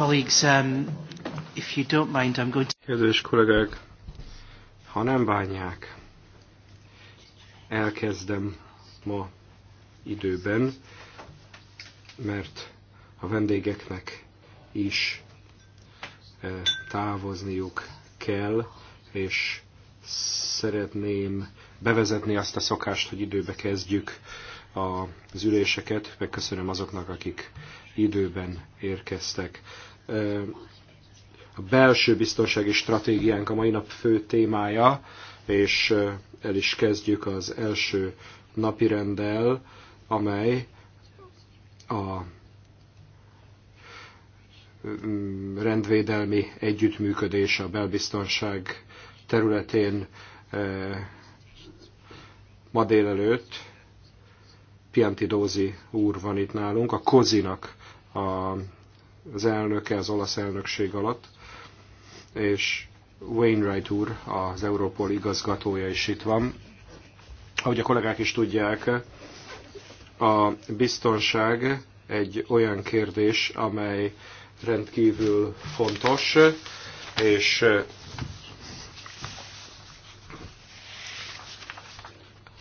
colleagues, um, if you don't mind, I'm going to... Kedves kollégák, ha nem bánják, elkezdem ma időben, mert a vendégeknek is eh, távozniuk kell, és szeretném bevezetni azt a szokást, hogy időbe kezdjük az üléseket. Megköszönöm azoknak, akik időben érkeztek a belső biztonsági stratégiánk a mai nap fő témája, és el is kezdjük az első napi rendel, amely a mm, rendvédelmi együttműködés a belbiztonság területén ma délelőtt Pianti Dózi úr van itt nálunk, a Kozinak a az elnöke az olasz elnökség alatt, és Wainwright úr, az Európol igazgatója is itt van. Ahogy a kollégák is tudják, a biztonság egy olyan kérdés, amely rendkívül fontos, és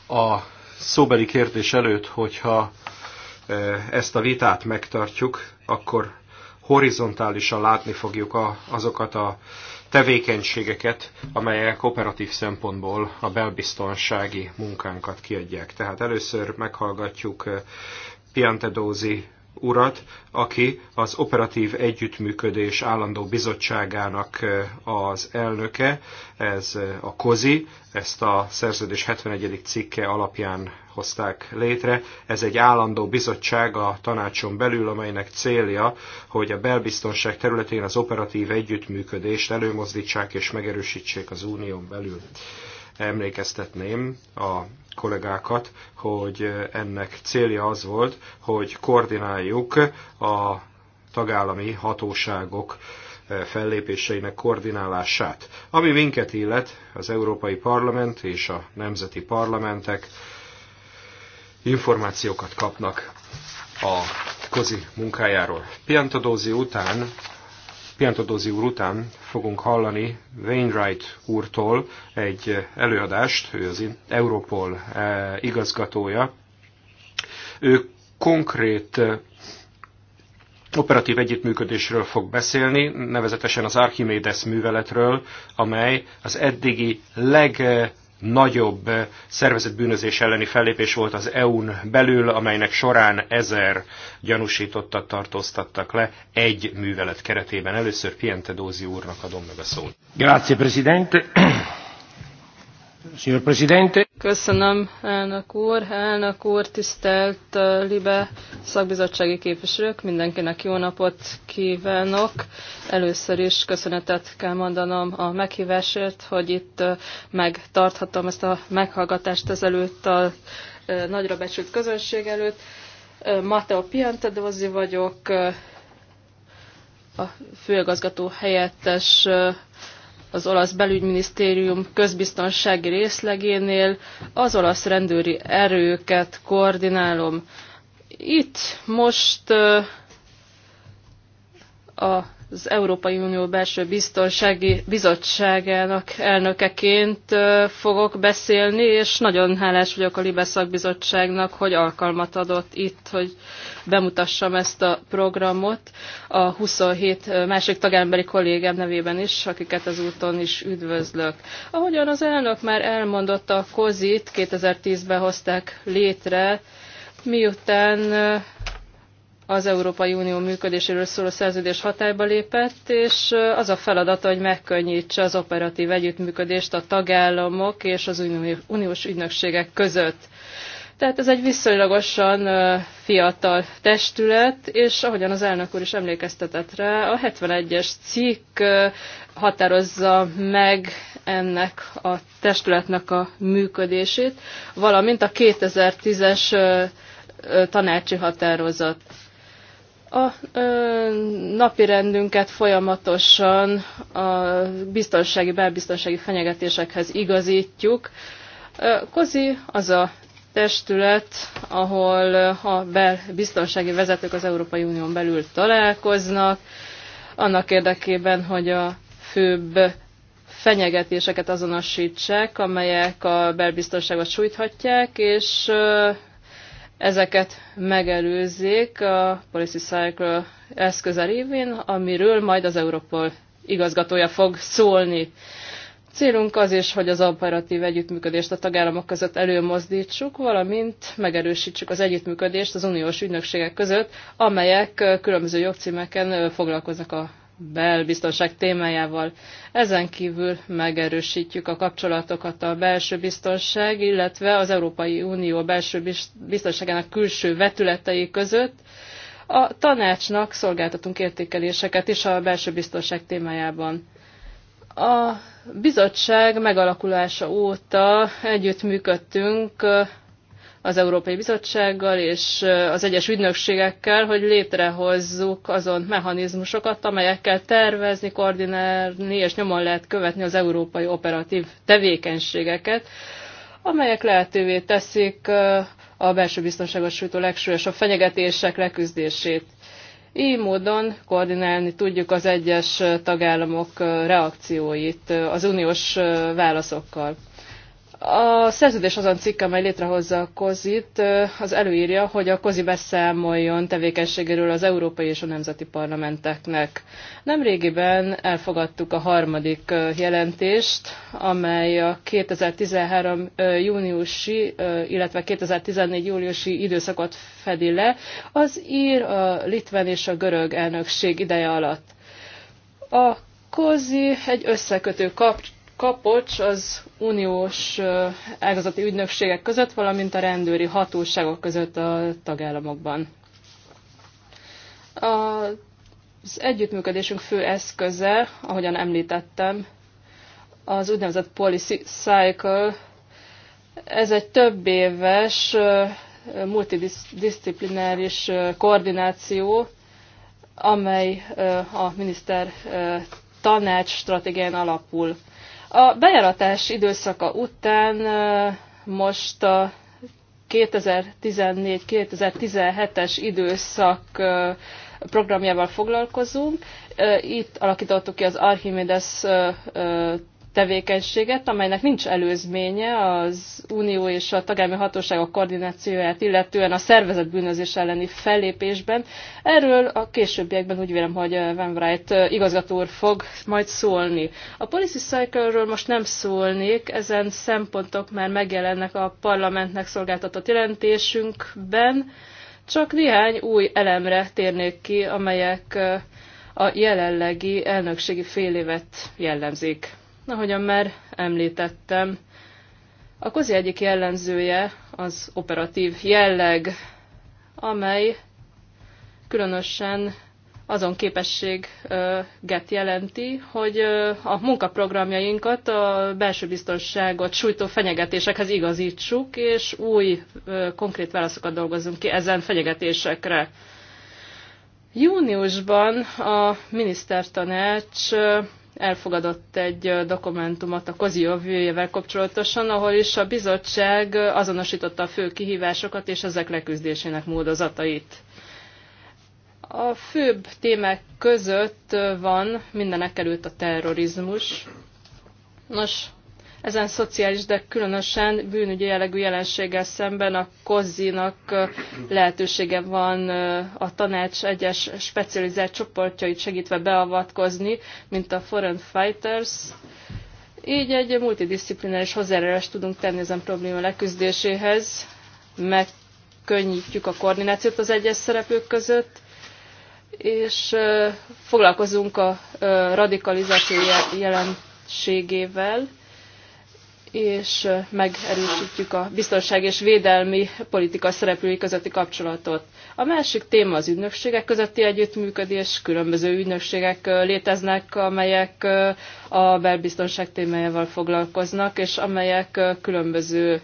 a szóbeli kérdés előtt, hogyha e, ezt a vitát megtartjuk, akkor horizontálisan látni fogjuk a, azokat a tevékenységeket, amelyek operatív szempontból a belbiztonsági munkánkat kiadják. Tehát először meghallgatjuk eh, Piantedózi urat, aki az Operatív Együttműködés Állandó Bizottságának az elnöke, ez a COZI, ezt a szerződés 71. cikke alapján hozták létre. Ez egy állandó bizottság a tanácson belül, amelynek célja, hogy a belbiztonság területén az operatív együttműködést előmozdítsák és megerősítsék az unión belül. Emlékeztetném a kollégákat, hogy ennek célja az volt, hogy koordináljuk a tagállami hatóságok fellépéseinek koordinálását. Ami minket illet, az Európai Parlament és a nemzeti parlamentek információkat kapnak a kozi munkájáról. Piantadózi után Piantodózi úr után fogunk hallani Wainwright úrtól egy előadást, ő az Europol eh, igazgatója. Ő konkrét eh, operatív együttműködésről fog beszélni, nevezetesen az Archimedes műveletről, amely az eddigi leg eh, nagyobb eh, szervezetbűnözés elleni fellépés volt az EU-n belül, amelynek során ezer gyanúsítottat tartóztattak le egy művelet keretében. Először Piente Dózi úrnak adom meg a szót. Grazie, Presidente. Köszönöm, elnök úr. Elnök úr, tisztelt uh, Libe szakbizottsági képviselők, mindenkinek jó napot kívánok. Először is köszönetet kell mondanom a meghívásért, hogy itt uh, megtarthatom ezt a meghallgatást ezelőtt a uh, nagyra becsült közönség előtt. Mateo Piantadozi vagyok, a főigazgató helyettes az olasz belügyminisztérium közbiztonsági részlegénél az olasz rendőri erőket koordinálom. Itt most a az Európai Unió belső biztonsági bizottságának elnökeként fogok beszélni, és nagyon hálás vagyok a Libe szakbizottságnak, hogy alkalmat adott itt, hogy bemutassam ezt a programot a 27 másik tagállambeli kollégám nevében is, akiket az úton is üdvözlök. Ahogyan az elnök már elmondotta, a COZIT 2010-ben hozták létre, miután az Európai Unió működéséről szóló szerződés hatályba lépett, és az a feladata, hogy megkönnyítse az operatív együttműködést a tagállamok és az uniós ügynökségek között. Tehát ez egy viszonylagosan fiatal testület, és ahogyan az elnök úr is emlékeztetett rá, a 71-es cikk határozza meg ennek a testületnek a működését, valamint a 2010-es tanácsi határozat. A ö, napi rendünket folyamatosan a biztonsági, belbiztonsági fenyegetésekhez igazítjuk. Kozi az a testület, ahol a belbiztonsági vezetők az Európai Unión belül találkoznak, annak érdekében, hogy a főbb fenyegetéseket azonosítsák, amelyek a belbiztonságot sújthatják, és ezeket megelőzzék a Policy Cycle eszköze révén, amiről majd az Európol igazgatója fog szólni. Célunk az is, hogy az operatív együttműködést a tagállamok között előmozdítsuk, valamint megerősítsük az együttműködést az uniós ügynökségek között, amelyek különböző jogcímeken foglalkoznak a belbiztonság témájával. Ezen kívül megerősítjük a kapcsolatokat a belső biztonság, illetve az Európai Unió belső biztonságának külső vetületei között. A tanácsnak szolgáltatunk értékeléseket is a belső biztonság témájában. A bizottság megalakulása óta együttműködtünk az Európai Bizottsággal és az egyes ügynökségekkel, hogy létrehozzuk azon mechanizmusokat, amelyekkel tervezni, koordinálni és nyomon lehet követni az európai operatív tevékenységeket, amelyek lehetővé teszik a belső biztonságot sújtó legsúlyosabb fenyegetések leküzdését. Így módon koordinálni tudjuk az egyes tagállamok reakcióit az uniós válaszokkal. A szerződés azon cikk, amely létrehozza a COZIT, az előírja, hogy a COZI beszámoljon tevékenységéről az európai és a nemzeti parlamenteknek. Nemrégiben elfogadtuk a harmadik jelentést, amely a 2013 júniusi, illetve 2014 júliusi időszakot fedi le, az ír, a litván és a görög elnökség ideje alatt. A COZI egy összekötő kapcsolat, kapocs az uniós ágazati ügynökségek között, valamint a rendőri hatóságok között a tagállamokban. Az együttműködésünk fő eszköze, ahogyan említettem, az úgynevezett policy cycle. Ez egy több éves multidisziplináris koordináció, amely a miniszter tanács stratégián alapul. A bejáratás időszaka után most a 2014-2017-es időszak programjával foglalkozunk. Itt alakítottuk ki az Archimedes tevékenységet, amelynek nincs előzménye az Unió és a tagállami hatóságok koordinációját, illetően a szervezet bűnözés elleni fellépésben. Erről a későbbiekben úgy vélem, hogy eh, Van Wright eh, igazgató úr fog majd szólni. A Policy Cycle-ről most nem szólnék, ezen szempontok már megjelennek a parlamentnek szolgáltatott jelentésünkben, csak néhány új elemre térnék ki, amelyek eh, a jelenlegi elnökségi évet jellemzik. Ahogyan már említettem, a kozi egyik jellemzője az operatív jelleg, amely különösen azon képességet jelenti, hogy a munkaprogramjainkat a belső biztonságot sújtó fenyegetésekhez igazítsuk, és új konkrét válaszokat dolgozunk ki ezen fenyegetésekre. Júniusban a minisztertanács elfogadott egy dokumentumot a kozi jövőjével kapcsolatosan, ahol is a bizottság azonosította a fő kihívásokat és ezek leküzdésének módozatait. A főbb témák között van mindenek előtt a terrorizmus. Nos, ezen szociális, de különösen bűnügyi jellegű jelenséggel szemben a Kozzinak lehetősége van a tanács egyes specializált csoportjait segítve beavatkozni, mint a Foreign Fighters. Így egy multidisziplináris hozzájárulást tudunk tenni ezen probléma leküzdéséhez, megkönnyítjük a koordinációt az egyes szereplők között, és foglalkozunk a radikalizáció jelenségével, és megerősítjük a biztonság és védelmi politika szereplői közötti kapcsolatot. A másik téma az ügynökségek közötti együttműködés. Különböző ügynökségek léteznek, amelyek a belbiztonság témájával foglalkoznak, és amelyek különböző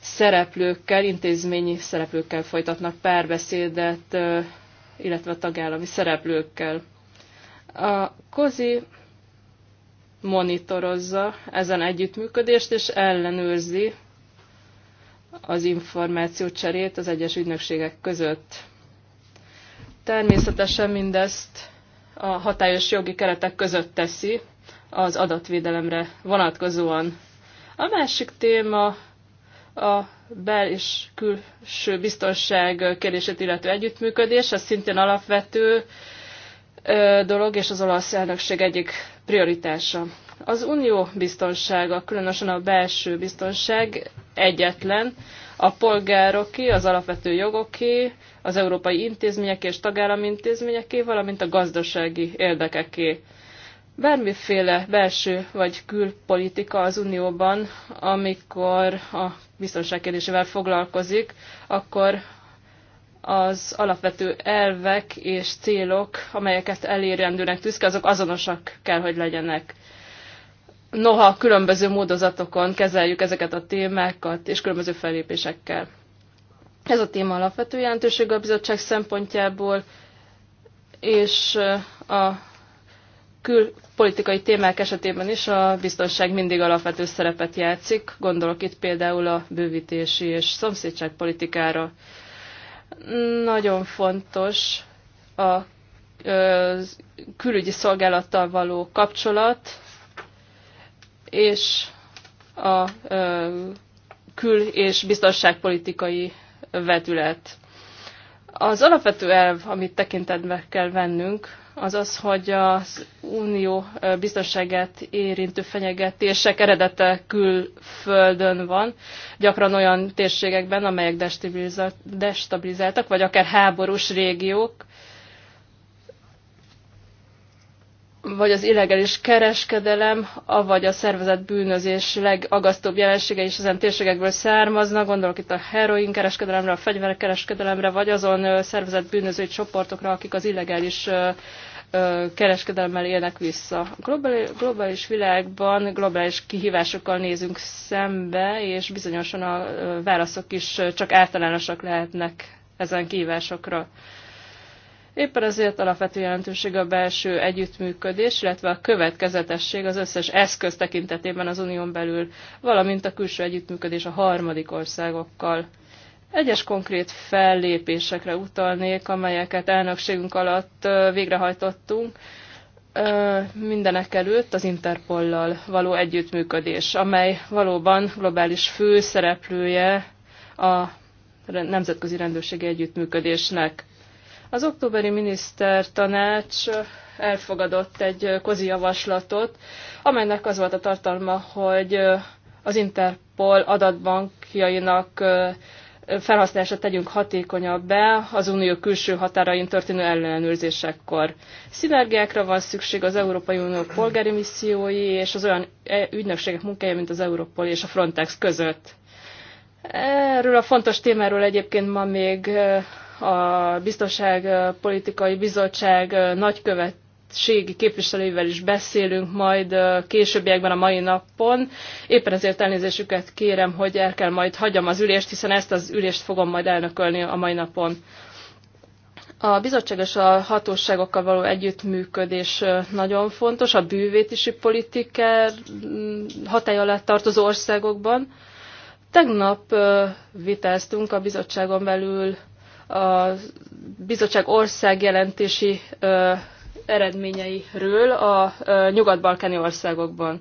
szereplőkkel, intézményi szereplőkkel folytatnak párbeszédet, illetve a tagállami szereplőkkel. A COSI monitorozza ezen együttműködést, és ellenőrzi az információcserét az egyes ügynökségek között. Természetesen mindezt a hatályos jogi keretek között teszi az adatvédelemre vonatkozóan. A másik téma a bel- és külső biztonság kérdését illető együttműködés, ez szintén alapvető dolog, és az olasz elnökség egyik prioritása. Az unió biztonsága, különösen a belső biztonság egyetlen, a polgároké, az alapvető jogoké, az európai intézmények és tagállami intézményeké, valamint a gazdasági érdekeké. Bármiféle belső vagy külpolitika az Unióban, amikor a biztonságkérdésével foglalkozik, akkor az alapvető elvek és célok, amelyeket elérendőnek tűzke, azok azonosak kell, hogy legyenek. Noha különböző módozatokon kezeljük ezeket a témákat, és különböző felépésekkel. Ez a téma alapvető jelentőség a bizottság szempontjából, és a külpolitikai témák esetében is a biztonság mindig alapvető szerepet játszik. Gondolok itt például a bővítési és szomszédságpolitikára politikára nagyon fontos a külügyi szolgálattal való kapcsolat, és a kül- és biztonságpolitikai vetület. Az alapvető elv, amit tekintetbe kell vennünk, az az, hogy az unió biztonságát érintő fenyegetések eredete külföldön van, gyakran olyan térségekben, amelyek destabilizáltak, vagy akár háborús régiók, vagy az illegális kereskedelem, avagy a szervezett bűnözés legagasztóbb jelensége is ezen térségekből származnak, gondolok itt a heroin kereskedelemre, a fegyverkereskedelemre, vagy azon szervezett bűnözői csoportokra, akik az illegális kereskedelemmel élnek vissza. A globális világban globális kihívásokkal nézünk szembe, és bizonyosan a válaszok is csak általánosak lehetnek ezen kihívásokra. Éppen ezért alapvető jelentőség a belső együttműködés, illetve a következetesség az összes eszköz tekintetében az unión belül, valamint a külső együttműködés a harmadik országokkal. Egyes konkrét fellépésekre utalnék, amelyeket elnökségünk alatt végrehajtottunk, mindenek előtt az Interpollal való együttműködés, amely valóban globális főszereplője a nemzetközi rendőrségi együttműködésnek. Az októberi minisztertanács elfogadott egy kozi javaslatot, amelynek az volt a tartalma, hogy az Interpol adatbankjainak felhasználását tegyünk hatékonyabbá az unió külső határain történő ellenőrzésekkor. Szinergiákra van szükség az Európai Unió polgári missziói és az olyan e- ügynökségek munkája, mint az Europol és a Frontex között. Erről a fontos témáról egyébként ma még a Biztonságpolitikai Bizottság nagykövet Ségi képviselőivel is beszélünk majd későbbiekben a mai napon. Éppen ezért elnézésüket kérem, hogy el kell majd hagyjam az ülést, hiszen ezt az ülést fogom majd elnökölni a mai napon. A bizottság és a hatóságokkal való együttműködés nagyon fontos, a bűvétisi politikár mm, hatály alá tartozó országokban. Tegnap vitáztunk a bizottságon belül a bizottság országjelentési eredményeiről a nyugat-balkáni országokban.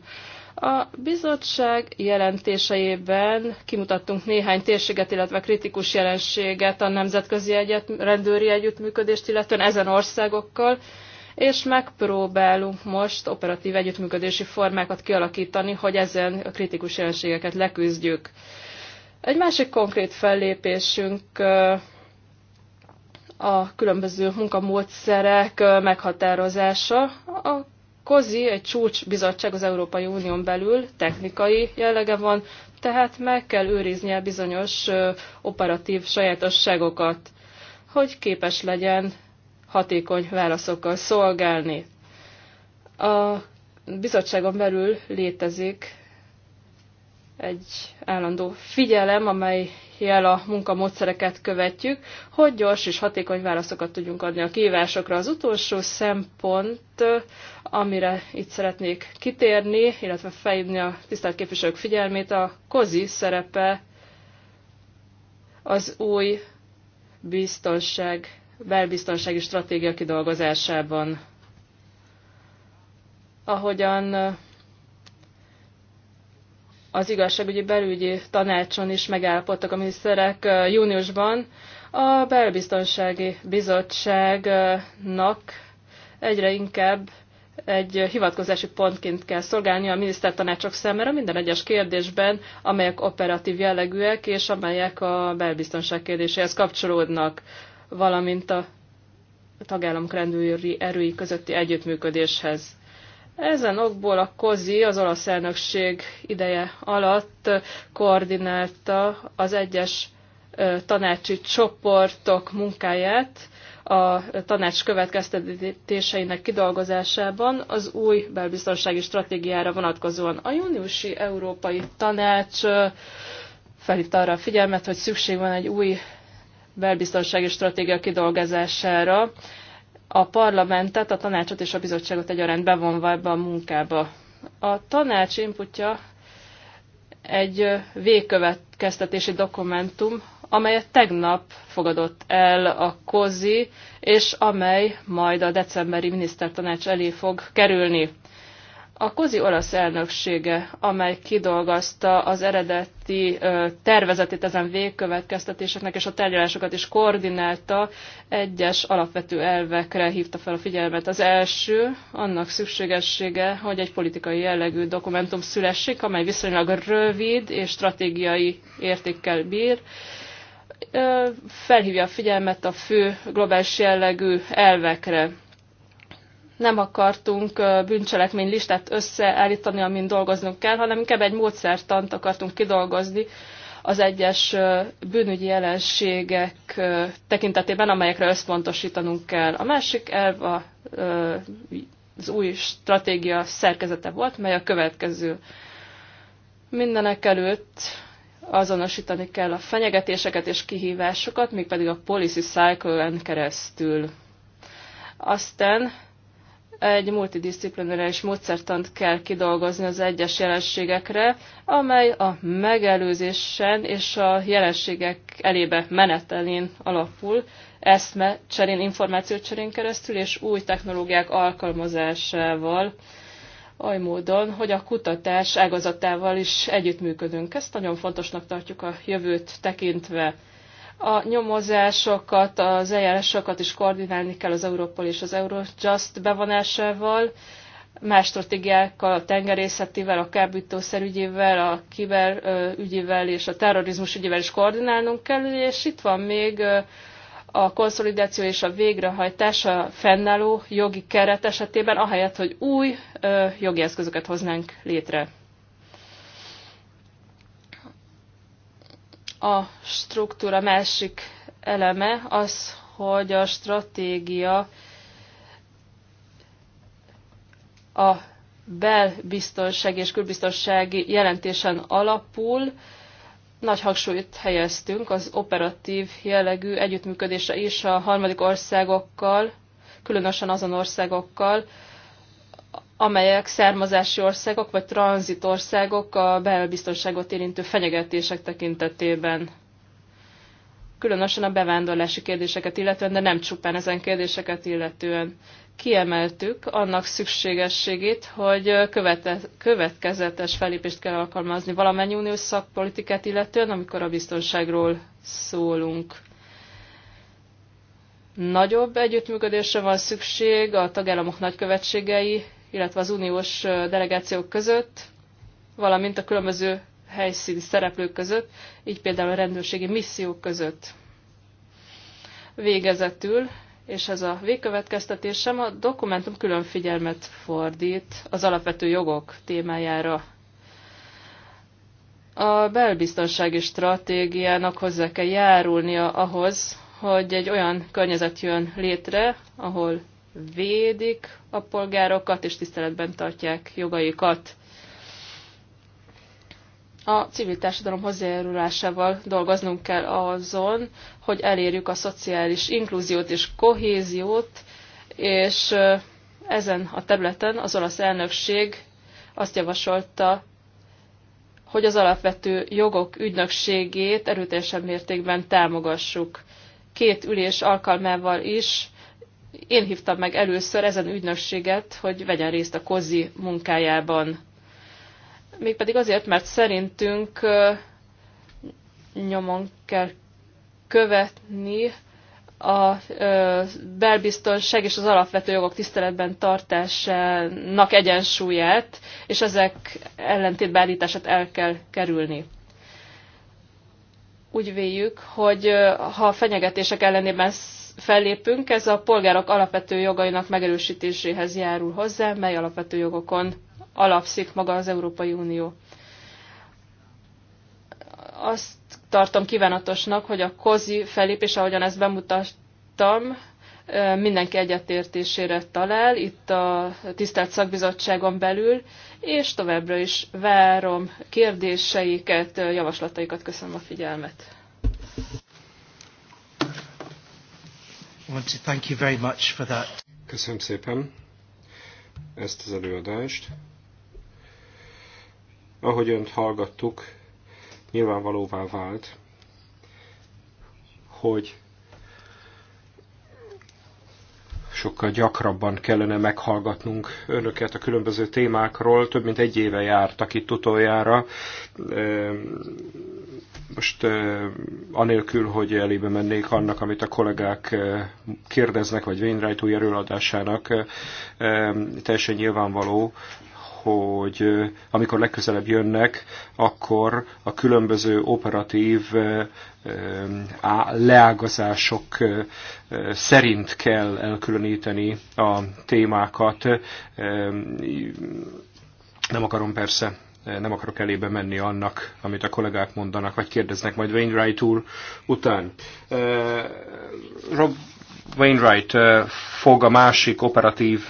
A bizottság jelentéseiben kimutattunk néhány térséget, illetve kritikus jelenséget a nemzetközi egyet, rendőri együttműködést, illetően ezen országokkal, és megpróbálunk most operatív együttműködési formákat kialakítani, hogy ezen a kritikus jelenségeket leküzdjük. Egy másik konkrét fellépésünk a különböző munkamódszerek meghatározása. A COSI egy csúcsbizottság az Európai Unión belül, technikai jellege van, tehát meg kell őriznie bizonyos operatív sajátosságokat, hogy képes legyen hatékony válaszokkal szolgálni. A bizottságon belül létezik egy állandó figyelem, amely jel a munkamódszereket követjük, hogy gyors és hatékony válaszokat tudjunk adni a kívásokra. Az utolsó szempont, amire itt szeretnék kitérni, illetve felhívni a tisztelt képviselők figyelmét, a kozi szerepe az új biztonság, belbiztonsági stratégia kidolgozásában. Ahogyan az igazságügyi belügyi tanácson is megállapodtak a miniszterek júniusban. A Belbiztonsági Bizottságnak egyre inkább egy hivatkozási pontként kell szolgálni a minisztertanácsok számára minden egyes kérdésben, amelyek operatív jellegűek, és amelyek a belbiztonság kérdéséhez kapcsolódnak, valamint a tagállamok rendőri erői közötti együttműködéshez. Ezen okból a COZI az olasz elnökség ideje alatt koordinálta az egyes tanácsi csoportok munkáját a tanács következtetéseinek kidolgozásában az új belbiztonsági stratégiára vonatkozóan. A júniusi Európai Tanács felhívta arra a figyelmet, hogy szükség van egy új belbiztonsági stratégia kidolgozására, a parlamentet, a tanácsot és a bizottságot egyaránt bevonva ebbe a munkába. A tanács inputja egy végkövetkeztetési dokumentum, amelyet tegnap fogadott el a COZI, és amely majd a decemberi minisztertanács elé fog kerülni. A kozi olasz elnöksége, amely kidolgozta az eredeti tervezetét ezen végkövetkeztetéseknek, és a tárgyalásokat is koordinálta, egyes alapvető elvekre hívta fel a figyelmet. Az első, annak szükségessége, hogy egy politikai jellegű dokumentum szülessék, amely viszonylag rövid és stratégiai értékkel bír, felhívja a figyelmet a fő globális jellegű elvekre nem akartunk bűncselekmény listát összeállítani, amin dolgoznunk kell, hanem inkább egy módszertant akartunk kidolgozni az egyes bűnügyi jelenségek tekintetében, amelyekre összpontosítanunk kell. A másik elv a, az új stratégia szerkezete volt, mely a következő. Mindenek előtt azonosítani kell a fenyegetéseket és kihívásokat, mégpedig a policy cycle-en keresztül. Aztán egy multidisziplináris módszertant kell kidolgozni az egyes jelenségekre, amely a megelőzésen és a jelenségek elébe menetelén alapul, eszme cserén, cserén keresztül és új technológiák alkalmazásával, oly módon, hogy a kutatás ágazatával is együttműködünk. Ezt nagyon fontosnak tartjuk a jövőt tekintve. A nyomozásokat, az eljárásokat is koordinálni kell az Európol és az Eurojust bevonásával, más stratégiákkal, a tengerészetivel, a kábítószerügyével, a ügyével és a terrorizmus ügyével is koordinálnunk kell, és itt van még a konszolidáció és a végrehajtás a fennálló jogi keret esetében, ahelyett, hogy új jogi eszközöket hoznánk létre. A struktúra másik eleme az, hogy a stratégia a belbiztonság és külbiztonsági jelentésen alapul, nagy hangsúlyt helyeztünk az operatív jellegű együttműködésre is a harmadik országokkal, különösen azon országokkal, amelyek származási országok vagy tranzitországok a belbiztonságot érintő fenyegetések tekintetében. Különösen a bevándorlási kérdéseket illetően, de nem csupán ezen kérdéseket illetően. Kiemeltük annak szükségességét, hogy követe, következetes felépést kell alkalmazni valamennyi uniós szakpolitikát illetően, amikor a biztonságról szólunk nagyobb együttműködésre van szükség a tagállamok nagykövetségei illetve az uniós delegációk között, valamint a különböző helyszíni szereplők között, így például a rendőrségi missziók között. Végezetül, és ez a végkövetkeztetésem, a dokumentum külön figyelmet fordít az alapvető jogok témájára. A belbiztonsági stratégiának hozzá kell járulnia ahhoz, hogy egy olyan környezet jön létre, ahol védik a polgárokat, és tiszteletben tartják jogaikat. A civil társadalom hozzájárulásával dolgoznunk kell azon, hogy elérjük a szociális inkluziót és kohéziót, és ezen a területen az olasz elnökség azt javasolta, hogy az alapvető jogok ügynökségét erőteljesebb mértékben támogassuk. Két ülés alkalmával is én hívtam meg először ezen ügynökséget, hogy vegyen részt a kozi munkájában. Mégpedig azért, mert szerintünk nyomon kell követni a belbiztonság és az alapvető jogok tiszteletben tartásának egyensúlyát, és ezek ellentétbeállítását el kell kerülni úgy véljük, hogy ha fenyegetések ellenében fellépünk, ez a polgárok alapvető jogainak megerősítéséhez járul hozzá, mely alapvető jogokon alapszik maga az Európai Unió. Azt tartom kívánatosnak, hogy a kozi fellépés, ahogyan ezt bemutattam, mindenki egyetértésére talál itt a tisztelt szakbizottságon belül, és továbbra is várom kérdéseiket, javaslataikat. Köszönöm a figyelmet. want to thank you very much for that. Köszönöm szépen ezt az előadást. Ahogy önt hallgattuk, nyilvánvalóvá vált, hogy sokkal gyakrabban kellene meghallgatnunk önöket a különböző témákról. Több mint egy éve jártak itt utoljára most anélkül, hogy elébe mennék annak, amit a kollégák kérdeznek, vagy Wainwright új erőadásának, teljesen nyilvánvaló, hogy amikor legközelebb jönnek, akkor a különböző operatív leágazások szerint kell elkülöníteni a témákat. Nem akarom persze nem akarok elébe menni annak, amit a kollégák mondanak, vagy kérdeznek majd Wainwright úr után. Rob Wainwright fog a másik operatív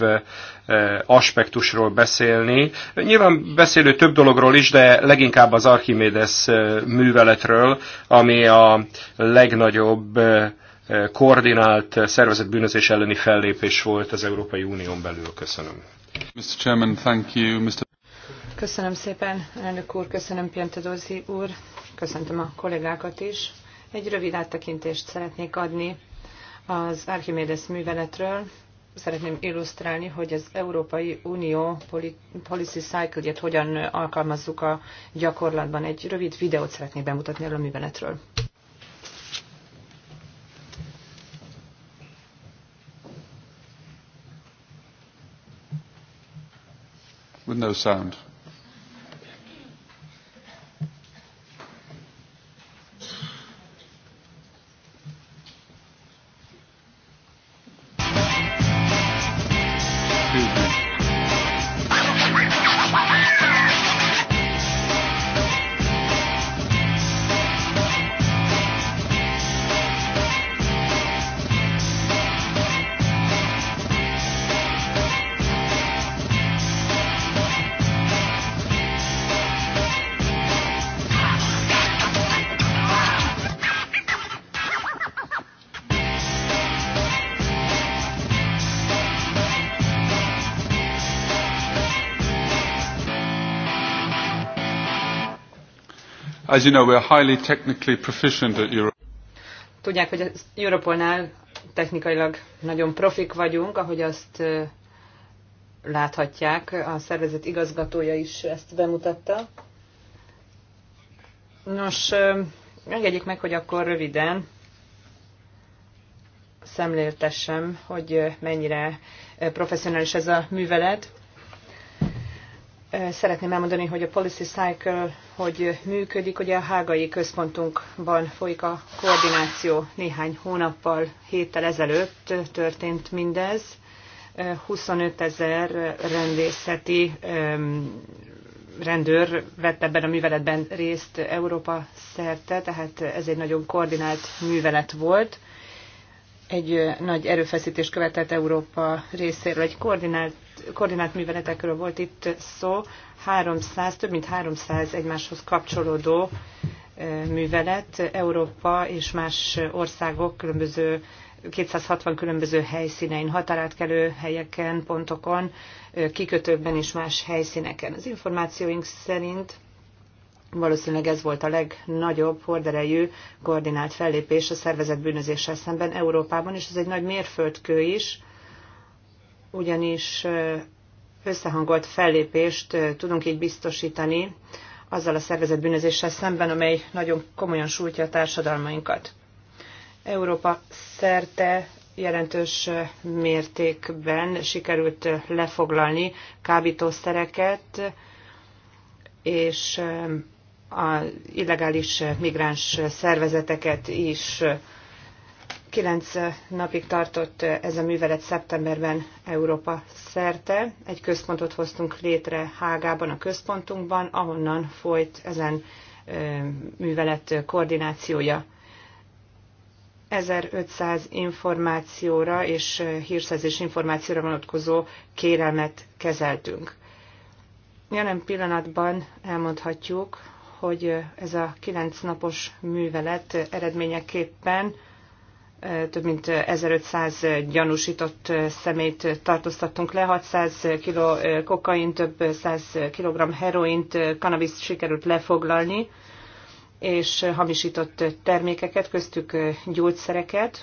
aspektusról beszélni. Nyilván beszélő több dologról is, de leginkább az Archimedes műveletről, ami a legnagyobb koordinált szervezet bűnözés elleni fellépés volt az Európai Unión belül. Köszönöm. Mr. Chairman, thank you. Mr. Köszönöm szépen, elnök úr, köszönöm Piantadozi úr, köszöntöm a kollégákat is. Egy rövid áttekintést szeretnék adni az Archimedes műveletről. Szeretném illusztrálni, hogy az Európai Unió Policy Cycle-jét hogyan alkalmazzuk a gyakorlatban. Egy rövid videót szeretnék bemutatni erről a műveletről. with no sound. As you know, are highly technically proficient at Europe. Tudják, hogy az Europolnál technikailag nagyon profik vagyunk, ahogy azt láthatják, a szervezet igazgatója is ezt bemutatta. Nos, engedjék meg, hogy akkor röviden szemléltessem, hogy mennyire professzionális ez a művelet. Szeretném elmondani, hogy a Policy Cycle hogy működik. Ugye a hágai központunkban folyik a koordináció. Néhány hónappal, héttel ezelőtt történt mindez. 25 ezer rendészeti rendőr vett ebben a műveletben részt Európa szerte, tehát ez egy nagyon koordinált művelet volt egy nagy erőfeszítés követett Európa részéről. Egy koordinált, koordinált műveletekről volt itt szó, 300, több mint 300 egymáshoz kapcsolódó művelet Európa és más országok különböző 260 különböző helyszínein, határátkelő helyeken, pontokon, kikötőkben és más helyszíneken. Az információink szerint Valószínűleg ez volt a legnagyobb horderejű koordinált fellépés a szervezett bűnözéssel szemben Európában, és ez egy nagy mérföldkő is, ugyanis összehangolt fellépést tudunk így biztosítani azzal a szervezett bűnözéssel szemben, amely nagyon komolyan sújtja a társadalmainkat. Európa szerte jelentős mértékben sikerült lefoglalni kábítószereket, és az illegális migráns szervezeteket is. Kilenc napig tartott ez a művelet szeptemberben Európa szerte. Egy központot hoztunk létre Hágában, a központunkban, ahonnan folyt ezen művelet koordinációja. 1500 információra és hírszerzés információra vonatkozó kérelmet kezeltünk. Jelen pillanatban elmondhatjuk, hogy ez a kilenc napos művelet eredményeképpen több mint 1500 gyanúsított szemét tartóztattunk le, 600 kg kokain, több 100 kg heroint, kanabiszt sikerült lefoglalni, és hamisított termékeket, köztük gyógyszereket,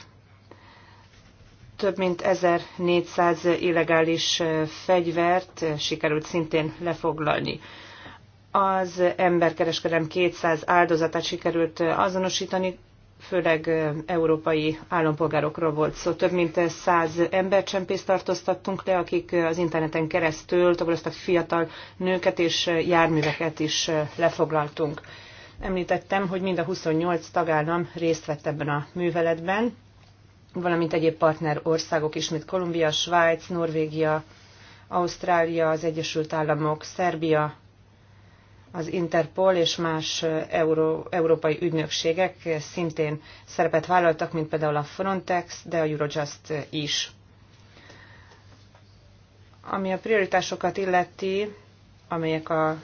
több mint 1400 illegális fegyvert sikerült szintén lefoglalni. Az emberkereskedem 200 áldozatát sikerült azonosítani, főleg európai állampolgárokról volt szó. Több mint 100 embercsempészt tartóztattunk le, akik az interneten keresztül toboroztak fiatal nőket és járműveket is lefoglaltunk. Említettem, hogy mind a 28 tagállam részt vett ebben a műveletben, valamint egyéb partner országok is, mint Kolumbia, Svájc, Norvégia, Ausztrália, az Egyesült Államok, Szerbia, az Interpol és más euró, európai ügynökségek szintén szerepet vállaltak, mint például a Frontex, de a Eurojust is. Ami a prioritásokat illeti, amelyek a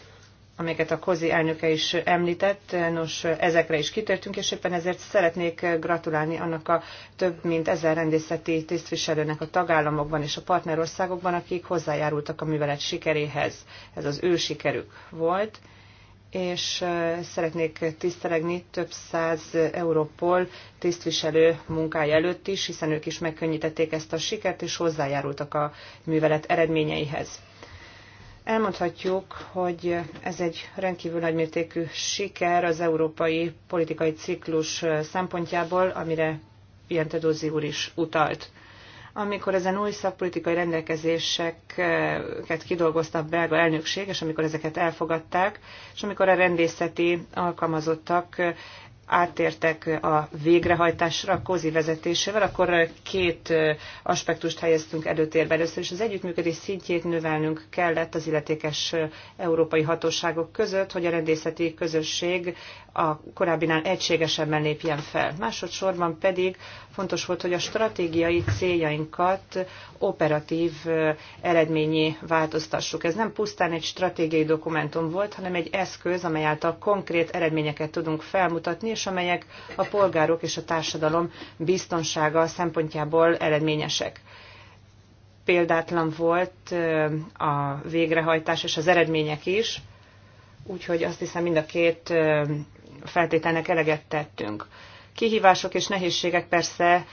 amelyeket a Kozi elnöke is említett, nos, ezekre is kitértünk, és éppen ezért szeretnék gratulálni annak a több mint ezer rendészeti tisztviselőnek a tagállamokban és a partnerországokban, akik hozzájárultak a művelet sikeréhez. Ez az ő sikerük volt és szeretnék tisztelegni több száz Európol tisztviselő munkája előtt is, hiszen ők is megkönnyítették ezt a sikert, és hozzájárultak a művelet eredményeihez. Elmondhatjuk, hogy ez egy rendkívül nagymértékű siker az európai politikai ciklus szempontjából, amire Ilyen Tedózi úr is utalt. Amikor ezen új szakpolitikai rendelkezéseket kidolgozta a belga elnökség, és amikor ezeket elfogadták, és amikor a rendészeti alkalmazottak áttértek a végrehajtásra, a kozi vezetésével, akkor két aspektust helyeztünk előtérbe. Először is az együttműködés szintjét növelnünk kellett az illetékes európai hatóságok között, hogy a rendészeti közösség a korábbinál egységesebben lépjen fel. Másodszorban pedig fontos volt, hogy a stratégiai céljainkat operatív eredményé változtassuk. Ez nem pusztán egy stratégiai dokumentum volt, hanem egy eszköz, amely által konkrét eredményeket tudunk felmutatni, és amelyek a polgárok és a társadalom biztonsága szempontjából eredményesek. Példátlan volt a végrehajtás és az eredmények is, úgyhogy azt hiszem mind a két feltételnek eleget tettünk. Kihívások és nehézségek persze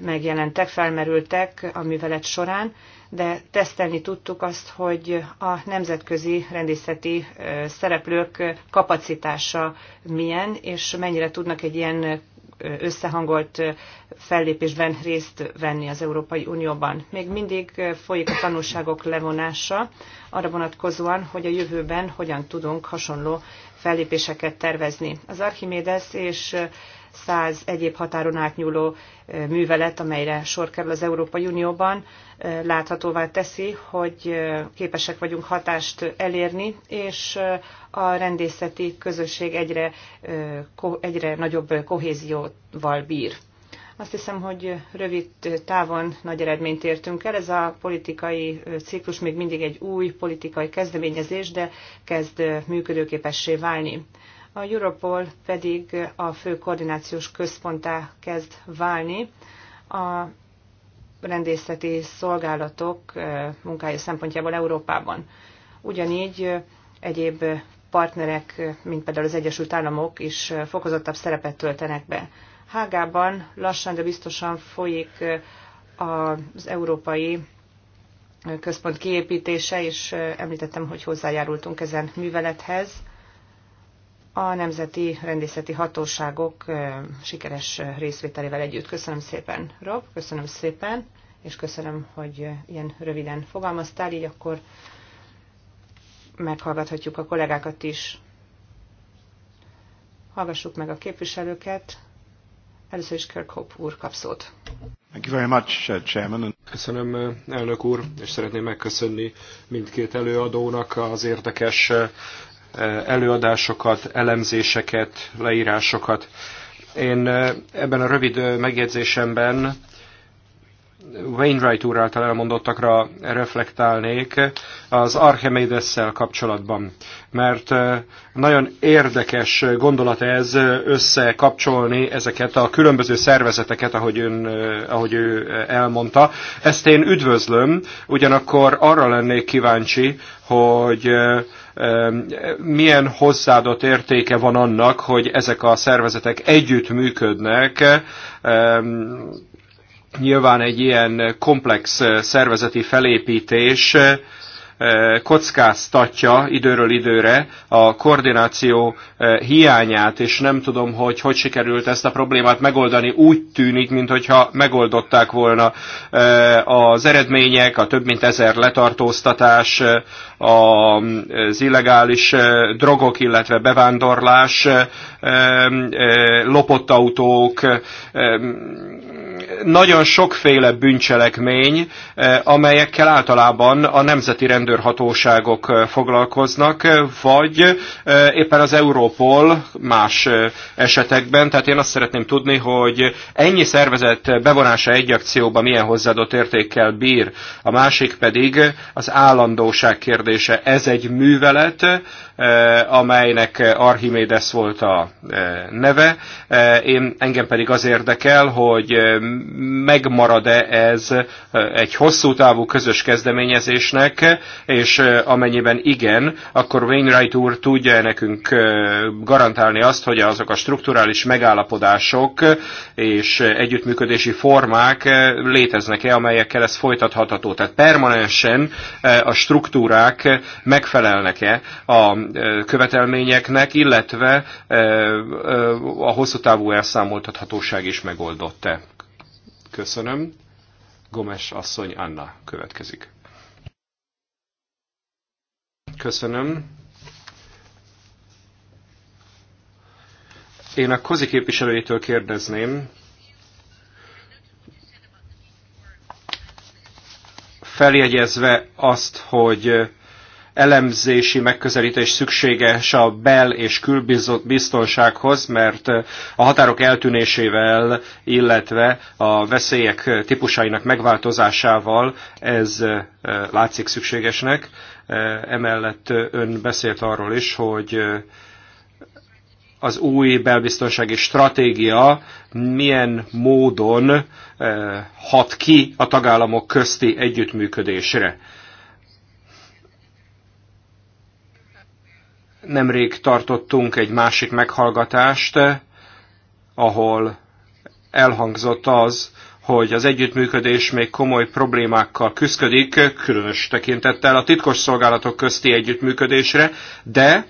megjelentek, felmerültek a művelet során, de tesztelni tudtuk azt, hogy a nemzetközi rendészeti szereplők kapacitása milyen, és mennyire tudnak egy ilyen összehangolt fellépésben részt venni az Európai Unióban. Még mindig folyik a tanulságok levonása arra vonatkozóan, hogy a jövőben hogyan tudunk hasonló fellépéseket tervezni. Az Archimedes és száz egyéb határon átnyúló művelet, amelyre sor kerül az Európai Unióban, láthatóvá teszi, hogy képesek vagyunk hatást elérni, és a rendészeti közösség egyre, egyre nagyobb kohézióval bír. Azt hiszem, hogy rövid távon nagy eredményt értünk el. Ez a politikai ciklus még mindig egy új politikai kezdeményezés, de kezd működőképessé válni a Europol pedig a fő koordinációs központá kezd válni a rendészeti szolgálatok eh, munkája szempontjából Európában. Ugyanígy eh, egyéb partnerek, eh, mint például az Egyesült Államok is fokozottabb szerepet töltenek be. Hágában lassan, de biztosan folyik az európai központ kiépítése, és említettem, hogy hozzájárultunk ezen művelethez a Nemzeti Rendészeti Hatóságok sikeres részvételével együtt. Köszönöm szépen, Rob, köszönöm szépen, és köszönöm, hogy ilyen röviden fogalmaztál, így akkor meghallgathatjuk a kollégákat is. Hallgassuk meg a képviselőket. Először is Kirkhope úr kap szót. Thank you very much, uh, Chairman. Köszönöm, uh, elnök úr, és szeretném megköszönni mindkét előadónak az érdekes uh, előadásokat, elemzéseket, leírásokat. Én ebben a rövid megjegyzésemben Wainwright úr által elmondottakra reflektálnék az Archimedes-szel kapcsolatban, mert nagyon érdekes gondolat ez összekapcsolni ezeket a különböző szervezeteket, ahogy, ön, ahogy ő elmondta. Ezt én üdvözlöm, ugyanakkor arra lennék kíváncsi, hogy milyen hozzáadott értéke van annak, hogy ezek a szervezetek együtt működnek, nyilván egy ilyen komplex szervezeti felépítés kockáztatja időről időre a koordináció hiányát, és nem tudom, hogy hogy sikerült ezt a problémát megoldani. Úgy tűnik, mintha megoldották volna az eredmények, a több mint ezer letartóztatás, az illegális eh, drogok, illetve bevándorlás, eh, eh, lopott autók, nagyon sokféle bűncselekmény, amelyekkel általában a nemzeti rendőrhatóságok foglalkoznak, vagy éppen az Európol más esetekben. Tehát én azt szeretném tudni, hogy ennyi szervezet bevonása egy akcióba milyen hozzáadott értékkel bír. A másik pedig az állandóság kérdése kérdése. Ez egy művelet, eh, amelynek Archimedes volt a eh, neve. Eh, én, engem pedig az érdekel, hogy megmarad-e ez egy hosszú távú közös kezdeményezésnek, és amennyiben igen, akkor Wainwright úr tudja nekünk garantálni azt, hogy azok a strukturális megállapodások és együttműködési formák léteznek-e, amelyekkel ez folytathatható. Tehát permanensen a struktúrák megfelelnek-e a követelményeknek, illetve a hosszú távú elszámoltathatóság is megoldott-e. Köszönöm. Gomes asszony Anna következik. Köszönöm. Én a Kozi képviselőjétől kérdezném, feljegyezve azt, hogy elemzési megközelítés szükséges a bel- és külbiztonsághoz, mert a határok eltűnésével, illetve a veszélyek típusainak megváltozásával ez látszik szükségesnek. Emellett ön beszélt arról is, hogy az új belbiztonsági stratégia milyen módon hat ki a tagállamok közti együttműködésre Nemrég tartottunk egy másik meghallgatást, ahol elhangzott az, hogy az együttműködés még komoly problémákkal küzdik, különös tekintettel a titkos szolgálatok közti együttműködésre, de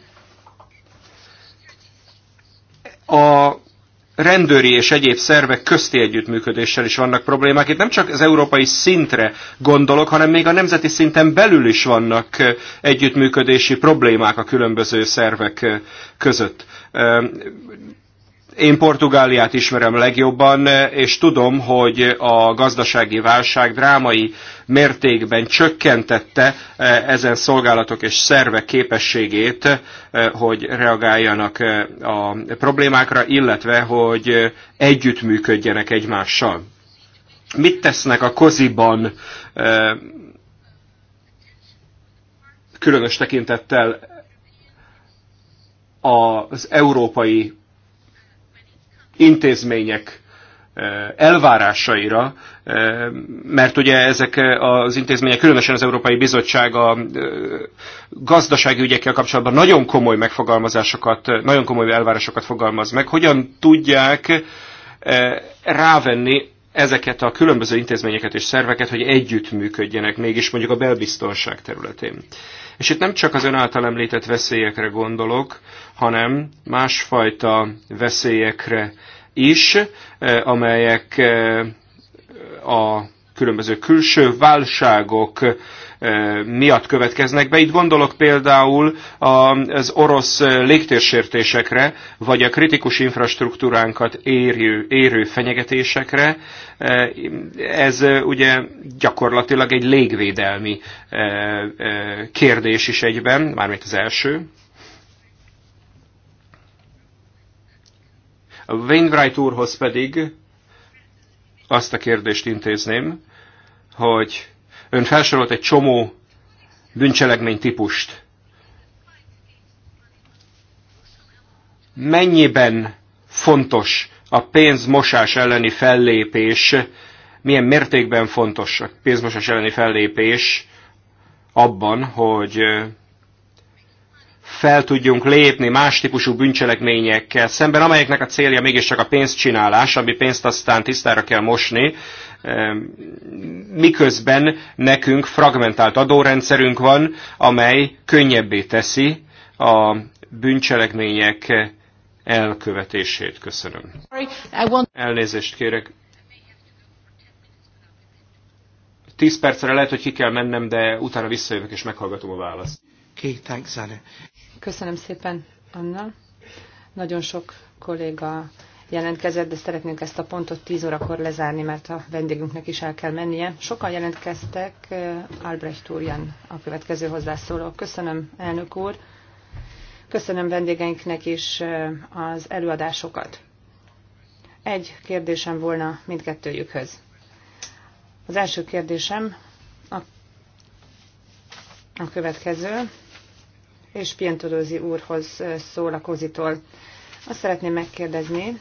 a rendőri és egyéb szervek közti együttműködéssel is vannak problémák. Itt nem csak az európai szintre gondolok, hanem még a nemzeti szinten belül is vannak együttműködési problémák a különböző szervek között. Én Portugáliát ismerem legjobban, és tudom, hogy a gazdasági válság drámai mértékben csökkentette eh, ezen szolgálatok és szervek képességét, eh, hogy reagáljanak eh, a problémákra, illetve hogy együttműködjenek egymással. Mit tesznek a koziban különös tekintettel az európai intézmények eh, elvárásaira, eh, mert ugye ezek eh, az intézmények, különösen az Európai Bizottság a gazdasági ügyekkel kapcsolatban nagyon komoly megfogalmazásokat, nagyon komoly elvárásokat fogalmaz meg, hogyan tudják rávenni ezeket a különböző intézményeket és szerveket, hogy együttműködjenek mégis mondjuk a belbiztonság területén. És itt nem csak az ön által említett veszélyekre gondolok, hanem másfajta veszélyekre is, eh, amelyek eh, a különböző külső válságok miatt következnek be. Itt gondolok például az orosz légtérsértésekre, vagy a kritikus infrastruktúránkat érő, érő fenyegetésekre. Ez ugye gyakorlatilag egy légvédelmi kérdés is egyben, mármint az első. A Wainwright úrhoz pedig azt a kérdést intézném, hogy Ön felsorolt egy csomó bűncselekmény típust. Mennyiben fontos a pénzmosás elleni fellépés, milyen mértékben fontos a pénzmosás elleni fellépés abban, hogy fel tudjunk lépni más típusú bűncselekményekkel szemben, amelyeknek a célja mégiscsak a pénzcsinálás, ami pénzt aztán tisztára kell mosni, miközben nekünk fragmentált adórendszerünk van, amely könnyebbé teszi a bűncselekmények elkövetését. Köszönöm. Elnézést kérek. Tíz percre lehet, hogy ki kell mennem, de utána visszajövök és meghallgatom a választ. Okay, thanks, Anna. Köszönöm szépen, Anna. Nagyon sok kolléga jelentkezett, de szeretnénk ezt a pontot 10 órakor lezárni, mert a vendégünknek is el kell mennie. Sokan jelentkeztek, eh, Albrecht úr jön a következő hozzászóló. Köszönöm, elnök úr. Köszönöm vendégeinknek is eh, az előadásokat. Egy kérdésem volna mindkettőjükhöz. Az első kérdésem a, a következő, és Pientodózi úrhoz eh, szól a kozitól. Azt szeretném megkérdezni,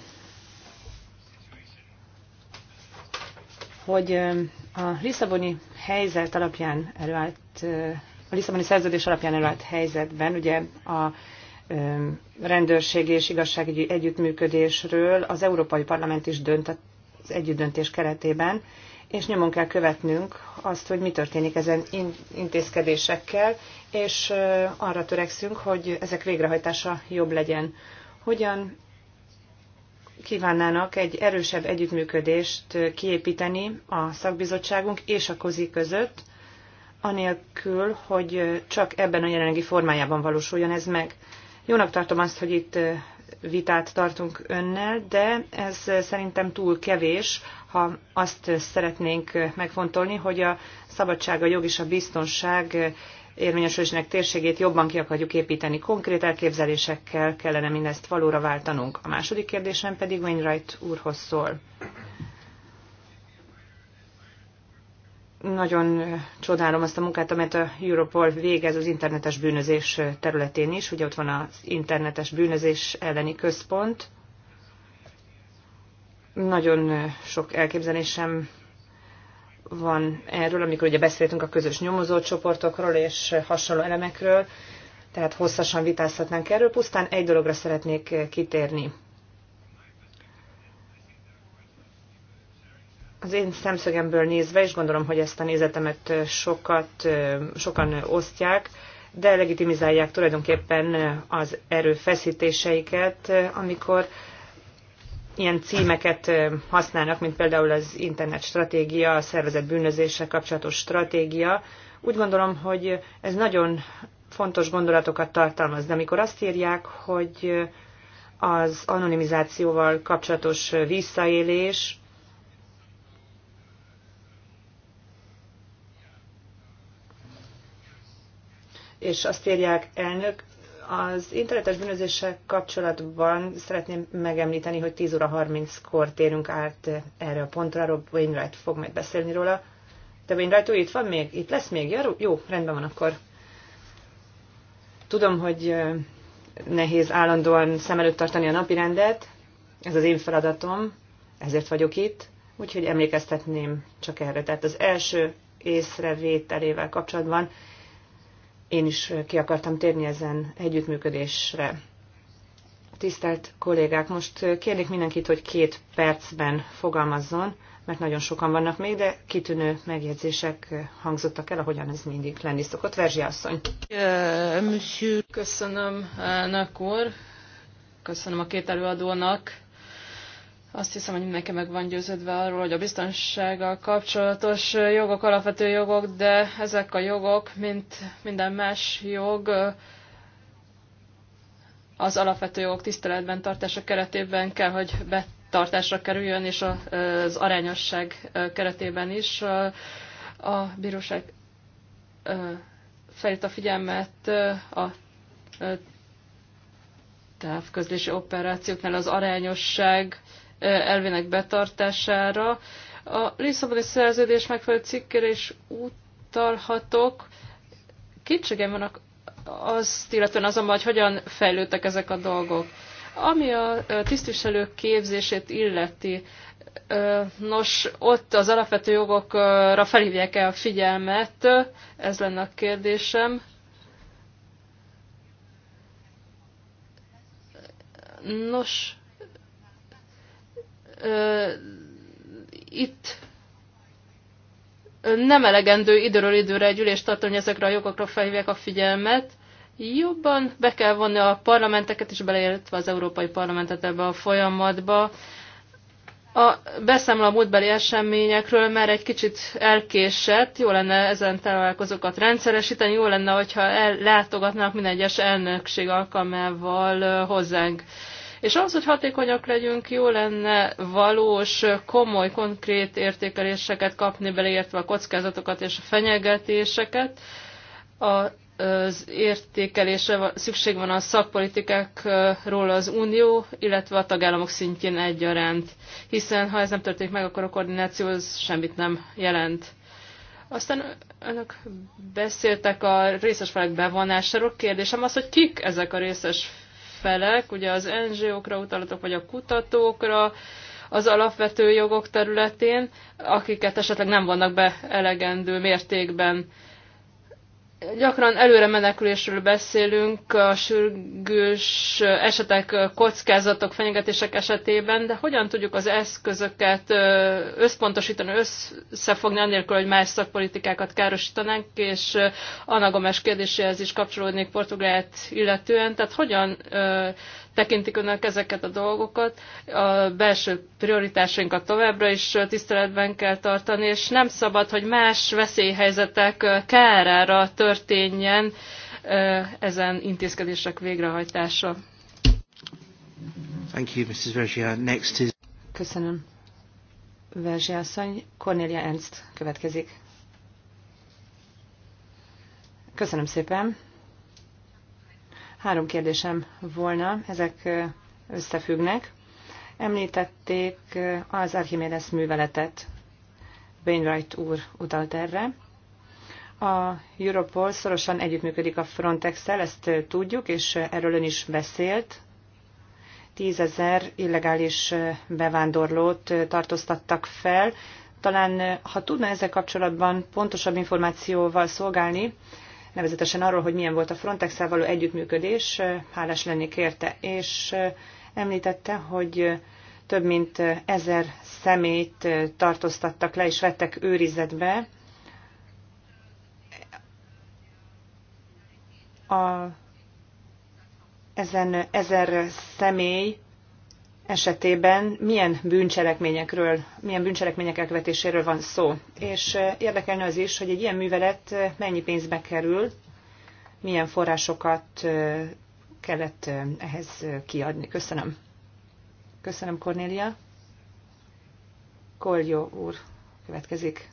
hogy a Lisszaboni helyzet alapján előállt, a Lisszaboni szerződés alapján előállt helyzetben ugye a rendőrség és igazságügyi együttműködésről az Európai Parlament is dönt az együttdöntés keretében, és nyomon kell követnünk azt, hogy mi történik ezen intézkedésekkel, és arra törekszünk, hogy ezek végrehajtása jobb legyen. Hogyan kívánnának egy erősebb együttműködést kiépíteni a szakbizottságunk és a kozi között, anélkül, hogy csak ebben a jelenlegi formájában valósuljon ez meg. Jónak tartom azt, hogy itt vitát tartunk önnel, de ez szerintem túl kevés, ha azt szeretnénk megfontolni, hogy a szabadság, a jog és a biztonság érvényesülésének térségét jobban ki akarjuk építeni. Konkrét elképzelésekkel kellene mindezt valóra váltanunk. A második kérdésem pedig Wainwright úrhoz szól. Nagyon csodálom azt a munkát, amit a Europol végez az internetes bűnözés területén is. Ugye ott van az internetes bűnözés elleni központ. Nagyon sok elképzelésem van erről, amikor ugye beszéltünk a közös nyomozócsoportokról és hasonló elemekről, tehát hosszasan vitázhatnánk erről, pusztán egy dologra szeretnék kitérni. Az én szemszögemből nézve, és gondolom, hogy ezt a nézetemet sokat, sokan osztják, de legitimizálják tulajdonképpen az erőfeszítéseiket, amikor ilyen címeket használnak, mint például az internet stratégia, a szervezet bűnözéssel kapcsolatos stratégia. Úgy gondolom, hogy ez nagyon fontos gondolatokat tartalmaz, de amikor azt írják, hogy az anonimizációval kapcsolatos visszaélés, és azt írják elnök, az internetes bűnözéssel kapcsolatban szeretném megemlíteni, hogy 10 óra 30-kor térünk át erre a pontra, Rob Wainwright fog majd beszélni róla. De Wainwright úgy itt van még? Itt lesz még? Ja, jó, rendben van akkor. Tudom, hogy nehéz állandóan szem előtt tartani a napirendet, ez az én feladatom, ezért vagyok itt, úgyhogy emlékeztetném csak erre. Tehát az első észrevételével kapcsolatban én is ki akartam térni ezen együttműködésre. Tisztelt kollégák, most kérnék mindenkit, hogy két percben fogalmazzon, mert nagyon sokan vannak még, de kitűnő megjegyzések hangzottak el, ahogyan ez mindig lenni szokott. Verzsi asszony. Köszönöm, elnök úr. Köszönöm a két előadónak azt hiszem, hogy mindenki meg van győződve arról, hogy a biztonsággal kapcsolatos jogok alapvető jogok, de ezek a jogok, mint minden más jog, az alapvető jogok tiszteletben tartása keretében kell, hogy betartásra kerüljön, és az arányosság keretében is. A bíróság felhívta a figyelmet a távközlési operációknál az arányosság elvének betartására. A Lisszaboni szerződés megfelelő cikkére is utalhatok. Kétségem van az illetve azon, hogy hogyan fejlődtek ezek a dolgok. Ami a tisztviselők képzését illeti, nos, ott az alapvető jogokra felhívják el a figyelmet, ez lenne a kérdésem. Nos, itt nem elegendő időről időre egy ülést tartani, ezekre a jogokra felhívják a figyelmet. Jobban be kell vonni a parlamenteket, és beleértve az Európai Parlamentet ebbe a folyamatba. A beszámoló a múltbeli eseményekről már egy kicsit elkésett, jó lenne ezen találkozókat rendszeresíteni, jó lenne, hogyha ellátogatnak minden egyes elnökség alkalmával hozzánk. És ahhoz, hogy hatékonyak legyünk, jó lenne valós, komoly, konkrét értékeléseket kapni, beleértve a kockázatokat és a fenyegetéseket. Az értékelésre szükség van a szakpolitikákról az Unió, illetve a tagállamok szintjén egyaránt, hiszen ha ez nem történik meg, akkor a koordináció semmit nem jelent. Aztán önök beszéltek a részes felek bevonásáról. Kérdésem az, hogy kik ezek a részes felek, ugye az NGO-kra utalatok, vagy a kutatókra, az alapvető jogok területén, akiket esetleg nem vannak be elegendő mértékben. Gyakran előre menekülésről beszélünk a sürgős esetek, kockázatok, fenyegetések esetében, de hogyan tudjuk az eszközöket összpontosítani, összefogni, anélkül, hogy más szakpolitikákat károsítanánk, és Anna Gomes kérdéséhez is kapcsolódnék Portugált illetően, tehát hogyan tekintik önök ezeket a dolgokat. A belső prioritásainkat továbbra is tiszteletben kell tartani, és nem szabad, hogy más veszélyhelyzetek kárára történjen ezen intézkedések végrehajtása. Thank you, Mrs. Vergia. Next is... Köszönöm. Verzsi asszony, Cornelia Ernst következik. Köszönöm szépen. Három kérdésem volna, ezek összefüggnek. Említették az Archimedes műveletet. Wainwright úr utalt erre. A Europol szorosan együttműködik a Frontex-tel, ezt tudjuk, és erről ön is beszélt. Tízezer illegális bevándorlót tartóztattak fel. Talán, ha tudna ezzel kapcsolatban pontosabb információval szolgálni, nevezetesen arról, hogy milyen volt a frontex való együttműködés, hálás lennék érte, és említette, hogy több mint ezer szemét tartóztattak le és vettek őrizetbe. A, ezen ezer személy esetében milyen bűncselekményekről, milyen bűncselekmények elkövetéséről van szó. És érdekelne az is, hogy egy ilyen művelet mennyi pénzbe kerül, milyen forrásokat kellett ehhez kiadni. Köszönöm. Köszönöm, Kornélia. Koljó úr következik.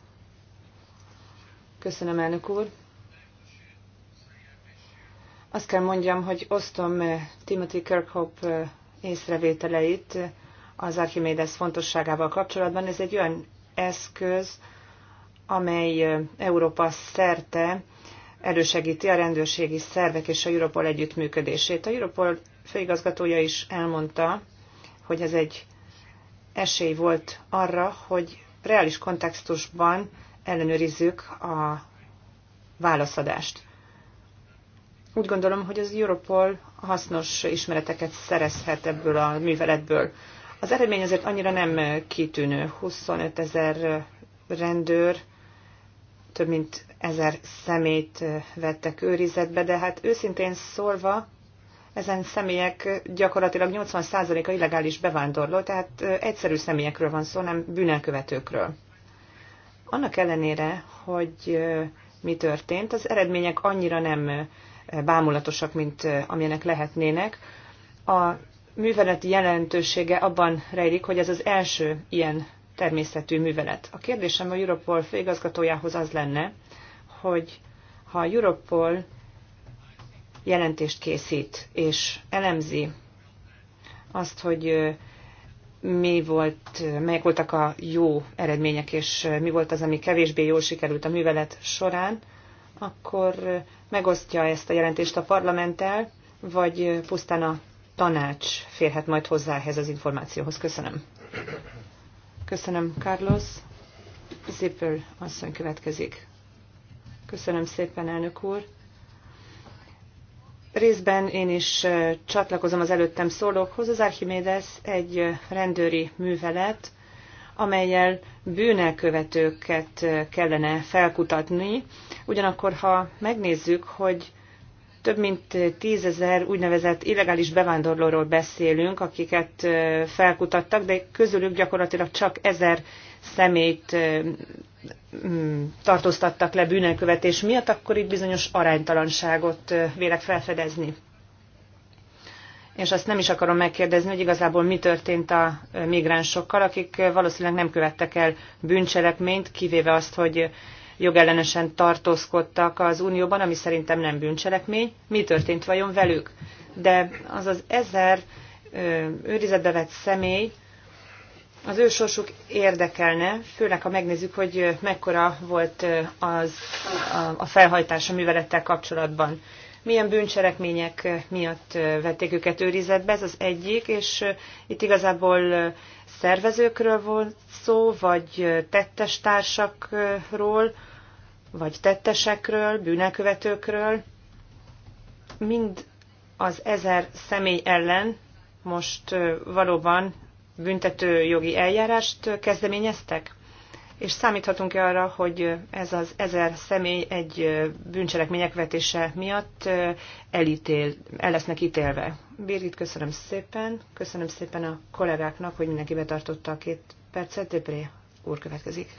Köszönöm, elnök úr. Azt kell mondjam, hogy osztom Timothy Kirkhope észrevételeit az Archimedes fontosságával kapcsolatban. Ez egy olyan eszköz, amely Európa szerte elősegíti a rendőrségi szervek és a Europol együttműködését. A Europol főigazgatója is elmondta, hogy ez egy esély volt arra, hogy reális kontextusban ellenőrizzük a válaszadást. Úgy gondolom, hogy az Europol hasznos ismereteket szerezhet ebből a műveletből. Az eredmény azért annyira nem kitűnő. 25 ezer rendőr, több mint ezer szemét vettek őrizetbe, de hát őszintén szólva, ezen személyek gyakorlatilag 80%-a illegális bevándorló, tehát egyszerű személyekről van szó, nem bűnelkövetőkről. Annak ellenére, hogy mi történt, az eredmények annyira nem bámulatosak, mint amilyenek lehetnének. A műveleti jelentősége abban rejlik, hogy ez az első ilyen természetű művelet. A kérdésem a Europol főigazgatójához az lenne, hogy ha a Europol jelentést készít és elemzi azt, hogy mi volt, melyek voltak a jó eredmények, és mi volt az, ami kevésbé jól sikerült a művelet során, akkor megosztja ezt a jelentést a parlamenttel, vagy pusztán a tanács férhet majd hozzá ehhez az információhoz. Köszönöm. Köszönöm, Carlos. Zipper asszony következik. Köszönöm szépen, elnök úr. Részben én is csatlakozom az előttem szólókhoz. Az Archimedes egy rendőri művelet, amelyel bűnelkövetőket kellene felkutatni, Ugyanakkor, ha megnézzük, hogy több mint tízezer úgynevezett illegális bevándorlóról beszélünk, akiket felkutattak, de közülük gyakorlatilag csak ezer szemét tartóztattak le bűnelkövetés miatt, akkor itt bizonyos aránytalanságot vélek felfedezni. És azt nem is akarom megkérdezni, hogy igazából mi történt a migránsokkal, akik valószínűleg nem követtek el bűncselekményt, kivéve azt, hogy jogellenesen tartózkodtak az Unióban, ami szerintem nem bűncselekmény. Mi történt vajon velük? De az az ezer őrizetbe vett személy, az ő sorsuk érdekelne, főleg ha megnézzük, hogy mekkora volt az, a, felhajtás a művelettel kapcsolatban. Milyen bűncselekmények miatt vették őket őrizetbe, ez az egyik, és itt igazából szervezőkről volt szó, vagy tettestársakról, vagy tettesekről, bűnekövetőkről, mind az ezer személy ellen most valóban büntető jogi eljárást kezdeményeztek? És számíthatunk-e arra, hogy ez az ezer személy egy bűncselekmények vetése miatt elítél, el lesznek ítélve? Birgit, köszönöm szépen. Köszönöm szépen a kollégáknak, hogy mindenki betartotta a két percet. Debré úr következik.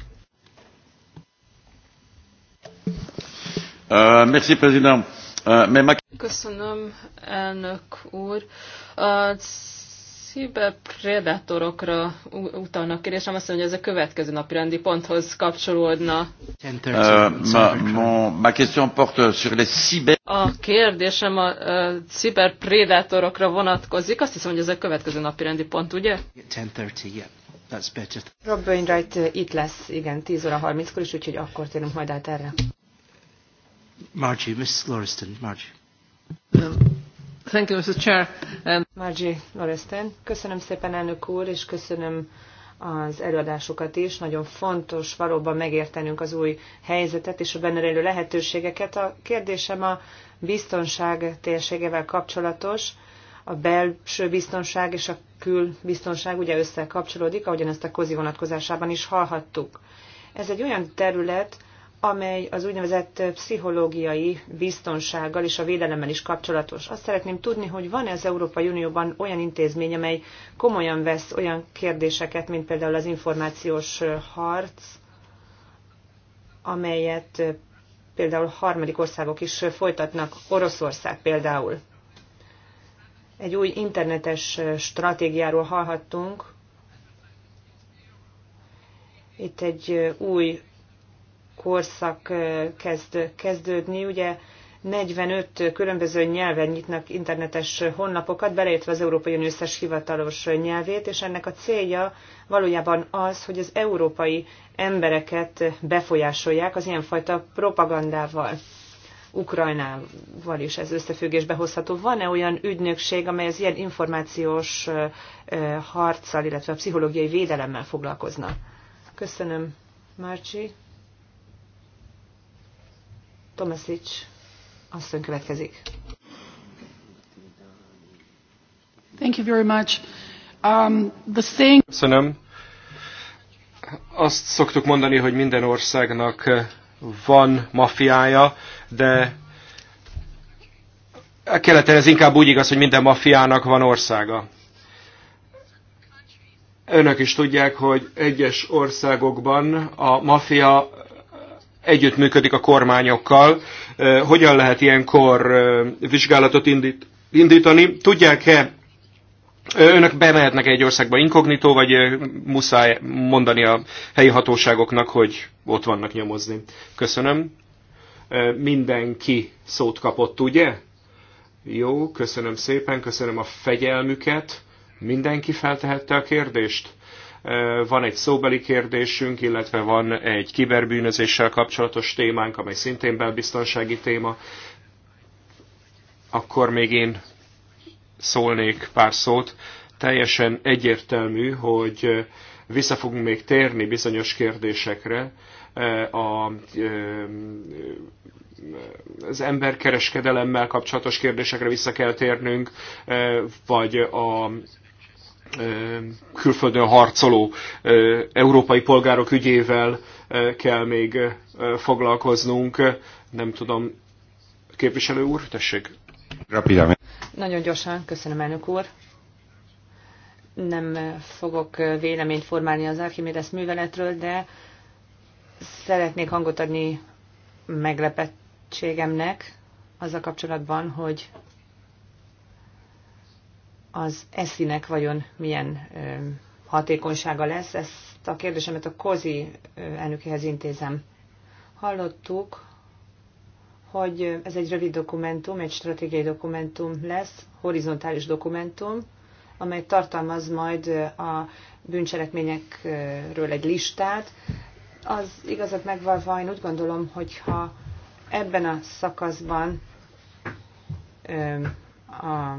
Uh, uh, Köszönöm, elnök úr. A ciberpredátorokra utalnak kérdésem, azt mondja, hogy ez a következő napi rendi ponthoz kapcsolódna. Uh, a kérdésem a ciberpredátorokra vonatkozik, azt hiszem, hogy ez a következő napi rendi pont, ugye? 10.30, Rob Wainwright itt lesz, igen, 10 óra 30-kor is, úgyhogy akkor térünk majd át erre. Margie, Lauriston, Margie. Um, thank you, Mrs. Chair. Um... Margie Lauriston, köszönöm szépen elnök úr, és köszönöm az előadásokat is. Nagyon fontos valóban megértenünk az új helyzetet és a benne rejlő lehetőségeket. A kérdésem a biztonság térségevel kapcsolatos. A belső biztonság és a külbiztonság ugye összekapcsolódik, ahogyan ezt a kozi vonatkozásában is hallhattuk. Ez egy olyan terület, amely az úgynevezett pszichológiai biztonsággal és a védelemmel is kapcsolatos. Azt szeretném tudni, hogy van-e az Európai Unióban olyan intézmény, amely komolyan vesz olyan kérdéseket, mint például az információs harc, amelyet például harmadik országok is folytatnak, Oroszország például. Egy új internetes stratégiáról hallhattunk, itt egy új korszak kezd kezdődni. Ugye 45 különböző nyelven nyitnak internetes honlapokat, beleértve az Európai Unió összes hivatalos nyelvét, és ennek a célja valójában az, hogy az európai embereket befolyásolják az ilyenfajta propagandával. Ukrajnával is ez összefüggésbe hozható. Van-e olyan ügynökség, amely az ilyen információs harccal, illetve a pszichológiai védelemmel foglalkozna? Köszönöm, Márcsi azt asszony következik. Thank you very much. Um, the thing... Köszönöm. Azt szoktuk mondani, hogy minden országnak eh, van mafiája, de a keleten ez inkább úgy igaz, hogy minden mafiának van országa. Önök is tudják, hogy egyes országokban a mafia együttműködik a kormányokkal. Hogyan lehet ilyenkor vizsgálatot indít, indítani? Tudják-e, önök bemehetnek egy országba inkognitó, vagy muszáj mondani a helyi hatóságoknak, hogy ott vannak nyomozni? Köszönöm. Mindenki szót kapott, ugye? Jó, köszönöm szépen, köszönöm a fegyelmüket. Mindenki feltehette a kérdést? Van egy szóbeli kérdésünk, illetve van egy kiberbűnözéssel kapcsolatos témánk, amely szintén belbiztonsági téma. Akkor még én szólnék pár szót. Teljesen egyértelmű, hogy eh, vissza fogunk még térni bizonyos kérdésekre. Eh, a eh, az emberkereskedelemmel kapcsolatos kérdésekre vissza kell térnünk, vagy a külföldön harcoló európai polgárok ügyével kell még foglalkoznunk. Nem tudom, képviselő úr, tessék. Rapidamente. Nagyon gyorsan, köszönöm elnök úr. Nem fogok véleményt formálni az Archimedes műveletről, de szeretnék hangot adni meglepettségemnek az a kapcsolatban, hogy az eszinek vajon milyen hatékonysága lesz. Ezt a kérdésemet a Kozi elnökéhez intézem. Hallottuk, hogy ez egy rövid dokumentum, egy stratégiai dokumentum lesz, horizontális dokumentum, amely tartalmaz majd a bűncselekményekről egy listát. Az igazat megvalva, én úgy gondolom, hogyha ebben a szakaszban a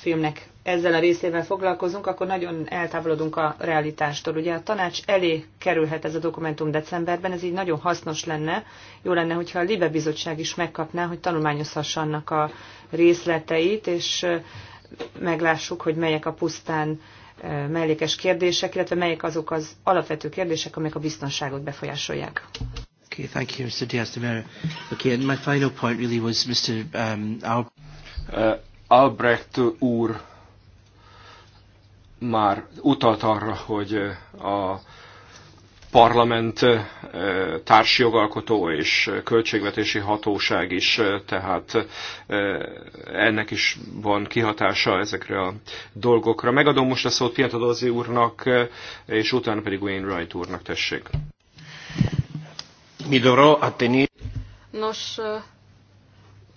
filmnek ezzel a részével foglalkozunk, akkor nagyon eltávolodunk a realitástól. Ugye a tanács elé kerülhet ez a dokumentum decemberben, ez így nagyon hasznos lenne. Jó lenne, hogyha a Libe Bizottság is megkapná, hogy tanulmányozhassa annak a részleteit, és meglássuk, hogy melyek a pusztán mellékes kérdések, illetve melyek azok az alapvető kérdések, amelyek a biztonságot befolyásolják. Okay, thank you, Mr. Diaz de Mera. Okay, and my final point really was Mr. Um, uh, Albrecht úr már utalt arra, hogy a parlament eh, társjogalkotó és költségvetési hatóság is, eh, tehát eh, ennek is van kihatása ezekre a dolgokra. Megadom most a szót Piantadozzi úrnak, és utána pedig Wainwright úrnak tessék. Mi Nos,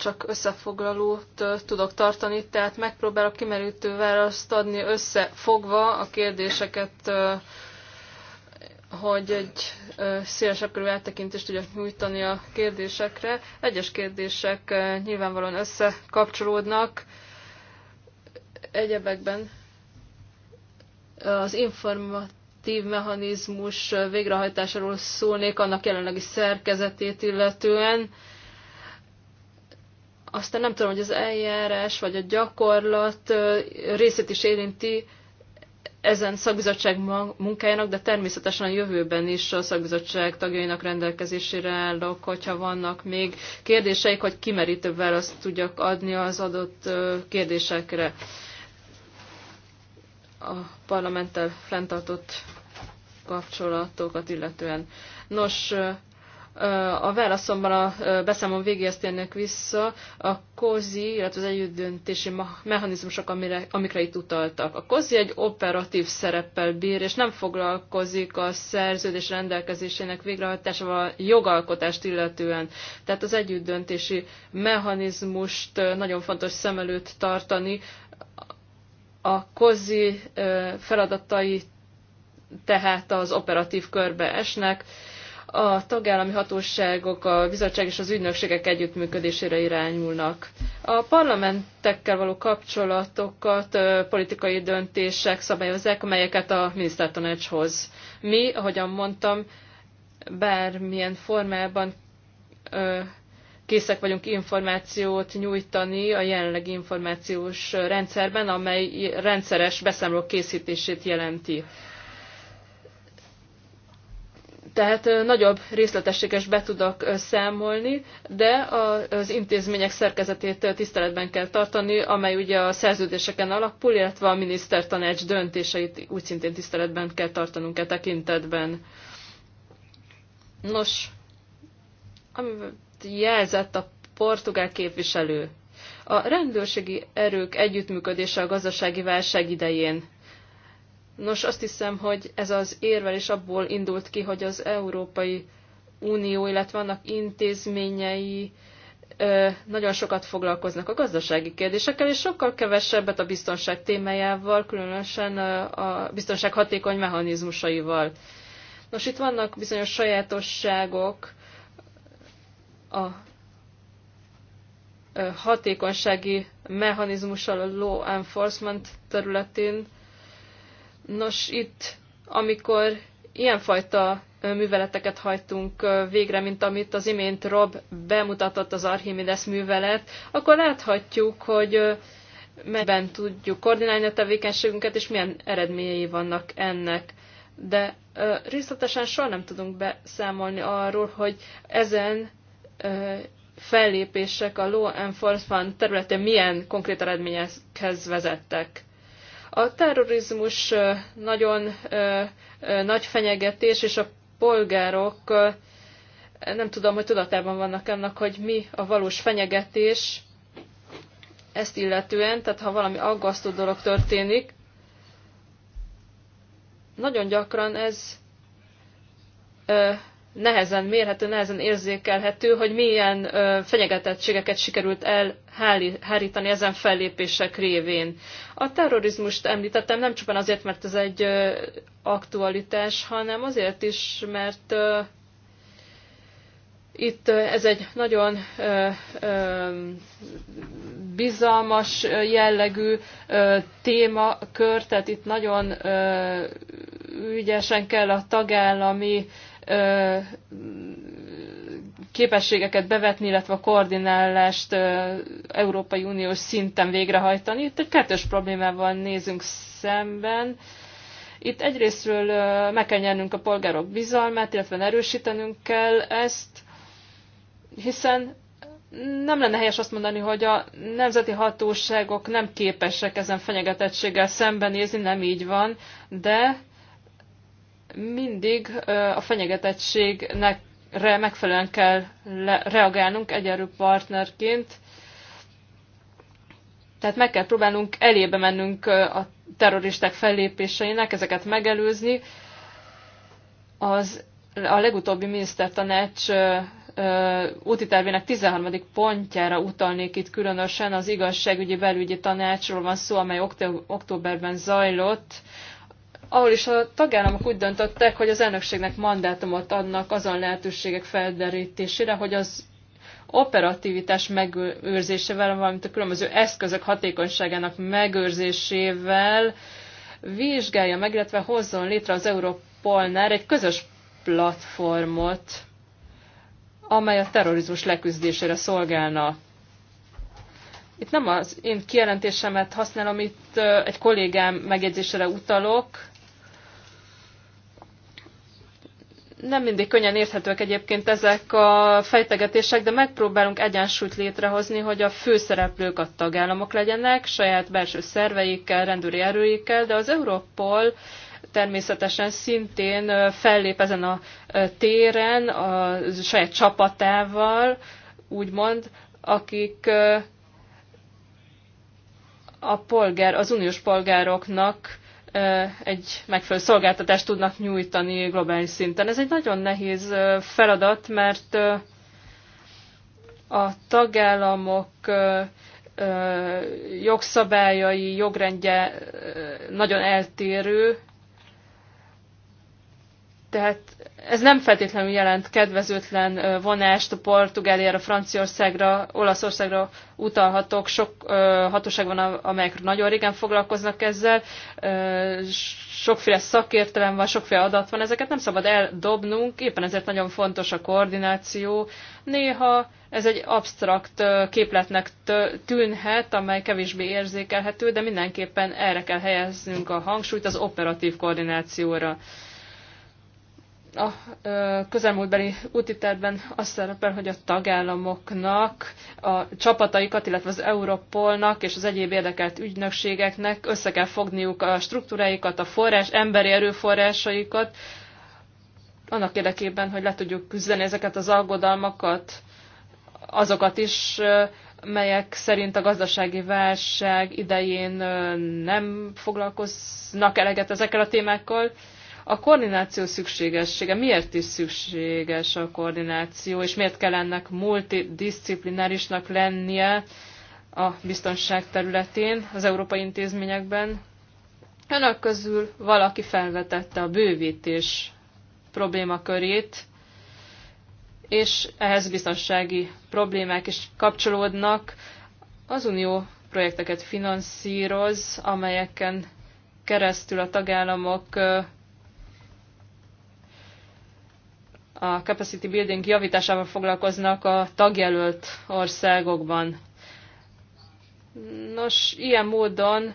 csak összefoglalót tudok tartani, tehát megpróbálok kimerítő választ adni összefogva a kérdéseket, hogy egy szélesebb körül áttekintést tudjak nyújtani a kérdésekre. Egyes kérdések nyilvánvalóan összekapcsolódnak, egyebekben az informatív mechanizmus végrehajtásáról szólnék, annak jelenlegi szerkezetét illetően, aztán nem tudom, hogy az eljárás vagy a gyakorlat részét is érinti ezen szakbizottság munkájának, de természetesen a jövőben is a szakbizottság tagjainak rendelkezésére állok, hogyha vannak még kérdéseik, hogy kimerítőbb választ tudjak adni az adott kérdésekre a parlamenttel fenntartott kapcsolatokat illetően. Nos, a válaszomban a beszámom végéhez térnek vissza a COZI, illetve az együttdöntési mechanizmusok, amire, amikre itt utaltak. A COZI egy operatív szereppel bír, és nem foglalkozik a szerződés rendelkezésének végrehajtásával a jogalkotást illetően. Tehát az együttdöntési mechanizmust nagyon fontos szem előtt tartani. A COZI feladatai tehát az operatív körbe esnek, a tagállami hatóságok, a bizottság és az ügynökségek együttműködésére irányulnak. A parlamentekkel való kapcsolatokat politikai döntések szabályozzák, amelyeket a minisztertanács hoz. Mi, ahogyan mondtam, bármilyen formában készek vagyunk információt nyújtani a jelenlegi információs rendszerben, amely rendszeres beszámolók készítését jelenti. Tehát nagyobb részletességes be tudok számolni, de az intézmények szerkezetét tiszteletben kell tartani, amely ugye a szerződéseken alapul, illetve a minisztertanács döntéseit úgy szintén tiszteletben kell tartanunk e tekintetben. Nos, amit jelzett a portugál képviselő, a rendőrségi erők együttműködése a gazdasági válság idején Nos, azt hiszem, hogy ez az érvelés abból indult ki, hogy az Európai Unió, illetve annak intézményei nagyon sokat foglalkoznak a gazdasági kérdésekkel, és sokkal kevesebbet a biztonság témájával, különösen a biztonság hatékony mechanizmusaival. Nos, itt vannak bizonyos sajátosságok a hatékonysági mechanizmussal a law enforcement területén, Nos, itt, amikor ilyenfajta műveleteket hajtunk végre, mint amit az imént Rob bemutatott az Archimedes művelet, akkor láthatjuk, hogy melyben tudjuk koordinálni a tevékenységünket, és milyen eredményei vannak ennek. De részletesen soha nem tudunk beszámolni arról, hogy ezen fellépések a law enforcement területén milyen konkrét eredményekhez vezettek. A terrorizmus nagyon nagy fenyegetés, és a polgárok nem tudom, hogy tudatában vannak ennek, hogy mi a valós fenyegetés ezt illetően, tehát ha valami aggasztó dolog történik, nagyon gyakran ez nehezen mérhető, nehezen érzékelhető, hogy milyen ö, fenyegetettségeket sikerült elhárítani ezen fellépések révén. A terrorizmust említettem nem csupán azért, mert ez egy ö, aktualitás, hanem azért is, mert ö, itt ez egy nagyon bizalmas jellegű témakör, tehát itt nagyon ügyesen kell a tagállami képességeket bevetni, illetve a koordinálást Európai Uniós szinten végrehajtani. Itt egy kettős problémával nézünk szemben. Itt egyrésztről meg kell nyernünk a polgárok bizalmát, illetve erősítenünk kell ezt, hiszen nem lenne helyes azt mondani, hogy a nemzeti hatóságok nem képesek ezen fenyegetettséggel szembenézni, nem így van, de mindig a fenyegetettségnek megfelelően kell reagálnunk egyenlő partnerként, tehát meg kell próbálnunk elébe mennünk a terroristák fellépéseinek, ezeket megelőzni. Az a legutóbbi minisztertanács tervének 13. pontjára utalnék itt különösen, az igazságügyi belügyi tanácsról van szó, amely októberben zajlott ahol is a tagállamok úgy döntöttek, hogy az elnökségnek mandátumot adnak azon lehetőségek felderítésére, hogy az operativitás megőrzésével, valamint a különböző eszközök hatékonyságának megőrzésével vizsgálja meg, illetve hozzon létre az Europolnál egy közös platformot, amely a terrorizmus leküzdésére szolgálna. Itt nem az én kijelentésemet használom, itt egy kollégám megjegyzésére utalok, Nem mindig könnyen érthetők egyébként ezek a fejtegetések, de megpróbálunk egyensúlyt létrehozni, hogy a főszereplők a tagállamok legyenek, saját belső szerveikkel, rendőri erőikkel, de az Európol természetesen szintén fellép ezen a téren a saját csapatával, úgymond, akik a polgár, az uniós polgároknak egy megfelelő szolgáltatást tudnak nyújtani globális szinten. Ez egy nagyon nehéz feladat, mert a tagállamok jogszabályai, jogrendje nagyon eltérő, tehát ez nem feltétlenül jelent kedvezőtlen vonást a Portugáliára, Franciaországra, Olaszországra utalhatok. Sok hatóság van, amelyek nagyon régen foglalkoznak ezzel. Sokféle szakértelem van, sokféle adat van, ezeket nem szabad eldobnunk, éppen ezért nagyon fontos a koordináció. Néha ez egy absztrakt képletnek tűnhet, amely kevésbé érzékelhető, de mindenképpen erre kell helyeznünk a hangsúlyt az operatív koordinációra a közelmúltbeli útiterben az szerepel, hogy a tagállamoknak, a csapataikat, illetve az Europolnak és az egyéb érdekelt ügynökségeknek össze kell fogniuk a struktúráikat, a forrás, emberi erőforrásaikat, annak érdekében, hogy le tudjuk küzdeni ezeket az aggodalmakat, azokat is, melyek szerint a gazdasági válság idején nem foglalkoznak eleget ezekkel a témákkal, a koordináció szükségessége, miért is szükséges a koordináció, és miért kell ennek multidisciplinárisnak lennie a biztonság területén, az európai intézményekben? Önök közül valaki felvetette a bővítés problémakörét, és ehhez biztonsági problémák is kapcsolódnak. Az Unió projekteket finanszíroz, amelyeken keresztül a tagállamok a capacity building javításával foglalkoznak a tagjelölt országokban. Nos, ilyen módon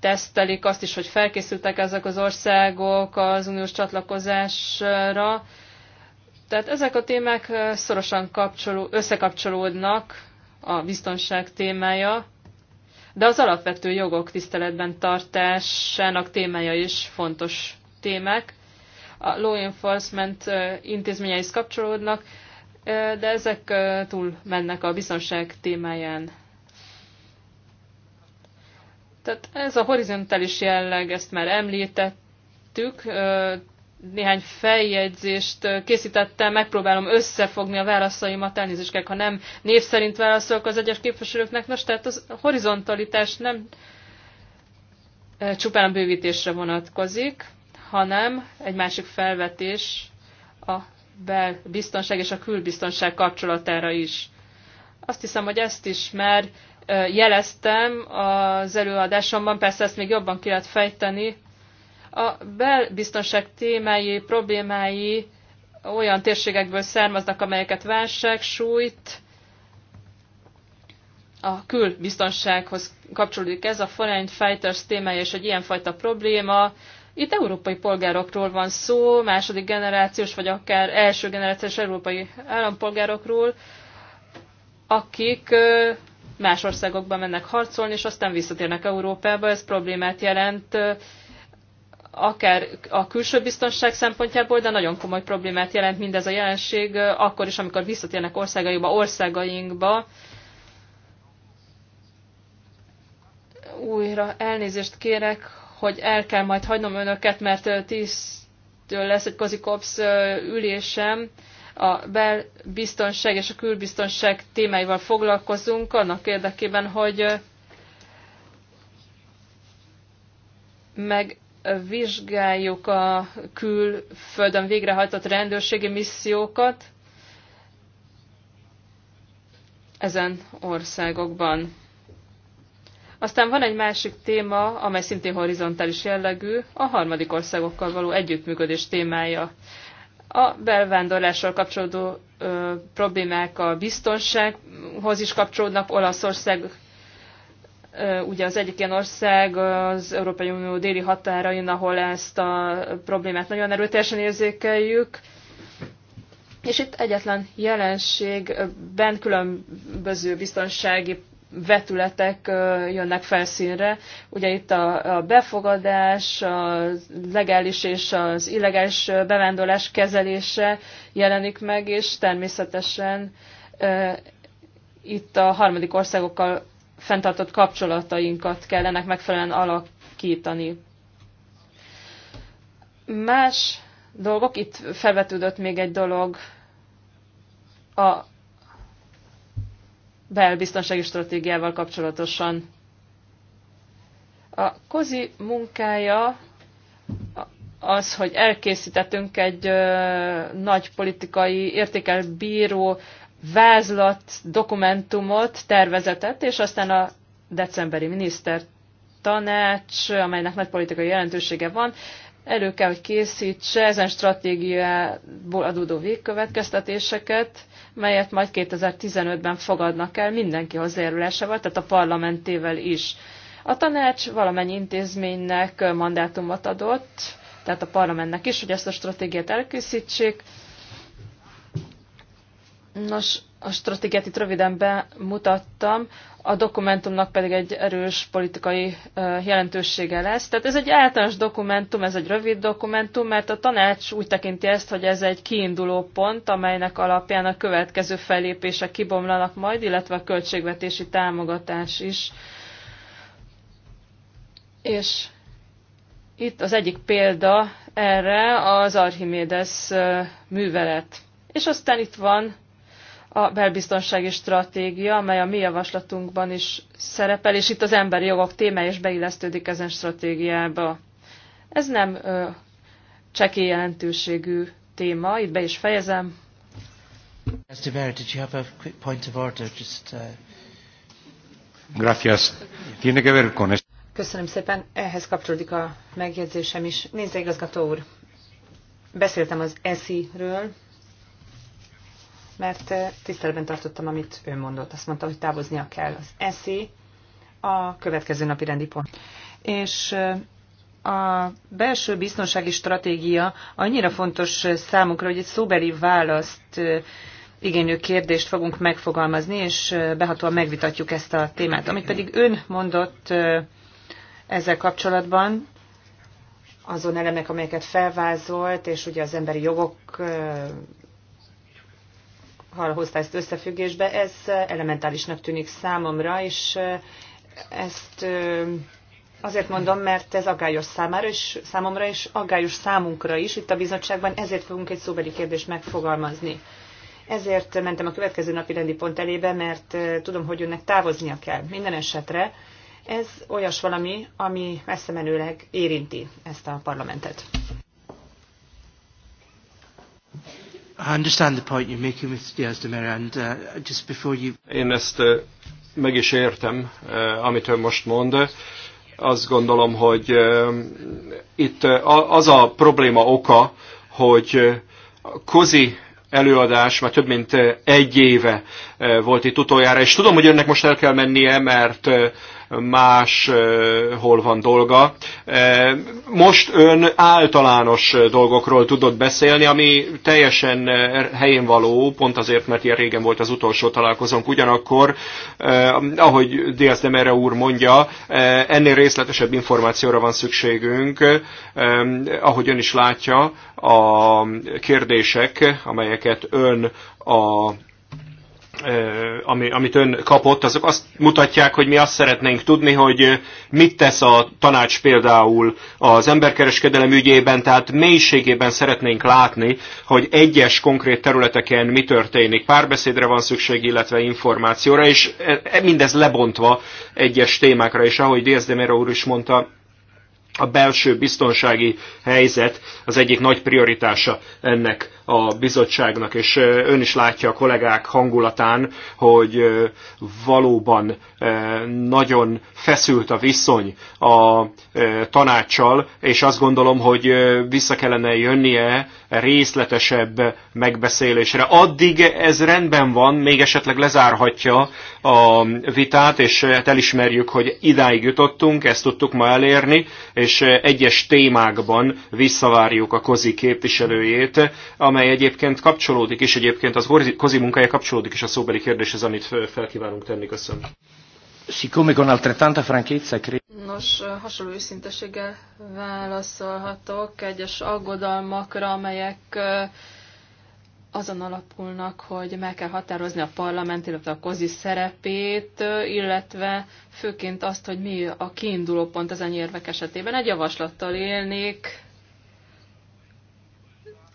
tesztelik azt is, hogy felkészültek ezek az országok az uniós csatlakozásra. Tehát ezek a témák szorosan kapcsoló, összekapcsolódnak a biztonság témája, de az alapvető jogok tiszteletben tartásának témája is fontos témák a law enforcement intézményeihez kapcsolódnak, de ezek túl mennek a biztonság témáján. Tehát ez a horizontális jelleg, ezt már említettük, néhány feljegyzést készítettem, megpróbálom összefogni a válaszaimat, elnézést kell, ha nem név szerint válaszolok az egyes képviselőknek. Nos, tehát a horizontalitás nem csupán a bővítésre vonatkozik, hanem egy másik felvetés a belbiztonság és a külbiztonság kapcsolatára is. Azt hiszem, hogy ezt is már jeleztem az előadásomban, persze ezt még jobban ki lehet fejteni. A belbiztonság témái, problémái olyan térségekből származnak, amelyeket válság sújt, a külbiztonsághoz kapcsolódik ez, a foreign fighters témája és egy ilyenfajta probléma, itt európai polgárokról van szó, második generációs, vagy akár első generációs európai állampolgárokról, akik más országokban mennek harcolni, és aztán visszatérnek Európába. Ez problémát jelent akár a külső biztonság szempontjából, de nagyon komoly problémát jelent mindez a jelenség, akkor is, amikor visszatérnek országaiba, országainkba. Újra elnézést kérek, hogy el kell majd hagynom önöket, mert tíztől lesz egy kozikops ülésem, a belbiztonság és a külbiztonság témáival foglalkozunk, annak érdekében, hogy megvizsgáljuk a külföldön végrehajtott rendőrségi missziókat ezen országokban. Aztán van egy másik téma, amely szintén horizontális jellegű, a harmadik országokkal való együttműködés témája. A belvándorlással kapcsolódó ö, problémák a biztonsághoz is kapcsolódnak. Olaszország ö, ugye az egyik ilyen ország az Európai Unió déli határain, ahol ezt a problémát nagyon erőteljesen érzékeljük. És itt egyetlen jelenség, bent különböző biztonsági vetületek jönnek felszínre. Ugye itt a, befogadás, a legális és az illegális bevándorlás kezelése jelenik meg, és természetesen itt a harmadik országokkal fenntartott kapcsolatainkat kell ennek megfelelően alakítani. Más dolgok, itt felvetődött még egy dolog, a belbiztonsági stratégiával kapcsolatosan. A kozi munkája az, hogy elkészítettünk egy ö, nagy politikai értékel bíró vázlat, dokumentumot, tervezetet, és aztán a decemberi miniszter tanács, amelynek nagy politikai jelentősége van, elő kell, hogy készítse ezen stratégiából adódó végkövetkeztetéseket, melyet majd 2015-ben fogadnak el mindenki hozzájárulásával, tehát a parlamentével is. A tanács valamennyi intézménynek mandátumot adott, tehát a parlamentnek is, hogy ezt a stratégiát elkészítsék, Nos, a stratégiát itt röviden bemutattam, a dokumentumnak pedig egy erős politikai jelentősége lesz. Tehát ez egy általános dokumentum, ez egy rövid dokumentum, mert a tanács úgy tekinti ezt, hogy ez egy kiinduló pont, amelynek alapján a következő fellépések kibomlanak majd, illetve a költségvetési támogatás is. És itt az egyik példa erre az Archimedes művelet. És aztán itt van a belbiztonsági stratégia, amely a mi javaslatunkban is szerepel, és itt az emberi jogok téma is beillesztődik ezen stratégiába. Ez nem ö, csekély jelentőségű téma, itt be is fejezem. Gracias. Tiene que ver con esto. Köszönöm szépen. Ehhez kapcsolódik a megjegyzésem is. Nézze, igazgató úr, beszéltem az ESI-ről, mert eh, tiszteletben tartottam, amit ő mondott. Azt mondta, hogy távoznia kell az eszi a következő napi rendi pont. És eh, a belső biztonsági stratégia annyira fontos eh, számunkra, hogy egy szóbeli választ igénylő kérdést fogunk megfogalmazni, és behatóan megvitatjuk ezt a témát. Amit pedig ön mondott ezzel kapcsolatban, azon elemek, amelyeket felvázolt, és ugye az emberi jogok hozta ezt összefüggésbe, ez elementálisnak tűnik számomra, és eh, ezt eh, azért mondom, mert ez aggályos számára és számomra, és aggályos számunkra is. Itt a bizottságban ezért fogunk egy szóbeli kérdést megfogalmazni. Ezért mentem a következő napi rendi pont elébe, mert eh, tudom, hogy önnek távoznia kell. Minden esetre ez olyas valami, ami messze menőleg érinti ezt a parlamentet. I understand the point you're making with Diaz de Mera, and uh, just before you... Én ezt uh, meg is értem, uh, amit ön most mond. azt gondolom, hogy uh, itt uh, az a probléma oka, hogy uh, Kozi előadás már több mint uh, egy éve uh, volt itt utoljára, és tudom, hogy önnek most el kell mennie, mert uh, más hol van dolga. E, most ön általános dolgokról tudott beszélni, ami teljesen helyén való, pont azért, mert ilyen régen volt az utolsó találkozónk. Ugyanakkor, e, ahogy Diaz Demere úr mondja, e, ennél részletesebb információra van szükségünk. Ahogy ön is látja, a kérdések, amelyeket ön a ami, amit ön kapott, azok azt mutatják, hogy mi azt szeretnénk tudni, hogy mit tesz a tanács például az emberkereskedelem ügyében, tehát mélységében szeretnénk látni, hogy egyes konkrét területeken mi történik. Párbeszédre van szükség, illetve információra, és e, e, mindez lebontva egyes témákra, és ahogy Diaz úr is mondta, a belső biztonsági helyzet az egyik nagy prioritása ennek a bizottságnak, és ön is látja a kollégák hangulatán, hogy valóban nagyon feszült a viszony a tanácssal, és azt gondolom, hogy vissza kellene jönnie részletesebb megbeszélésre. Addig ez rendben van, még esetleg lezárhatja a vitát, és hát elismerjük, hogy idáig jutottunk, ezt tudtuk ma elérni, és egyes témákban visszavárjuk a kozi képviselőjét, amely amely egyébként kapcsolódik, és egyébként az kozi munkája kapcsolódik is a szóbeli kérdéshez, amit felkívánunk tenni. Köszönöm. Siccome con altrettanta franchezza e Nos, hasonló őszintességgel válaszolhatok egyes aggodalmakra, amelyek azon alapulnak, hogy meg kell határozni a parlament, illetve a kozi szerepét, illetve főként azt, hogy mi a kiinduló pont ezen érvek esetében. Egy javaslattal élnék,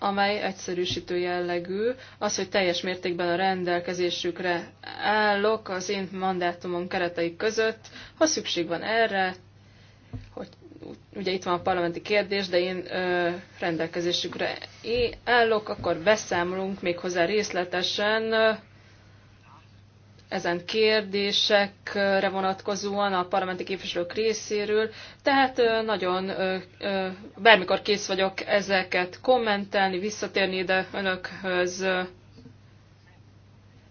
amely egyszerűsítő jellegű, az, hogy teljes mértékben a rendelkezésükre állok az én mandátumom keretei között, ha szükség van erre, hogy ugye itt van a parlamenti kérdés, de én ö, rendelkezésükre állok, akkor beszámolunk méghozzá részletesen ezen kérdésekre vonatkozóan a parlamenti képviselők részéről, tehát nagyon bármikor kész vagyok ezeket kommentelni, visszatérni ide önökhöz,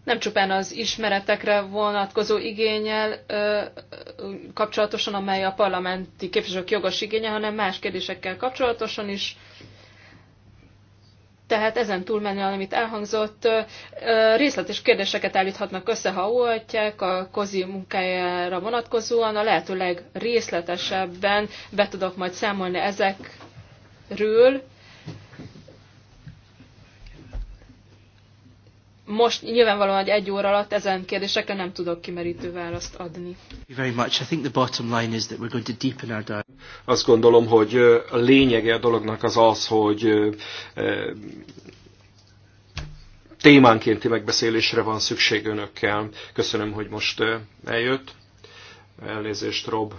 nem csupán az ismeretekre vonatkozó igényel kapcsolatosan, amely a parlamenti képviselők jogos igénye, hanem más kérdésekkel kapcsolatosan is tehát ezen túlmenően, amit elhangzott, részletes kérdéseket állíthatnak össze, ha oltják a kozi munkájára vonatkozóan, a lehető legrészletesebben be tudok majd számolni ezekről, most nyilvánvalóan, hogy egy óra alatt ezen kérdésekre nem tudok kimerítő választ adni. Azt gondolom, hogy a lényege a dolognak az az, hogy témánkénti megbeszélésre van szükség önökkel. Köszönöm, hogy most eljött. Elnézést, Rob.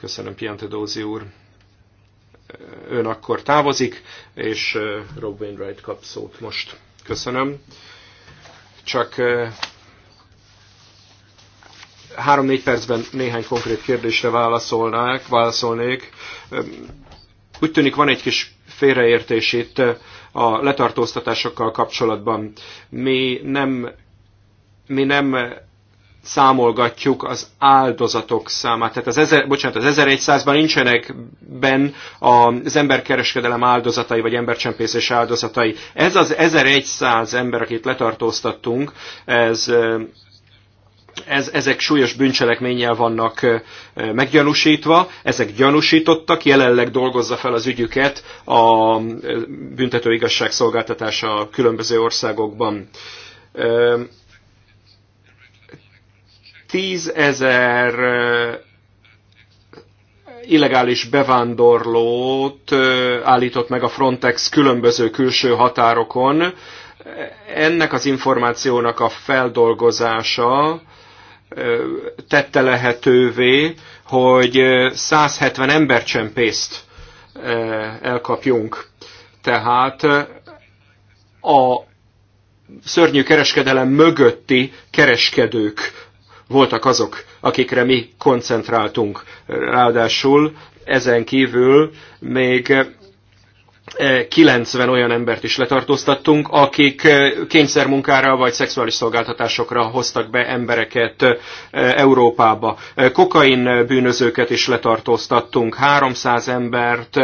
Köszönöm, Piante Dózi úr ön akkor távozik, és Rob Wainwright kap szót most. Köszönöm. Csak három-négy percben néhány konkrét kérdésre válaszolnák, válaszolnék. Úgy tűnik van egy kis félreértés itt a letartóztatásokkal kapcsolatban. Mi nem, mi nem számolgatjuk az áldozatok számát. Tehát az, ezer, bocsánat, az 1100-ban nincsenek ben az emberkereskedelem áldozatai, vagy embercsempészés áldozatai. Ez az 1100 ember, akit letartóztattunk, ez, ez, ezek súlyos bűncselekménnyel vannak meggyanúsítva, ezek gyanúsítottak, jelenleg dolgozza fel az ügyüket a büntető szolgáltatása a különböző országokban tízezer illegális bevándorlót állított meg a Frontex különböző külső határokon. Ennek az információnak a feldolgozása tette lehetővé, hogy 170 embercsempészt elkapjunk. Tehát a szörnyű kereskedelem mögötti kereskedők voltak azok, akikre mi koncentráltunk. Ráadásul ezen kívül még 90 eh, olyan embert is letartóztattunk, akik eh, kényszermunkára vagy szexuális szolgáltatásokra hoztak be embereket eh, Európába. Kokain bűnözőket is letartóztattunk, 300 embert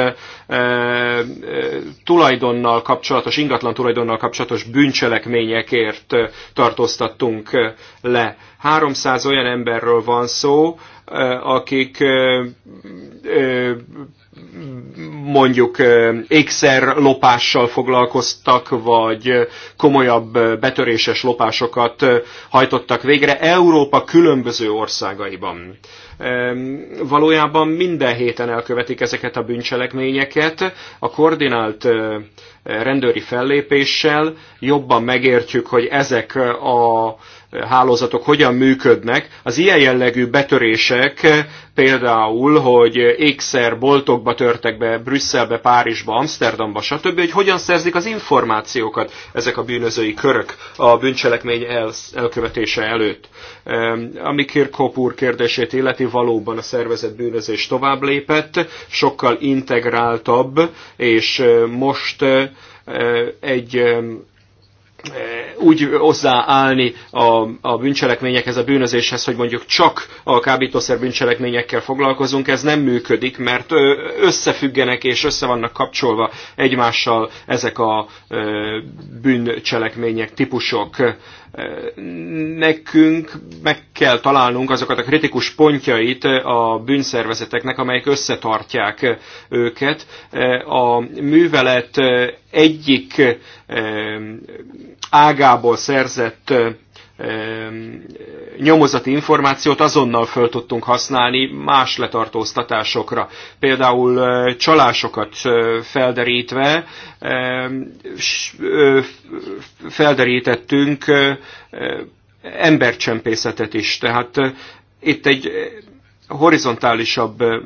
tulajdonnal kapcsolatos, ingatlan tulajdonnal kapcsolatos bűncselekményekért tartóztattunk le. 300 olyan emberről van szó, akik mondjuk ékszer lopással foglalkoztak, vagy komolyabb betöréses lopásokat hajtottak végre Európa különböző országaiban. Valójában minden héten elkövetik ezeket a bűncselekményeket. A koordinált rendőri fellépéssel jobban megértjük, hogy ezek a hálózatok hogyan működnek, az ilyen jellegű betörések például, hogy ékszer boltokba törtek be, Brüsszelbe, Párizsba, Amsterdamba, stb., hogy hogyan szerzik az információkat ezek a bűnözői körök a bűncselekmény el, elkövetése előtt. Ami Kirchhoff úr kérdését illeti, valóban a szervezet bűnözés tovább lépett, sokkal integráltabb, és most egy Eh, úgy hozzáállni a, a bűncselekményekhez, a bűnözéshez, hogy mondjuk csak a kábítószer bűncselekményekkel foglalkozunk, ez nem működik, mert összefüggenek és össze vannak kapcsolva egymással ezek a bűncselekmények típusok nekünk meg kell találnunk azokat a kritikus pontjait a bűnszervezeteknek, amelyek összetartják őket. A művelet egyik eh, ágából szerzett nyomozati információt azonnal föl tudtunk használni más letartóztatásokra. Például csalásokat felderítve felderítettünk embercsempészetet is. Tehát itt egy horizontálisabb eh,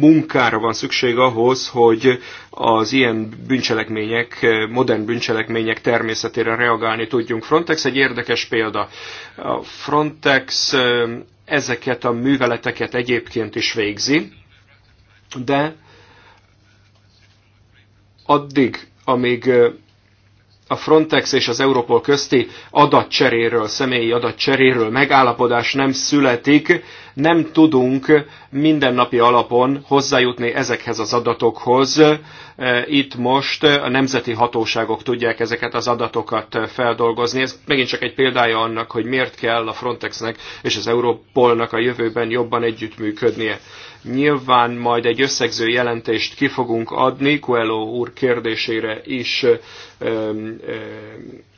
munkára van szükség ahhoz, hogy az ilyen bűncselekmények, eh, modern bűncselekmények természetére reagálni tudjunk. Frontex egy érdekes példa. A Frontex eh, ezeket a műveleteket egyébként is végzi, de addig, amíg a Frontex és az Europol közti adatcseréről, személyi adatcseréről megállapodás nem születik, nem tudunk mindennapi alapon hozzájutni ezekhez az adatokhoz. E, itt most a nemzeti hatóságok tudják ezeket az adatokat feldolgozni. Ez megint csak egy példája annak, hogy miért kell a Frontexnek és az Europolnak a jövőben jobban együttműködnie. Nyilván majd egy összegző jelentést ki fogunk adni, Coelho úr kérdésére is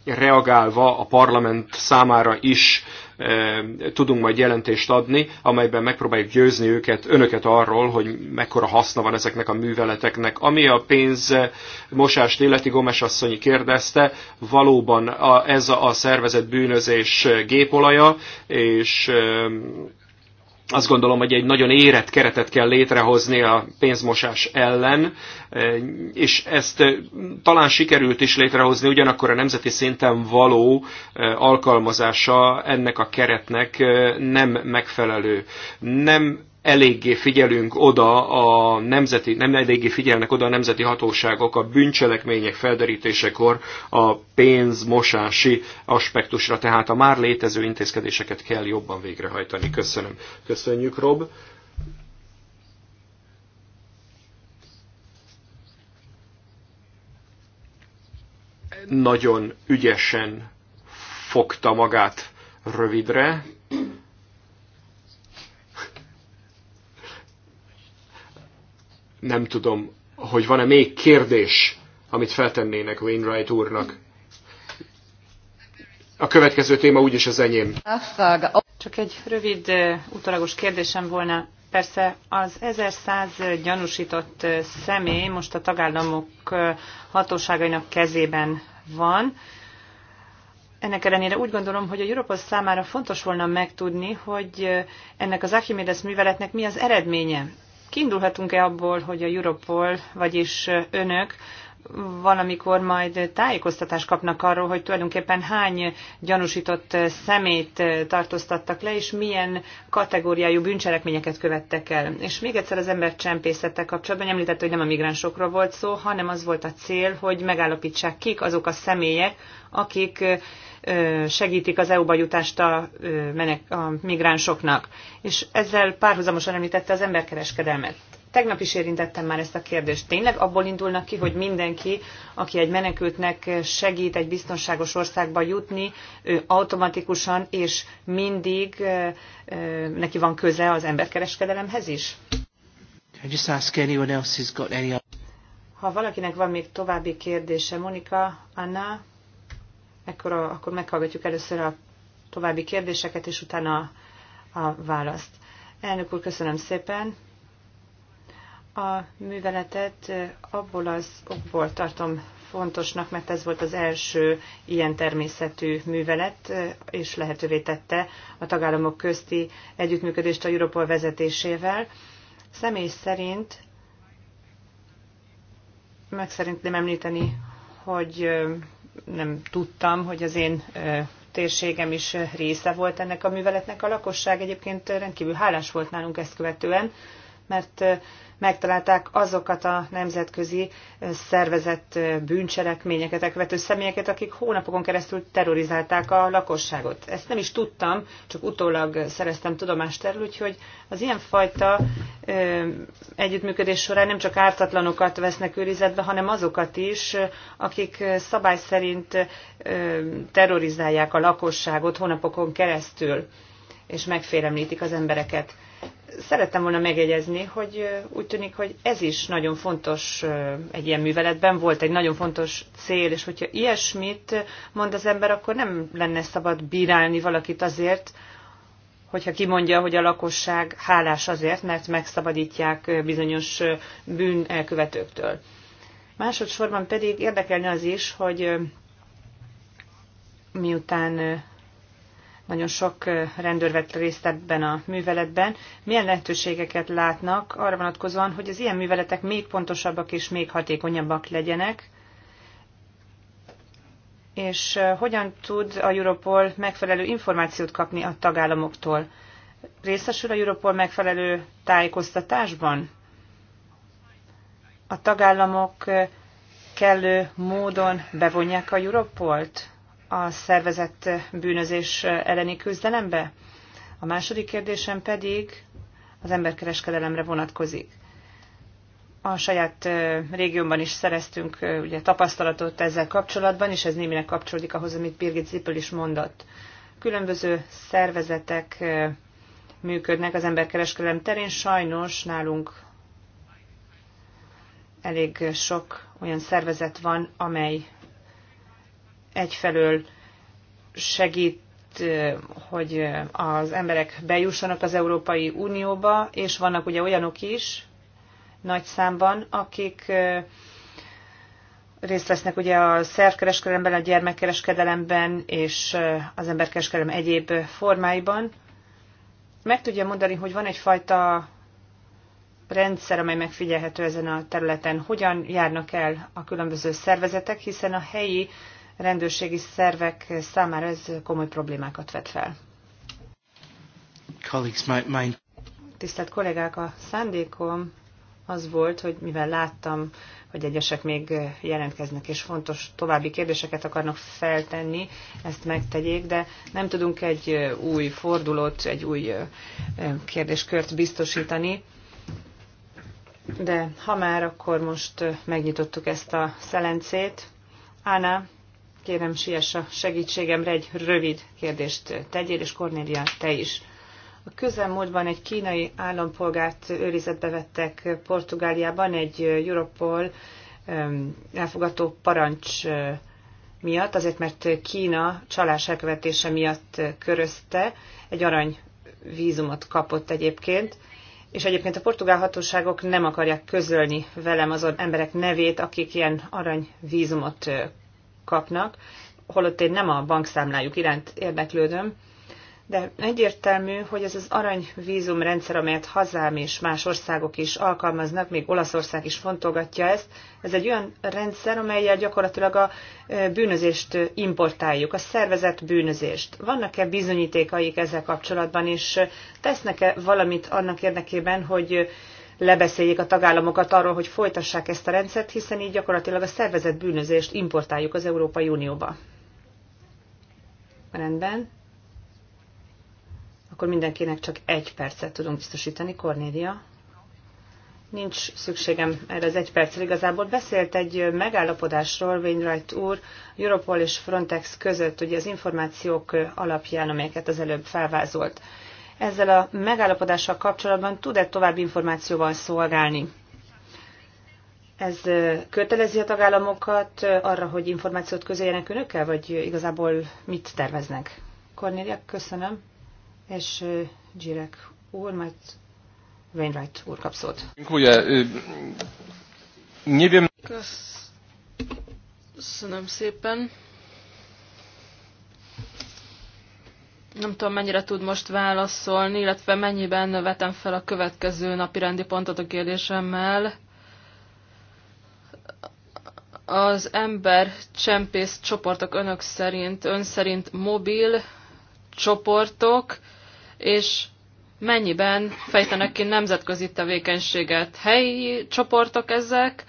reagálva a parlament számára is tudunk majd jelentést adni, amelyben megpróbáljuk győzni őket, önöket arról, hogy mekkora haszna van ezeknek a műveleteknek. Ami a pénz mosást illeti Gomes asszony kérdezte, valóban a, ez a szervezett bűnözés gépolaja, és azt gondolom, hogy egy nagyon érett keretet kell létrehozni a pénzmosás ellen, e, és ezt e, talán sikerült is létrehozni, ugyanakkor a nemzeti szinten való e, alkalmazása ennek a keretnek nem megfelelő. Nem eléggé figyelünk oda a nemzeti, nem eléggé figyelnek oda a nemzeti hatóságok a bűncselekmények felderítésekor a pénzmosási aspektusra, tehát a már létező intézkedéseket kell jobban végrehajtani. Köszönöm. Köszönjük, Rob. Nagyon ügyesen fogta magát rövidre Nem tudom, hogy van-e még kérdés, amit feltennének Wainwright úrnak. A következő téma úgyis az enyém. Csak egy rövid utolagos kérdésem volna. Persze az 1100 gyanúsított személy most a tagállamok hatóságainak kezében van. Ennek ellenére úgy gondolom, hogy a Europol számára fontos volna megtudni, hogy ennek az Archimedes műveletnek mi az eredménye. Kiindulhatunk-e abból, hogy a Europol, vagyis önök valamikor majd tájékoztatást kapnak arról, hogy tulajdonképpen hány gyanúsított szemét tartóztattak le, és milyen kategóriájú bűncselekményeket követtek el. És még egyszer az ember csempészettel kapcsolatban említette, hogy nem a migránsokról volt szó, hanem az volt a cél, hogy megállapítsák kik azok a személyek, akik segítik az EU-ba jutást a, menek, a migránsoknak. És ezzel párhuzamosan említette az emberkereskedelmet. Tegnap is érintettem már ezt a kérdést. Tényleg abból indulnak ki, hogy mindenki, aki egy menekültnek segít egy biztonságos országba jutni, ő automatikusan és mindig neki van köze az emberkereskedelemhez is? Ha valakinek van még további kérdése, Monika, Anna, akkor, akkor meghallgatjuk először a további kérdéseket, és utána a, a választ. Elnök úr, köszönöm szépen. A műveletet abból az okból tartom fontosnak, mert ez volt az első ilyen természetű művelet, és lehetővé tette a tagállamok közti együttműködést a Europol vezetésével. Személy szerint meg szerintem említeni, hogy nem tudtam, hogy az én térségem is része volt ennek a műveletnek. A lakosság egyébként rendkívül hálás volt nálunk ezt követően, mert megtalálták azokat a nemzetközi szervezett bűncselekményeket elkövető személyeket, akik hónapokon keresztül terrorizálták a lakosságot. Ezt nem is tudtam, csak utólag szereztem tudomást erről, úgyhogy az ilyenfajta ö, együttműködés során nem csak ártatlanokat vesznek őrizetbe, hanem azokat is, akik szabály szerint ö, terrorizálják a lakosságot hónapokon keresztül és megfélemlítik az embereket. Szerettem volna megjegyezni, hogy úgy tűnik, hogy ez is nagyon fontos egy ilyen műveletben, volt egy nagyon fontos cél, és hogyha ilyesmit mond az ember, akkor nem lenne szabad bírálni valakit azért, hogyha kimondja, hogy a lakosság hálás azért, mert megszabadítják bizonyos bűn elkövetőktől. Másodszorban pedig érdekelne az is, hogy miután nagyon sok rendőr vett részt ebben a műveletben. Milyen lehetőségeket látnak arra vonatkozóan, hogy az ilyen műveletek még pontosabbak és még hatékonyabbak legyenek? És hogyan tud a Europol megfelelő információt kapni a tagállamoktól? Részesül a Europol megfelelő tájékoztatásban? A tagállamok kellő módon bevonják a Europolt? a szervezett bűnözés elleni küzdelembe? A második kérdésem pedig az emberkereskedelemre vonatkozik. A saját régiómban is szereztünk ugye, tapasztalatot ezzel kapcsolatban, és ez némileg kapcsolódik ahhoz, amit Birgit Zippel is mondott. Különböző szervezetek működnek az emberkereskedelem terén, sajnos nálunk elég sok olyan szervezet van, amely egyfelől segít hogy az emberek bejussanak az Európai Unióba, és vannak ugye olyanok is nagy számban, akik részt vesznek ugye a szervkereskedelemben, a gyermekkereskedelemben és az emberkereskedelem egyéb formáiban. Meg tudja mondani, hogy van egyfajta rendszer, amely megfigyelhető ezen a területen, hogyan járnak el a különböző szervezetek, hiszen a helyi rendőrségi szervek számára ez komoly problémákat vet fel. Tisztelt kollégák, a szándékom az volt, hogy mivel láttam, hogy egyesek még jelentkeznek, és fontos további kérdéseket akarnak feltenni, ezt megtegyék, de nem tudunk egy új fordulót, egy új kérdéskört biztosítani. De ha már, akkor most megnyitottuk ezt a szelencét. Ána, Kérem, siess a segítségemre, egy rövid kérdést tegyél, és Kornélia, te is. A közelmúltban egy kínai állampolgárt őrizetbe vettek Portugáliában egy Europol elfogató parancs miatt, azért mert Kína csalás elkövetése miatt körözte, egy arany vízumot kapott egyébként, és egyébként a portugál hatóságok nem akarják közölni velem azon emberek nevét, akik ilyen arany vízumot kapnak, holott én nem a bankszámlájuk iránt érdeklődöm, de egyértelmű, hogy ez az aranyvízum rendszer, amelyet hazám és más országok is alkalmaznak, még Olaszország is fontolgatja ezt, ez egy olyan rendszer, amelyel gyakorlatilag a bűnözést importáljuk, a szervezett bűnözést. Vannak-e bizonyítékaik ezzel kapcsolatban, és tesznek-e valamit annak érdekében, hogy lebeszéljék a tagállamokat arról, hogy folytassák ezt a rendszert, hiszen így gyakorlatilag a szervezett bűnözést importáljuk az Európai Unióba. Rendben. Akkor mindenkinek csak egy percet tudunk biztosítani. Kornélia. Nincs szükségem erre az egy percre. Igazából beszélt egy megállapodásról Wainwright úr Europol és Frontex között, ugye az információk alapján, amelyeket az előbb felvázolt ezzel a megállapodással kapcsolatban tud-e további információval szolgálni? Ez kötelezi a tagállamokat arra, hogy információt közöljenek önökkel, vagy igazából mit terveznek? Cornelia, köszönöm, és Gyirek úr, majd Wainwright úr kap szót. Köszönöm szépen. Nem tudom, mennyire tud most válaszolni, illetve mennyiben vetem fel a következő napi rendi pontot a kérdésemmel. Az ember csempész csoportok önök szerint, ön szerint mobil csoportok, és mennyiben fejtenek ki nemzetközi tevékenységet. Helyi csoportok ezek,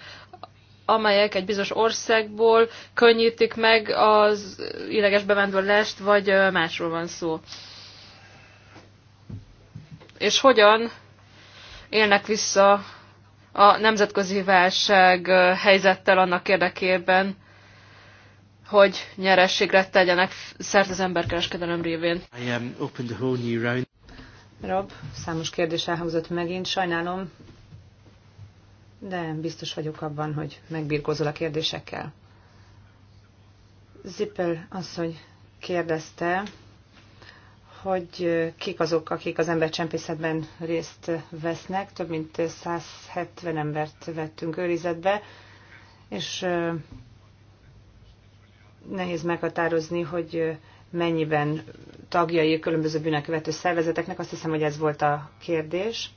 amelyek egy bizonyos országból könnyítik meg az illeges bevándorlást, vagy másról van szó. És hogyan élnek vissza a nemzetközi válság helyzettel annak érdekében, hogy nyerességre tegyenek szert az emberkereskedelem révén. Um, Rob, számos kérdés elhangzott megint. Sajnálom, de biztos vagyok abban, hogy megbírkozol a kérdésekkel. Zippel asszony kérdezte, hogy kik azok, akik az embercsempészetben részt vesznek. Több mint 170 embert vettünk őrizetbe, és nehéz meghatározni, hogy mennyiben tagjai a különböző bűnökövető szervezeteknek. Azt hiszem, hogy ez volt a kérdés.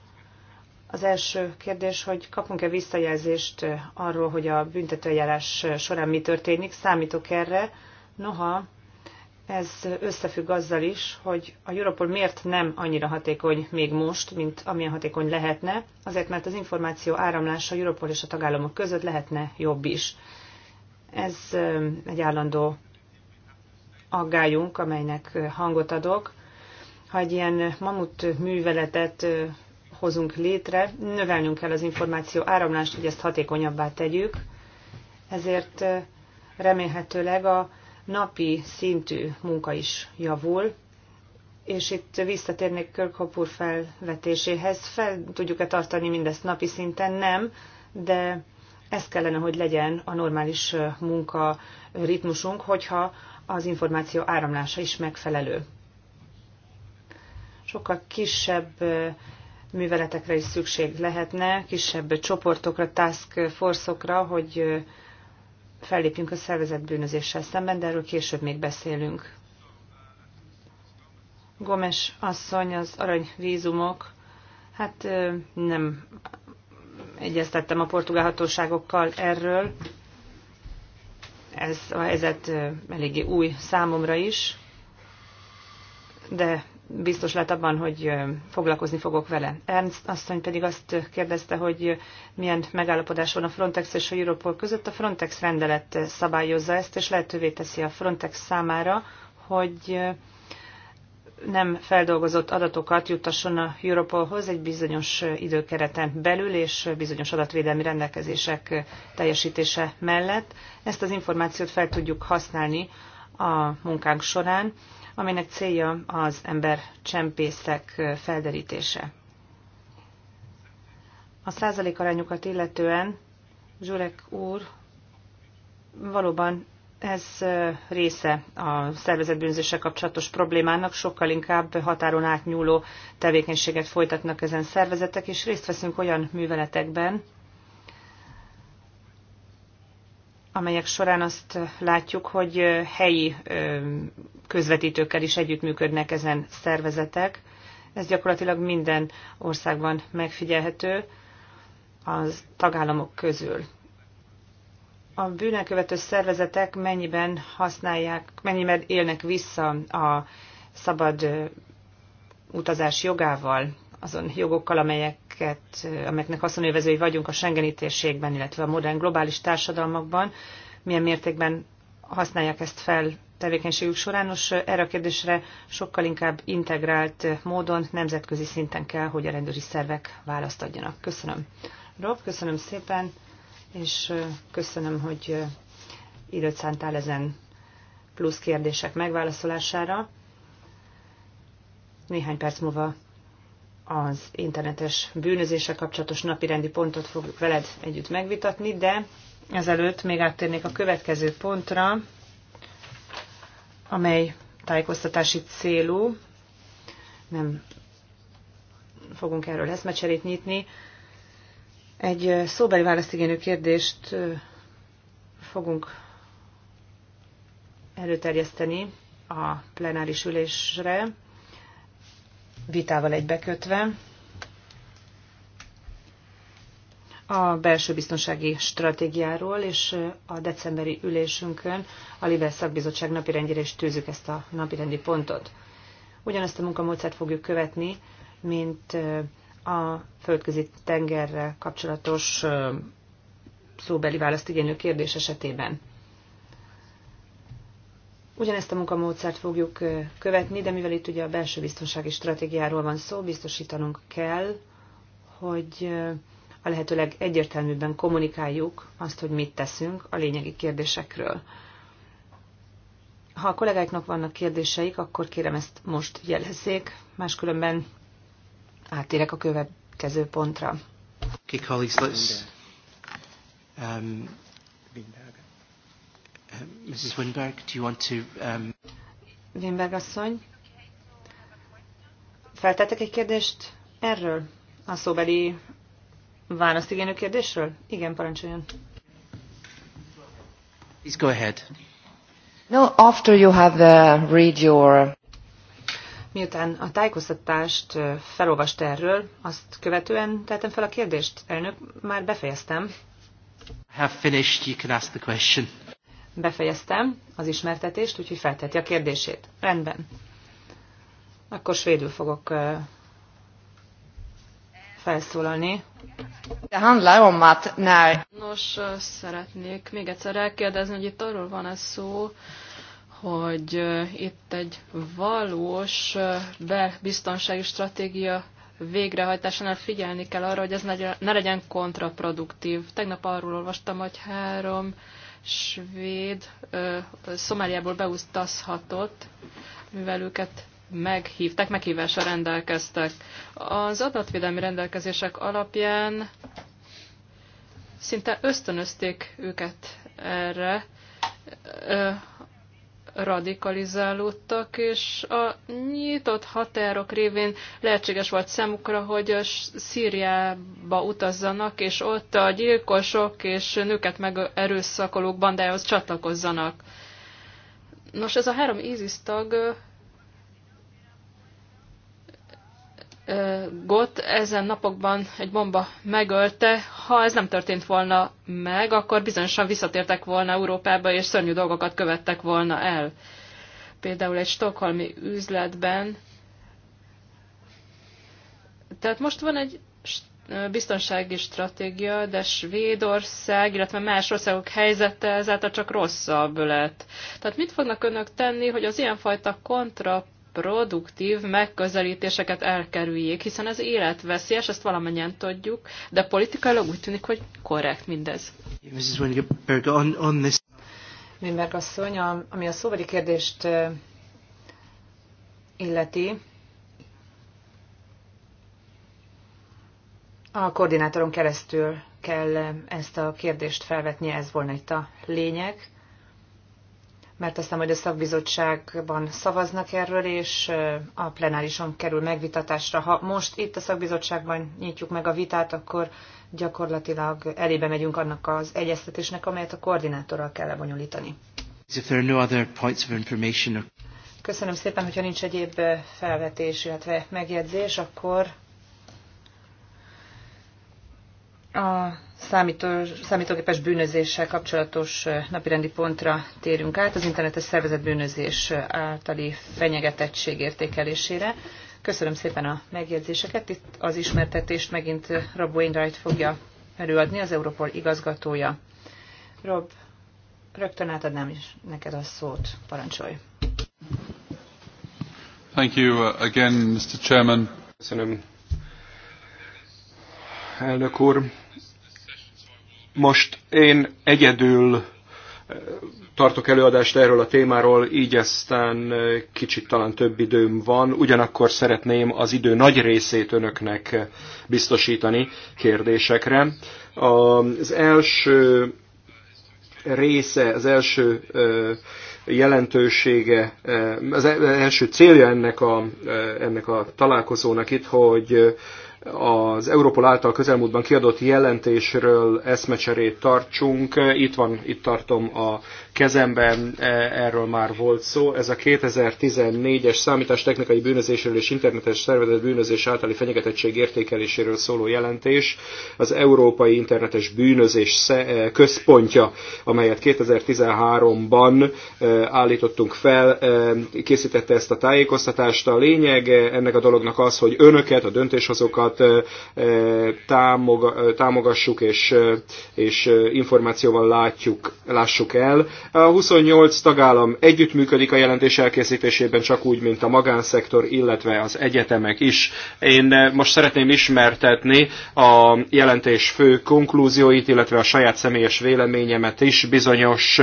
Az első kérdés, hogy kapunk-e visszajelzést arról, hogy a büntetőjárás során mi történik. Számítok erre. Noha ez összefügg azzal is, hogy a Europol miért nem annyira hatékony még most, mint amilyen hatékony lehetne, azért mert az információ áramlása a Europol és a tagállamok között lehetne jobb is. Ez egy állandó aggályunk, amelynek hangot adok. Ha egy ilyen mamut műveletet hozunk létre, növelnünk kell az információ áramlást, hogy ezt hatékonyabbá tegyük. Ezért remélhetőleg a napi szintű munka is javul, és itt visszatérnék Körkhopur felvetéséhez, fel tudjuk-e tartani mindezt napi szinten? Nem, de ez kellene, hogy legyen a normális munka ritmusunk, hogyha az információ áramlása is megfelelő. Sokkal kisebb műveletekre is szükség lehetne, kisebb csoportokra, task force-okra, hogy fellépjünk a szervezet bűnözéssel szemben, de erről később még beszélünk. Gomes asszony, az aranyvízumok, hát nem egyeztettem a portugál hatóságokkal erről. Ez a helyzet eléggé új számomra is, de biztos lehet abban, hogy foglalkozni fogok vele. Ernst asszony pedig azt kérdezte, hogy milyen megállapodás van a Frontex és a Europol között. A Frontex rendelet szabályozza ezt, és lehetővé teszi a Frontex számára, hogy nem feldolgozott adatokat juttasson a Europolhoz egy bizonyos időkereten belül és bizonyos adatvédelmi rendelkezések teljesítése mellett. Ezt az információt fel tudjuk használni a munkánk során Aminek célja az ember csempészek felderítése. A százalék arányokat illetően Zsurek úr valóban ez része a szervezetbűnzéssel kapcsolatos problémának, sokkal inkább határon átnyúló tevékenységet folytatnak ezen szervezetek, és részt veszünk olyan műveletekben, amelyek során azt látjuk, hogy helyi közvetítőkkel is együttműködnek ezen szervezetek. Ez gyakorlatilag minden országban megfigyelhető az tagállamok közül. A bűnelkövető szervezetek mennyiben használják, mennyiben élnek vissza a szabad utazás jogával, azon jogokkal, amelyeket, amelyeknek haszonélvezői vagyunk a Schengeni térségben, illetve a modern globális társadalmakban, milyen mértékben használják ezt fel tevékenységük során. és erre a kérdésre sokkal inkább integrált módon nemzetközi szinten kell, hogy a rendőri szervek választ adjanak. Köszönöm. Rob, köszönöm szépen, és köszönöm, hogy időt szántál ezen plusz kérdések megválaszolására. Néhány perc múlva az internetes bűnözéssel kapcsolatos napirendi pontot fogjuk veled együtt megvitatni, de ezelőtt még áttérnék a következő pontra, amely tájékoztatási célú. Nem fogunk erről eszmecserét nyitni. Egy szóbeli választigénő kérdést fogunk előterjeszteni a plenáris ülésre, vitával egybekötve. a belső biztonsági stratégiáról, és a decemberi ülésünkön a Libel Szakbizottság napirendjére is tűzük ezt a napirendi pontot. Ugyanezt a munkamódszert fogjuk követni, mint a földközi tengerre kapcsolatos szóbeli választ igénylő kérdés esetében. Ugyanezt a munkamódszert fogjuk követni, de mivel itt ugye a belső biztonsági stratégiáról van szó, biztosítanunk kell, hogy a lehetőleg egyértelműbben kommunikáljuk azt, hogy mit teszünk a lényegi kérdésekről. Ha a kollégáiknak vannak kérdéseik, akkor kérem ezt most jelezzék, máskülönben átérek a következő pontra. Okay, colleagues, let's, um, uh, Mrs. Winberg, do you want to... Um... Winberg asszony, feltettek egy kérdést erről a szóbeli Választ igénő kérdésről? Igen, parancsoljon. Please go ahead. No, after you have uh, read your... Miután a tájékoztatást felolvast erről, azt követően tettem fel a kérdést. Elnök, már befejeztem. Have finished, you can ask the question. Befejeztem az ismertetést, úgyhogy felteti a kérdését. Rendben. Akkor svédül fogok felszólalni. De handlar om att när... Nos, szeretnék még egyszer elkérdezni, hogy itt arról van ez szó, hogy itt egy valós belbiztonsági stratégia végrehajtásánál figyelni kell arra, hogy ez ne legyen kontraproduktív. Tegnap arról olvastam, hogy három svéd Szomáliából beutazhatott, mivel őket meghívtak, meghívásra rendelkeztek. Az adatvédelmi rendelkezések alapján szinte ösztönözték őket erre, radikalizálódtak, és a nyitott határok révén lehetséges volt szemukra, hogy a Szíriába utazzanak, és ott a gyilkosok és nőket meg erőszakolók bandájához csatlakozzanak. Nos, ez a három ízisztag tag Gott ezen napokban egy bomba megölte. Ha ez nem történt volna meg, akkor bizonyosan visszatértek volna Európába, és szörnyű dolgokat követtek volna el. Például egy stokholmi üzletben. Tehát most van egy biztonsági stratégia, de Svédország, illetve más országok helyzete ezáltal csak rosszabb lett. Tehát mit fognak önök tenni, hogy az ilyenfajta kontra produktív megközelítéseket elkerüljék, hiszen ez életveszélyes, ezt valamennyien tudjuk, de politikailag úgy tűnik, hogy korrekt mindez. Mrs. Winberg, on, asszony, ami a szóbeli kérdést illeti, a koordinátoron keresztül kell ezt a kérdést felvetnie, ez volna itt a lényeg mert aztán majd a szakbizottságban szavaznak erről, és a plenárison kerül megvitatásra. Ha most itt a szakbizottságban nyitjuk meg a vitát, akkor gyakorlatilag elébe megyünk annak az egyeztetésnek, amelyet a koordinátorral kell lebonyolítani. Köszönöm szépen, hogyha nincs egyéb felvetés, illetve megjegyzés, akkor A számító, számítógépes bűnözéssel kapcsolatos napirendi pontra térünk át, az internetes szervezet bűnözés általi fenyegetettség értékelésére. Köszönöm szépen a megjegyzéseket. Itt az ismertetést megint Rob Wainwright fogja előadni, az Europol igazgatója. Rob, rögtön átadnám is neked a szót. Parancsolj! Thank you uh, again, Mr. Chairman. Köszönöm, elnök úr. Most én egyedül eh, tartok előadást erről a témáról, így aztán eh, kicsit talán több időm van. Ugyanakkor szeretném az idő nagy részét önöknek eh, biztosítani kérdésekre. Az első része, az első jelentősége, az e-, első célja ennek a, ennek a találkozónak itt, hogy az Európol által közelmúltban kiadott jelentésről eszmecserét tartsunk. Itt van, itt tartom a kezemben, e, erről már volt szó. Ez a 2014-es számítástechnikai bűnözésről és internetes szervezet bűnözés általi fenyegetettség értékeléséről szóló jelentés az Európai Internetes Bűnözés e, Központja, amelyet 2013-ban e, állítottunk fel, készítette ezt a tájékoztatást. A lényeg ennek a dolognak az, hogy önöket, a döntéshozókat, azokat támogassuk és, és információval látjuk, lássuk el. A 28 tagállam együttműködik a jelentés elkészítésében csak úgy, mint a magánszektor, illetve az egyetemek is. Én most szeretném ismertetni a jelentés fő konklúzióit, illetve a saját személyes véleményemet is bizonyos,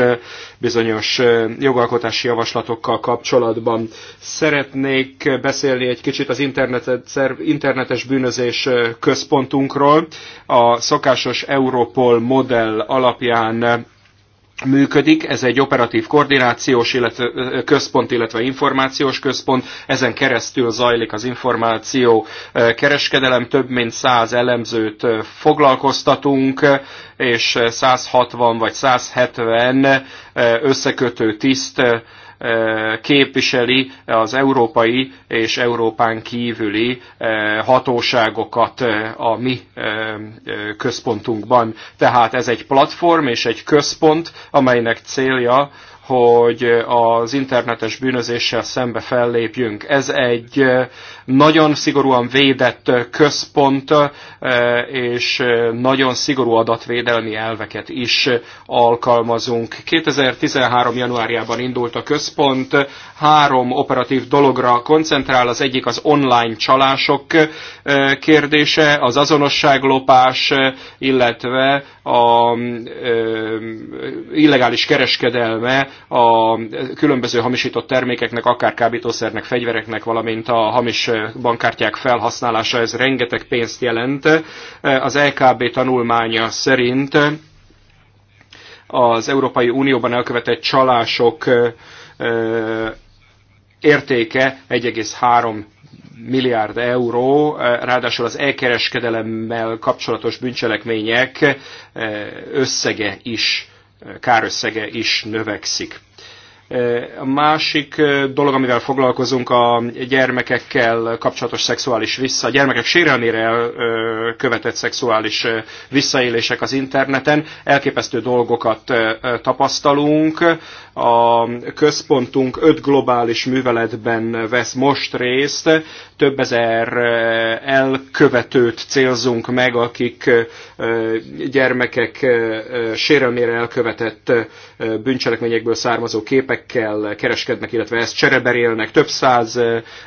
bizonyos jogalkotási javaslatokkal kapcsolatban. Szeretnék beszélni egy kicsit az internetes bűnöző ellenőrzés központunkról. A szokásos Europol modell alapján működik, ez egy operatív koordinációs illetve, központ, illetve információs központ, ezen keresztül zajlik az információ kereskedelem, több mint 100 elemzőt foglalkoztatunk, és 160 vagy 170 összekötő tiszt képviseli az európai és Európán kívüli hatóságokat a mi központunkban. Tehát ez egy platform és egy központ, amelynek célja, hogy az internetes bűnözéssel szembe fellépjünk. Ez egy eh, nagyon szigorúan védett eh, központ, eh, és nagyon szigorú adatvédelmi elveket is alkalmazunk. 2013. januárjában indult a központ, három operatív dologra koncentrál, az egyik az online csalások kérdése, az azonosságlopás, illetve a illegális kereskedelme a különböző hamisított termékeknek, akár kábítószernek, fegyvereknek, valamint a hamis bankkártyák felhasználása, ez rengeteg pénzt jelent. Az LKB tanulmánya szerint az Európai Unióban elkövetett csalások értéke 1,3 milliárd euró, ráadásul az elkereskedelemmel kapcsolatos bűncselekmények összege is, kárösszege is növekszik. A másik dolog, amivel foglalkozunk a gyermekekkel kapcsolatos szexuális vissza, a gyermekek sérelmére követett szexuális visszaélések az interneten. Elképesztő dolgokat tapasztalunk. A központunk öt globális műveletben vesz most részt több ezer elkövetőt célzunk meg, akik gyermekek sérelmére elkövetett bűncselekményekből származó képekkel kereskednek, illetve ezt csereberélnek. Több száz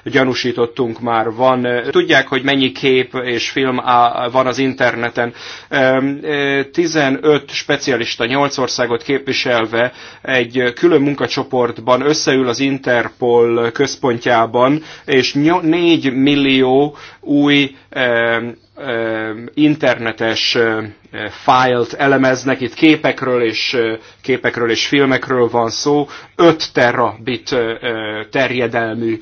gyanúsítottunk már van. Tudják, hogy mennyi kép és film van az interneten. 15 specialista, 8 országot képviselve egy külön munkacsoportban összeül az Interpol központjában, és négy millió új internetes fájlt elemeznek, itt képekről és, képekről és filmekről van szó, 5 terabit terjedelmű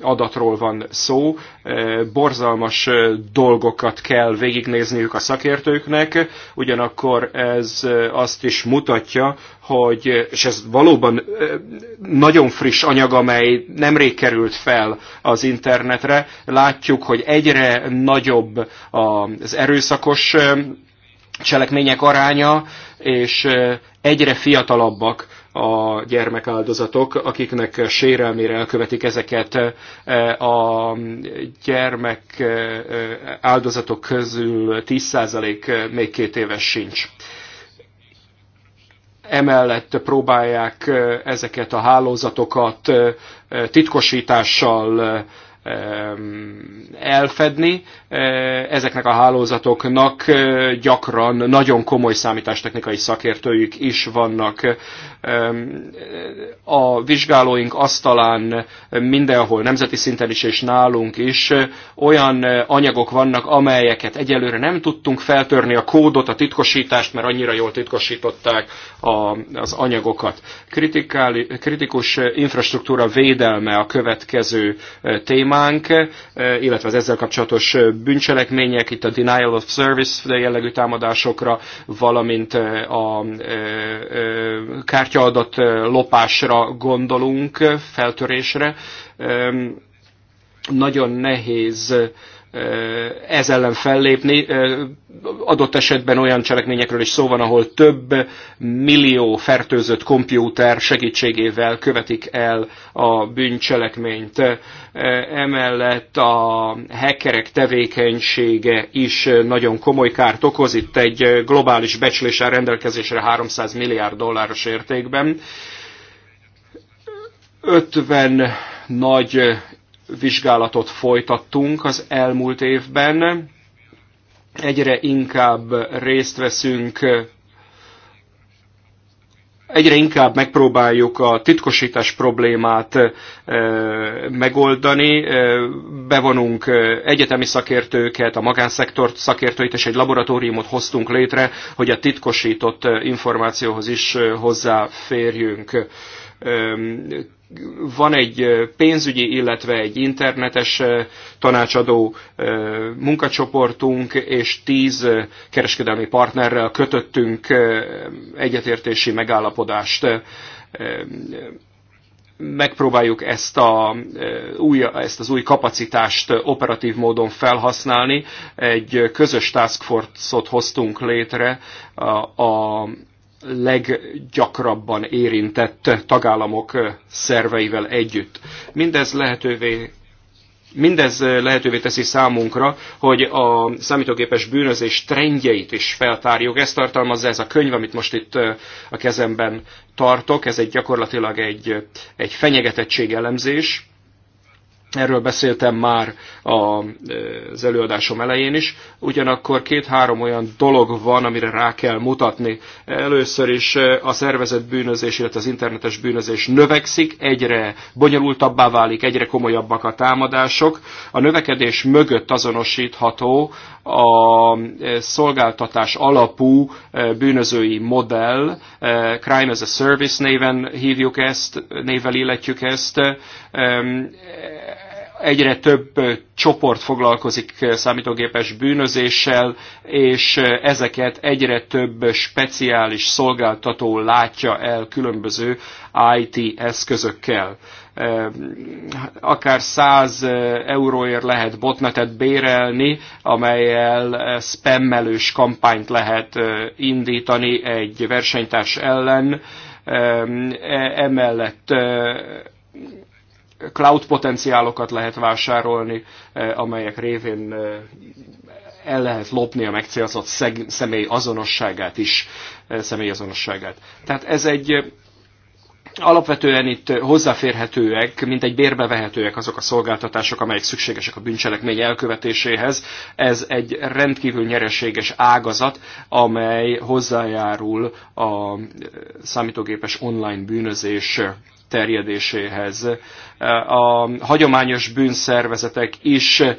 adatról van szó, borzalmas dolgokat kell végignézniük a szakértőknek, ugyanakkor ez azt is mutatja, hogy, és ez valóban nagyon friss anyag, amely nemrég került fel az internetre, látjuk, hogy egyre nagyobb nagyobb az erőszakos cselekmények aránya, és egyre fiatalabbak a gyermekáldozatok, akiknek sérelmére elkövetik ezeket a gyermek áldozatok közül 10% még két éves sincs. Emellett próbálják ezeket a hálózatokat titkosítással elfedni. Ezeknek a hálózatoknak eh, gyakran nagyon komoly számítástechnikai szakértőjük is vannak a vizsgálóink asztalán mindenhol, nemzeti szinten is és nálunk is olyan anyagok vannak, amelyeket egyelőre nem tudtunk feltörni a kódot, a titkosítást, mert annyira jól titkosították a, az anyagokat. Kritikáli, kritikus infrastruktúra védelme a következő témánk, illetve az ezzel kapcsolatos bűncselekmények, itt a denial of service jellegű támadásokra, valamint a, a, a kártya kártyaadat lopásra gondolunk, feltörésre. Nagyon nehéz ez ellen fellépni. Adott esetben olyan cselekményekről is szó van, ahol több millió fertőzött kompjúter segítségével követik el a bűncselekményt. Emellett a hackerek tevékenysége is nagyon komoly kárt okoz. Itt egy globális becsléssel rendelkezésre 300 milliárd dolláros értékben. 50 nagy vizsgálatot folytattunk az elmúlt évben. Egyre inkább részt veszünk, egyre inkább megpróbáljuk a titkosítás problémát eh, megoldani. Eh, bevonunk eh, egyetemi szakértőket, a magánszektor szakértőit, és egy laboratóriumot hoztunk létre, hogy a titkosított információhoz is hozzáférjünk van egy pénzügyi, illetve egy internetes tanácsadó munkacsoportunk, és tíz kereskedelmi partnerrel kötöttünk egyetértési megállapodást. Megpróbáljuk ezt, a, új, ezt az új kapacitást operatív módon felhasználni. Egy közös taskforce ot hoztunk létre a, a leggyakrabban érintett tagállamok szerveivel együtt. Mindez lehetővé Mindez lehetővé teszi számunkra, hogy a számítógépes bűnözés trendjeit is feltárjuk. Ezt tartalmazza ez a könyv, amit most itt a kezemben tartok. Ez egy gyakorlatilag egy, egy fenyegetettség elemzés Erről beszéltem már az előadásom elején is. Ugyanakkor két-három olyan dolog van, amire rá kell mutatni. Először is a szervezett bűnözés, illetve az internetes bűnözés növekszik, egyre bonyolultabbá válik, egyre komolyabbak a támadások. A növekedés mögött azonosítható a szolgáltatás alapú bűnözői modell, Crime as a Service néven hívjuk ezt, nével illetjük ezt egyre több csoport foglalkozik számítógépes bűnözéssel, és ezeket egyre több speciális szolgáltató látja el különböző IT eszközökkel. Akár 100 euróért lehet botnetet bérelni, amelyel spammelős kampányt lehet indítani egy versenytárs ellen, e, emellett cloud potenciálokat lehet vásárolni, eh, amelyek révén eh, el lehet lopni a megcélzott személy azonosságát is, eh, személy azonosságát. Tehát ez egy alapvetően itt hozzáférhetőek, mint egy bérbe vehetőek azok a szolgáltatások, amelyek szükségesek a bűncselekmény elkövetéséhez. Ez egy rendkívül nyereséges ágazat, amely hozzájárul a számítógépes online bűnözés terjedéséhez. A hagyományos bűnszervezetek is e,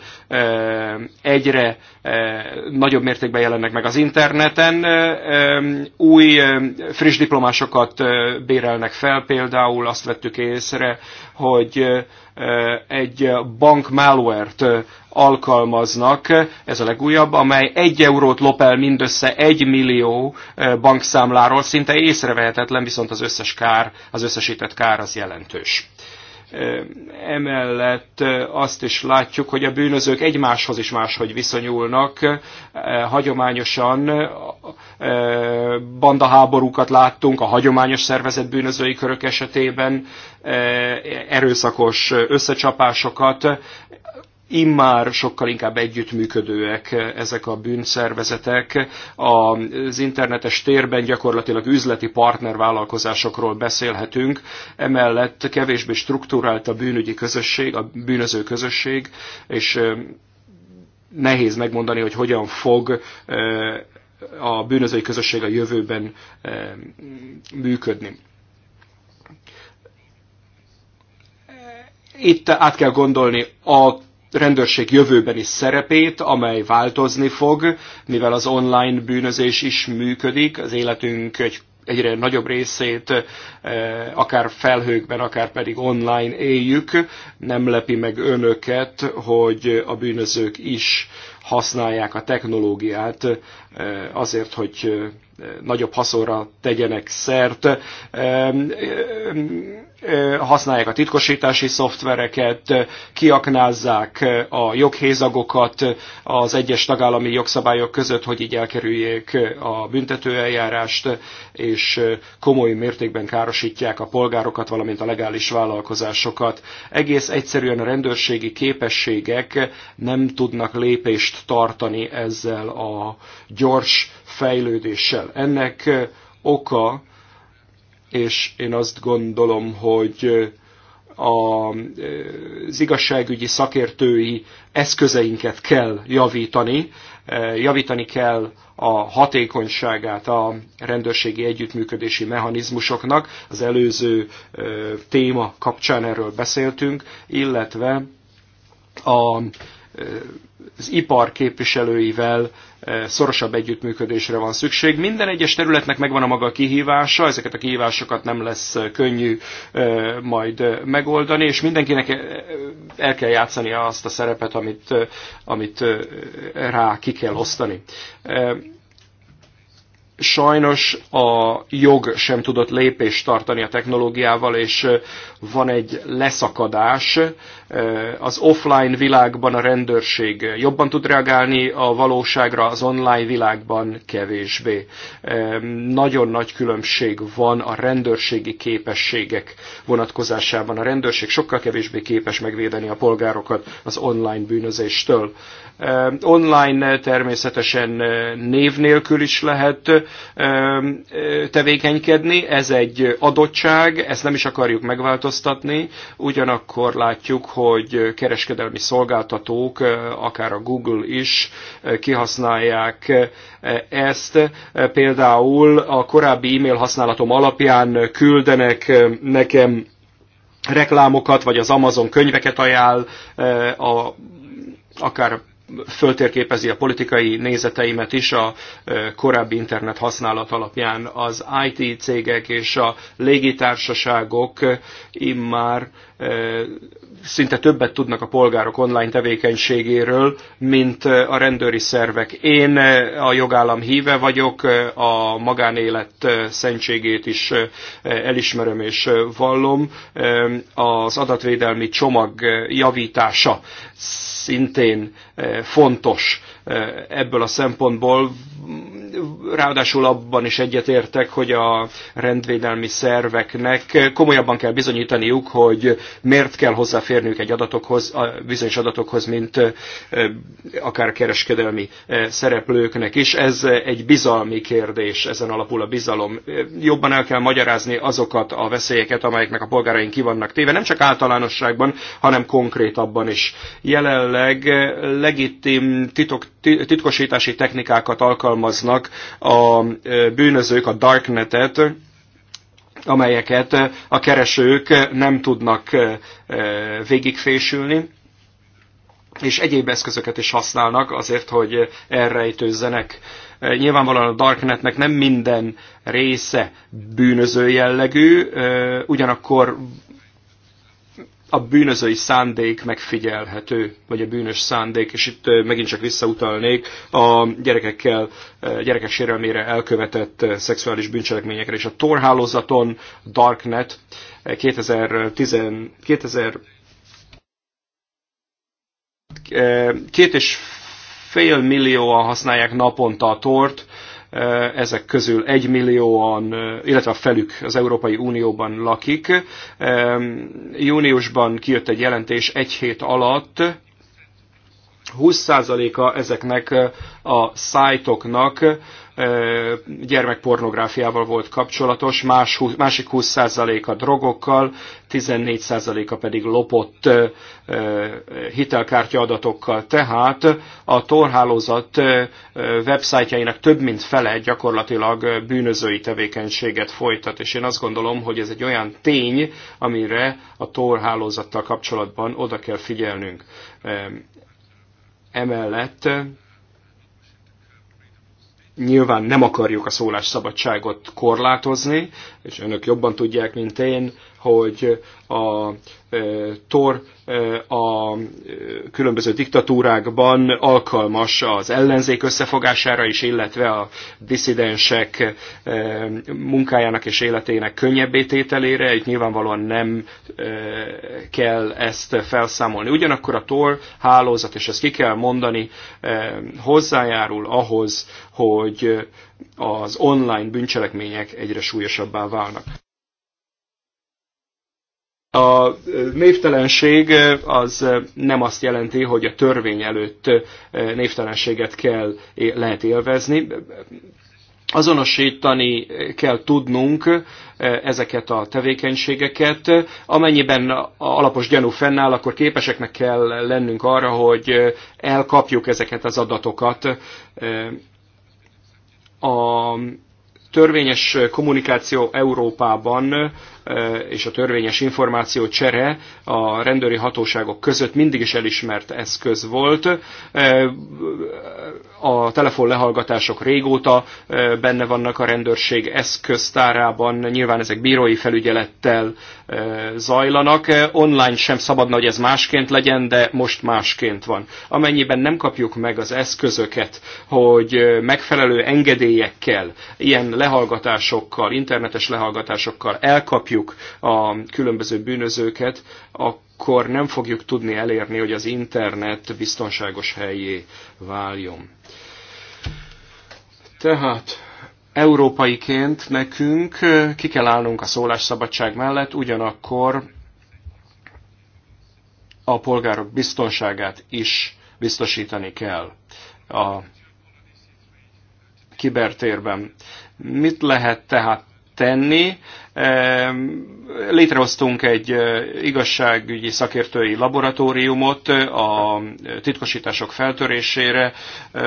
egyre e, nagyobb mértékben jelennek meg az interneten. E, új friss diplomásokat bérelnek fel, például azt vettük észre, hogy egy bank malware-t alkalmaznak, ez a legújabb, amely egy eurót lop el mindössze egy millió bankszámláról, szinte észrevehetetlen, viszont az összes kár, az összesített kár az jelentős. Emellett azt is látjuk, hogy a bűnözők egymáshoz is máshogy viszonyulnak. Hagyományosan bandaháborúkat láttunk a hagyományos szervezet bűnözői körök esetében, erőszakos összecsapásokat immár sokkal inkább együttműködőek ezek a bűnszervezetek. Az internetes térben gyakorlatilag üzleti partnervállalkozásokról beszélhetünk, emellett kevésbé struktúrált a bűnügyi közösség, a bűnöző közösség, és nehéz megmondani, hogy hogyan fog a bűnözői közösség a jövőben működni. Itt át kell gondolni a rendőrség jövőbeni szerepét, amely változni fog, mivel az online bűnözés is működik, az életünk egy egyre nagyobb részét eh, akár felhőkben, akár pedig online éljük. Nem lepi meg önöket, hogy a bűnözők is használják a technológiát eh, azért, hogy eh, nagyobb haszonra tegyenek szert, használják a titkosítási szoftvereket, kiaknázzák a joghézagokat az egyes tagállami jogszabályok között, hogy így elkerüljék a büntetőeljárást, és komoly mértékben károsítják a polgárokat, valamint a legális vállalkozásokat. Egész egyszerűen a rendőrségi képességek nem tudnak lépést tartani ezzel a gyors fejlődéssel. Ennek oka, és én azt gondolom, hogy az igazságügyi szakértői eszközeinket kell javítani, javítani kell a hatékonyságát a rendőrségi együttműködési mechanizmusoknak. Az előző téma kapcsán erről beszéltünk, illetve a, az ipar képviselőivel szorosabb együttműködésre van szükség. Minden egyes területnek megvan a maga kihívása, ezeket a kihívásokat nem lesz könnyű majd megoldani, és mindenkinek el kell játszani azt a szerepet, amit, amit rá ki kell osztani sajnos a jog sem tudott lépést tartani a technológiával, és van egy leszakadás az offline világban a rendőrség jobban tud reagálni a valóságra, az online világban kevésbé. Nagyon nagy különbség van a rendőrségi képességek vonatkozásában. A rendőrség sokkal kevésbé képes megvédeni a polgárokat az online bűnözéstől. Online természetesen név nélkül is lehet tevékenykedni, ez egy adottság, ezt nem is akarjuk megváltoztatni, ugyanakkor látjuk, hogy kereskedelmi szolgáltatók, akár a Google is kihasználják ezt. Például a korábbi e-mail használatom alapján küldenek nekem reklámokat, vagy az Amazon könyveket ajánl, a, akár föltérképezi a politikai nézeteimet is a e, korábbi internet használat alapján. Az IT cégek és a légitársaságok immár e, szinte többet tudnak a polgárok online tevékenységéről, mint a rendőri szervek. Én a jogállam híve vagyok, a magánélet szentségét is elismerem és vallom. Az adatvédelmi csomag javítása szintén fontos ebből a szempontból Ráadásul abban is egyetértek, hogy a rendvédelmi szerveknek komolyabban kell bizonyítaniuk, hogy miért kell hozzáférniük egy adatokhoz, a bizonyos adatokhoz, mint akár kereskedelmi szereplőknek is. Ez egy bizalmi kérdés, ezen alapul a bizalom. Jobban el kell magyarázni azokat a veszélyeket, amelyeknek a polgáraink ki vannak téve, nem csak általánosságban, hanem konkrétabban is. Jelenleg legitim titok, titkosítási technikákat alkalmaznak a bűnözők a darknetet, amelyeket a keresők nem tudnak végigfésülni, és egyéb eszközöket is használnak azért, hogy elrejtőzzenek. Nyilvánvalóan a Darknetnek nem minden része bűnöző jellegű, ugyanakkor a bűnözői szándék megfigyelhető, vagy a bűnös szándék, és itt megint csak visszautalnék a gyerekekkel, gyerekek sérelmére elkövetett szexuális bűncselekményekre, és a Tor hálózaton, Darknet 2010, 2000, két és fél millióan használják naponta a tort, Eh, ezek közül egymillióan, eh, illetve a felük az Európai Unióban lakik. Eh, júniusban kijött egy jelentés egy hét alatt, 20%-a ezeknek a szájtoknak gyermekpornográfiával volt kapcsolatos, más, másik 20% a drogokkal, 14%-a pedig lopott hitelkártya adatokkal. Tehát a torhálózat websájtjainak több mint fele gyakorlatilag bűnözői tevékenységet folytat, és én azt gondolom, hogy ez egy olyan tény, amire a torhálózattal kapcsolatban oda kell figyelnünk. Emellett Nyilván nem akarjuk a szólásszabadságot korlátozni, és önök jobban tudják, mint én, hogy a e, tor e, a e, különböző diktatúrákban alkalmas az ellenzék összefogására is, illetve a diszidensek munkájának és életének könnyebbé tételére. Itt nyilvánvalóan nem kell ezt felszámolni. Ugyanakkor a tor hálózat, és ezt ki kell mondani, hozzájárul ahhoz, hogy az online bűncselekmények egyre súlyosabbá válnak. A névtelenség az nem azt jelenti, hogy a törvény előtt névtelenséget kell, lehet élvezni. Azonosítani kell tudnunk ezeket a tevékenységeket. Amennyiben a alapos gyanú fennáll, akkor képeseknek kell lennünk arra, hogy elkapjuk ezeket az adatokat. A törvényes kommunikáció Európában és a törvényes információ csere a rendőri hatóságok között mindig is elismert eszköz volt. A telefon lehallgatások régóta benne vannak a rendőrség eszköztárában, nyilván ezek bírói felügyelettel zajlanak. Online sem szabadna, hogy ez másként legyen, de most másként van. Amennyiben nem kapjuk meg az eszközöket, hogy megfelelő engedélyekkel, ilyen lehallgatásokkal, internetes lehallgatásokkal elkapjuk, kapjuk a különböző bűnözőket, akkor nem fogjuk tudni elérni, hogy az internet biztonságos helyé váljon. Tehát európaiként nekünk ki kell állnunk a szólásszabadság mellett, ugyanakkor a polgárok biztonságát is biztosítani kell a kibertérben. Mit lehet tehát tenni. Létrehoztunk egy igazságügyi szakértői laboratóriumot a titkosítások feltörésére.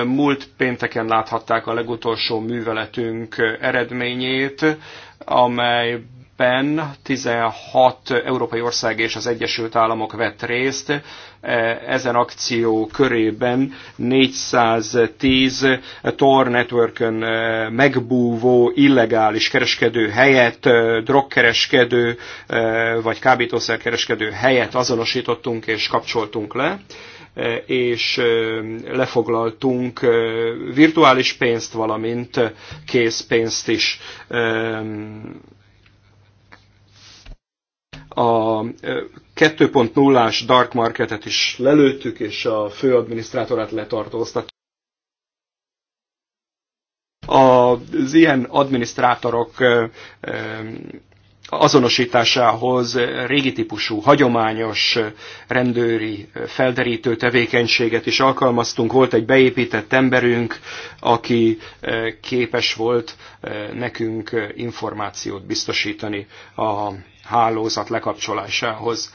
Múlt pénteken láthatták a legutolsó műveletünk eredményét, amely ebben 16 európai ország és az Egyesült Államok vett részt. E, ezen akció körében 410 Tor network e, megbúvó illegális kereskedő helyett, e, drogkereskedő vagy kábítószerkereskedő helyett azonosítottunk és kapcsoltunk le és lefoglaltunk virtuális pénzt, valamint készpénzt is a 20 as dark marketet is lelőttük, és a főadminisztrátorát letartóztattuk. Az ilyen adminisztrátorok azonosításához régi típusú, hagyományos rendőri felderítő tevékenységet is alkalmaztunk. Volt egy beépített emberünk, aki képes volt nekünk információt biztosítani a hálózat lekapcsolásához.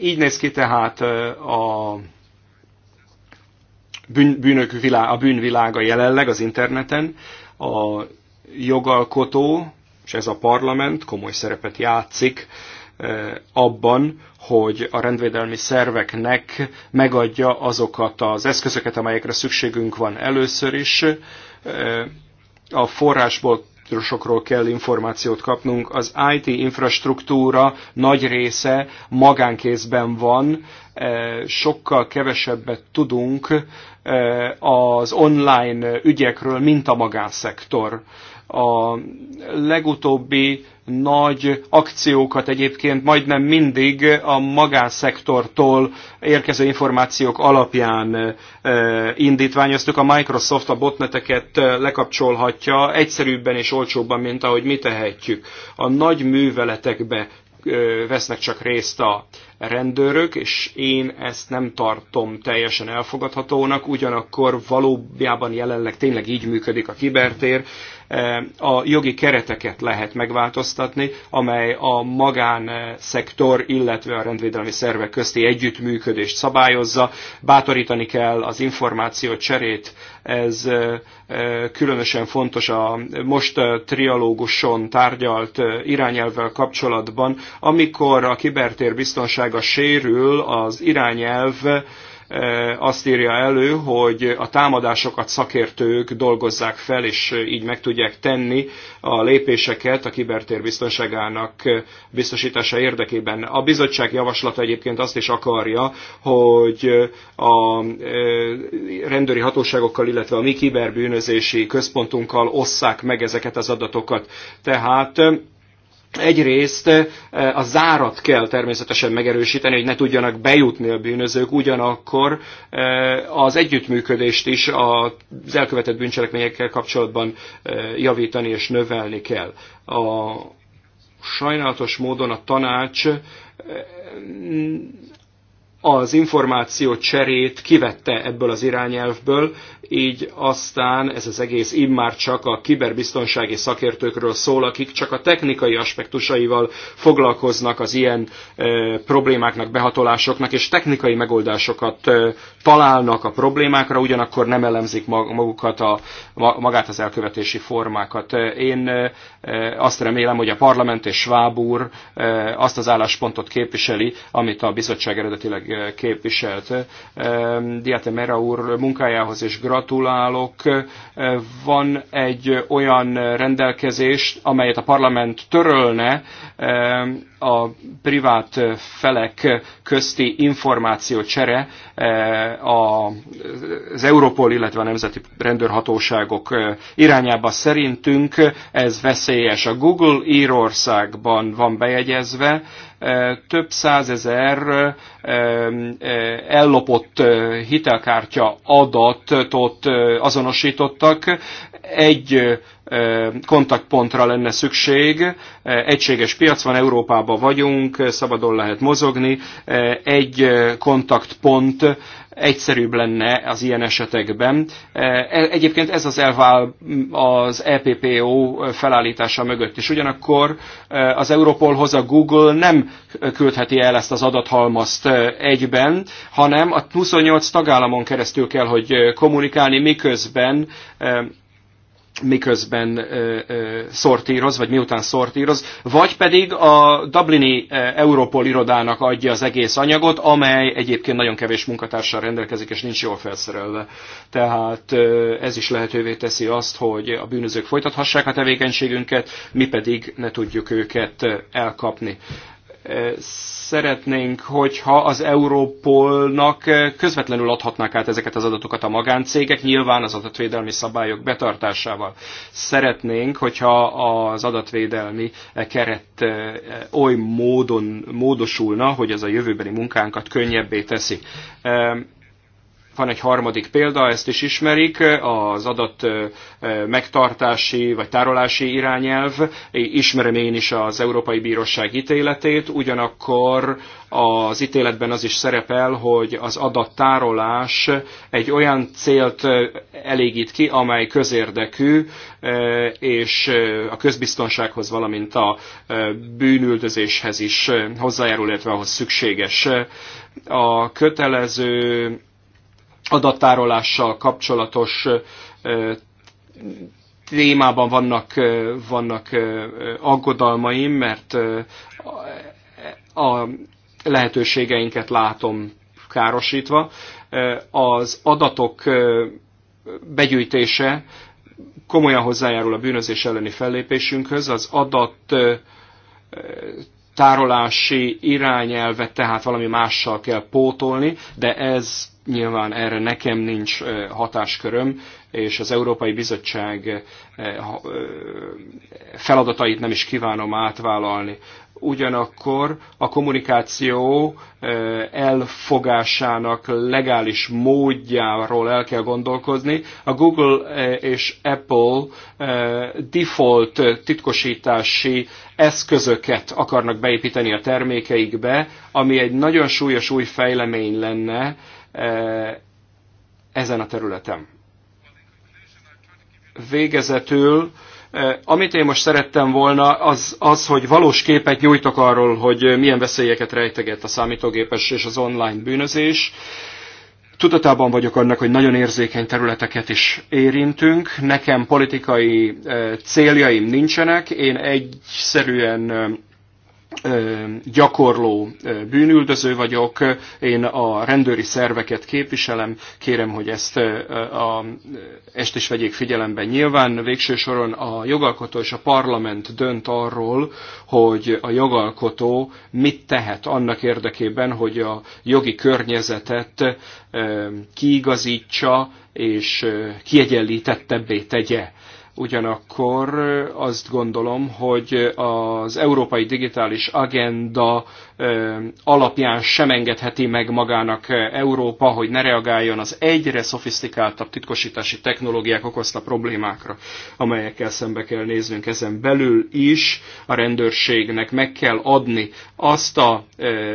Így néz ki tehát a bűnök világ, a bűnvilága jelenleg az interneten. A jogalkotó, és ez a parlament komoly szerepet játszik abban, hogy a rendvédelmi szerveknek megadja azokat az eszközöket, amelyekre szükségünk van először is. A forrásból sokról kell információt kapnunk. Az IT infrastruktúra nagy része magánkézben van, e, sokkal kevesebbet tudunk e, az online ügyekről, mint a magánszektor. A legutóbbi nagy akciókat egyébként majdnem mindig a magánszektortól érkező információk alapján indítványoztuk. A Microsoft a botneteket lekapcsolhatja egyszerűbben és olcsóbban, mint ahogy mi tehetjük. A nagy műveletekbe vesznek csak részt a rendőrök, és én ezt nem tartom teljesen elfogadhatónak, ugyanakkor valójában jelenleg tényleg így működik a kibertér, eh, a jogi kereteket lehet megváltoztatni, amely a magánszektor, illetve a rendvédelmi szervek közti együttműködést szabályozza. Bátorítani kell az információ cserét, ez eh, különösen fontos a most eh, trialóguson tárgyalt irányelvvel kapcsolatban, amikor a kibertér biztonság biztonsága sérül, az irányelv eh, azt írja elő, hogy a támadásokat szakértők dolgozzák fel, és így meg tudják tenni a lépéseket a kibertér biztonságának eh, biztosítása érdekében. A bizottság javaslata egyébként azt is akarja, hogy eh, a rendőri hatóságokkal, illetve a mi kiberbűnözési központunkkal osszák meg ezeket az adatokat. Tehát Egyrészt eh, a zárat kell természetesen megerősíteni, hogy ne tudjanak bejutni a bűnözők, ugyanakkor eh, az együttműködést is az elkövetett bűncselekményekkel kapcsolatban eh, javítani és növelni kell. A sajnálatos módon a tanács az információ cserét kivette ebből az irányelvből, így aztán ez az egész immár csak a kiberbiztonsági szakértőkről szól, akik csak a technikai aspektusaival foglalkoznak az ilyen e, problémáknak, behatolásoknak, és technikai megoldásokat e, találnak a problémákra, ugyanakkor nem elemzik magukat a, magát az elkövetési formákat. E, én e, azt remélem, hogy a parlament és Schwab úr e, azt az álláspontot képviseli, amit a bizottság eredetileg e, képviselt. E, Diatemera úr munkájához és gratulálok. Van egy olyan rendelkezés, amelyet a parlament törölne eh, a privát felek közti információcsere eh, az Európol, illetve a Nemzeti Rendőrhatóságok eh, irányába szerintünk ez veszélyes. A Google Írországban van bejegyezve, több százezer ellopott hitelkártya adatot azonosítottak. Egy kontaktpontra lenne szükség. Egységes piac van, Európában vagyunk, szabadon lehet mozogni. Egy kontaktpont egyszerűbb lenne az ilyen esetekben. E, e, egyébként ez az elvál az EPPO felállítása mögött is. Ugyanakkor e, az Europolhoz a Google nem küldheti el ezt az adathalmazt egyben, hanem a 28 tagállamon keresztül kell, hogy kommunikálni, miközben miközben szortíroz, vagy miután szortíroz, vagy pedig a Dublini Europol irodának adja az egész anyagot, amely egyébként nagyon kevés munkatársal rendelkezik, és nincs jól felszerelve. Tehát ez is lehetővé teszi azt, hogy a bűnözők folytathassák a tevékenységünket, mi pedig ne tudjuk őket elkapni szeretnénk, hogyha az Európolnak közvetlenül adhatnák át ezeket az adatokat a magáncégek, nyilván az adatvédelmi szabályok betartásával. Szeretnénk, hogyha az adatvédelmi keret oly módon módosulna, hogy ez a jövőbeni munkánkat könnyebbé teszi. Van egy harmadik példa, ezt is ismerik, az adat megtartási vagy tárolási irányelv. Ismerem én is az Európai Bíróság ítéletét, ugyanakkor az ítéletben az is szerepel, hogy az adattárolás egy olyan célt elégít ki, amely közérdekű, és a közbiztonsághoz, valamint a bűnüldözéshez is hozzájárul, illetve ahhoz szükséges. A kötelező adattárolással kapcsolatos témában vannak, vannak aggodalmaim, mert a lehetőségeinket látom károsítva. Az adatok begyűjtése komolyan hozzájárul a bűnözés elleni fellépésünkhöz. Az adat tárolási irányelvet tehát valami mással kell pótolni, de ez Nyilván erre nekem nincs hatásköröm, és az Európai Bizottság feladatait nem is kívánom átvállalni. Ugyanakkor a kommunikáció elfogásának legális módjáról el kell gondolkozni. A Google és Apple default titkosítási eszközöket akarnak beépíteni a termékeikbe, ami egy nagyon súlyos új fejlemény lenne, E, ezen a területen. Végezetül, e, amit én most szerettem volna, az, az, hogy valós képet nyújtok arról, hogy milyen veszélyeket rejteget a számítógépes és az online bűnözés. Tudatában vagyok annak, hogy nagyon érzékeny területeket is érintünk. Nekem politikai e, céljaim nincsenek, én egyszerűen gyakorló bűnüldöző vagyok, én a rendőri szerveket képviselem, kérem, hogy ezt, a, ezt is vegyék figyelembe. Nyilván végső soron a jogalkotó és a parlament dönt arról, hogy a jogalkotó mit tehet annak érdekében, hogy a jogi környezetet kiigazítsa és kiegyenlítettebbé tegye Ugyanakkor azt gondolom, hogy az Európai Digitális Agenda alapján sem engedheti meg magának Európa, hogy ne reagáljon az egyre szofisztikáltabb titkosítási technológiák okozta problémákra, amelyekkel szembe kell néznünk ezen belül is. A rendőrségnek meg kell adni azt a,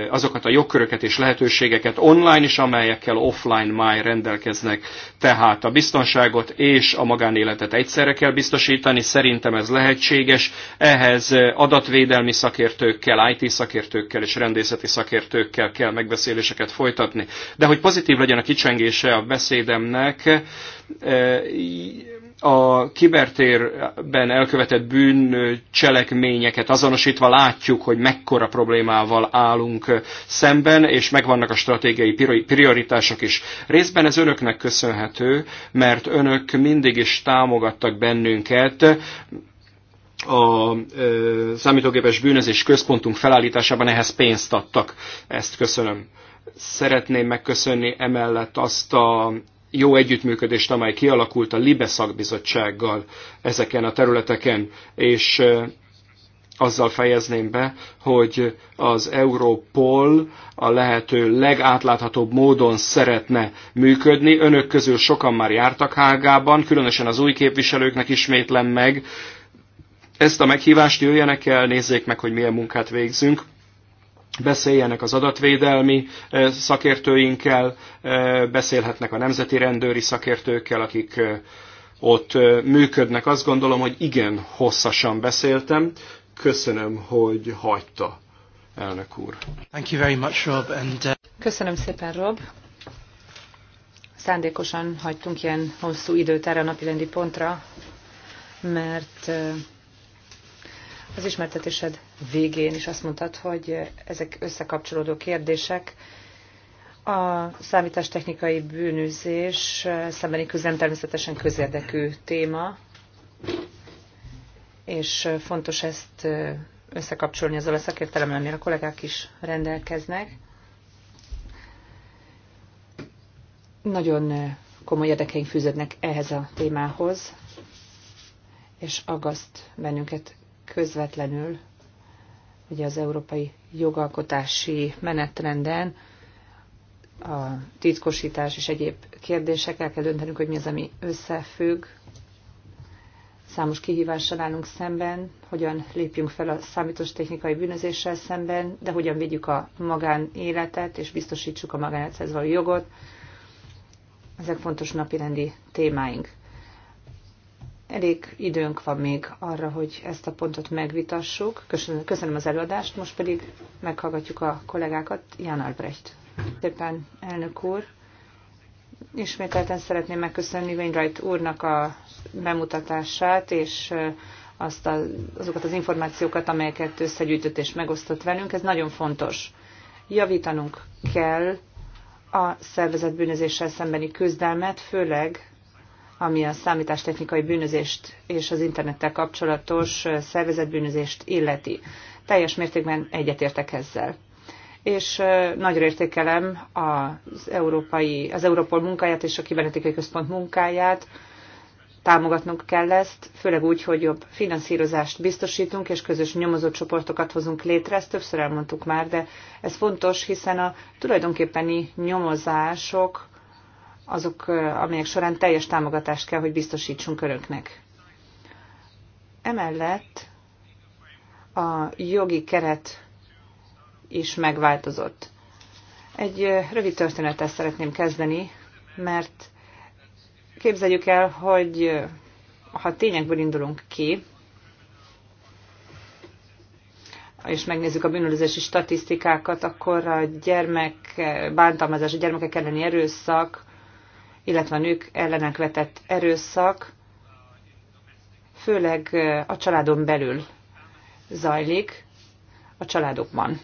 azokat a jogköröket és lehetőségeket online is, amelyekkel offline már rendelkeznek. Tehát a biztonságot és a magánéletet egyszerre kell biztosítani, szerintem ez lehetséges. Ehhez adatvédelmi szakértőkkel, IT szakértőkkel és rendészeti szakértőkkel kell megbeszéléseket folytatni. De hogy pozitív legyen a kicsengése a beszédemnek, eh, a kibertérben elkövetett bűn cselekményeket, azonosítva látjuk, hogy mekkora problémával állunk szemben, és megvannak a stratégiai prioritások is. Részben ez önöknek köszönhető, mert önök mindig is támogattak bennünket, a számítógépes bűnözés központunk felállításában ehhez pénzt adtak. Ezt köszönöm. Szeretném megköszönni emellett azt a jó együttműködést, amely kialakult a LIBE szakbizottsággal ezeken a területeken, és azzal fejezném be, hogy az Europol a lehető legátláthatóbb módon szeretne működni. Önök közül sokan már jártak Hágában, különösen az új képviselőknek ismétlem meg, ezt a meghívást jöjjenek el, nézzék meg, hogy milyen munkát végzünk, beszéljenek az adatvédelmi eh, szakértőinkkel, eh, beszélhetnek a nemzeti rendőri szakértőkkel, akik eh, ott működnek. Azt gondolom, hogy igen, hosszasan beszéltem. Köszönöm, hogy hagyta, elnök úr. Thank you very much, Rob, and, uh... Köszönöm szépen, Rob. Szándékosan hagytunk ilyen hosszú időt erre a napirendi pontra, mert uh az ismertetésed végén is azt mondtad, hogy ezek összekapcsolódó kérdések, a számítástechnikai bűnözés szembeni küzdelem természetesen közérdekű téma, és fontos ezt összekapcsolni azzal a szakértelemmel, amire a kollégák is rendelkeznek. Nagyon komoly érdekeink fűződnek ehhez a témához, és agaszt bennünket közvetlenül ugye az európai jogalkotási menetrenden a titkosítás és egyéb kérdésekkel kell döntenünk, hogy mi az, ami összefügg. Számos kihívással állunk szemben, hogyan lépjünk fel a számítós technikai bűnözéssel szemben, de hogyan védjük a magánéletet és biztosítsuk a magánélethez való jogot. Ezek fontos napirendi témáink. Elég időnk van még arra, hogy ezt a pontot megvitassuk. Köszönöm, köszönöm az előadást, most pedig meghallgatjuk a kollégákat. Ján Albrecht. Szépen, elnök úr. Ismételten szeretném megköszönni Wainwright úrnak a bemutatását, és eh, azt a, azokat az információkat, amelyeket összegyűjtött és megosztott velünk. Ez nagyon fontos. Javítanunk kell a szervezetbűnözéssel szembeni küzdelmet, főleg ami a számítástechnikai bűnözést és az internettel kapcsolatos szervezetbűnözést illeti. Teljes mértékben egyetértek ezzel. És nagyra értékelem az, európai, az Európol munkáját és a Kibernetikai Központ munkáját, támogatnunk kell ezt, főleg úgy, hogy jobb finanszírozást biztosítunk, és közös nyomozott csoportokat hozunk létre, ezt többször elmondtuk már, de ez fontos, hiszen a tulajdonképpeni nyomozások azok, amelyek során teljes támogatást kell, hogy biztosítsunk öröknek. Emellett a jogi keret is megváltozott. Egy rövid történetet szeretném kezdeni, mert képzeljük el, hogy ha tényekből indulunk ki, és megnézzük a bűnözési statisztikákat, akkor a gyermek bántalmazás, a gyermekek elleni erőszak illetve a nők ellenek vetett erőszak, főleg a családon belül zajlik, a családokban,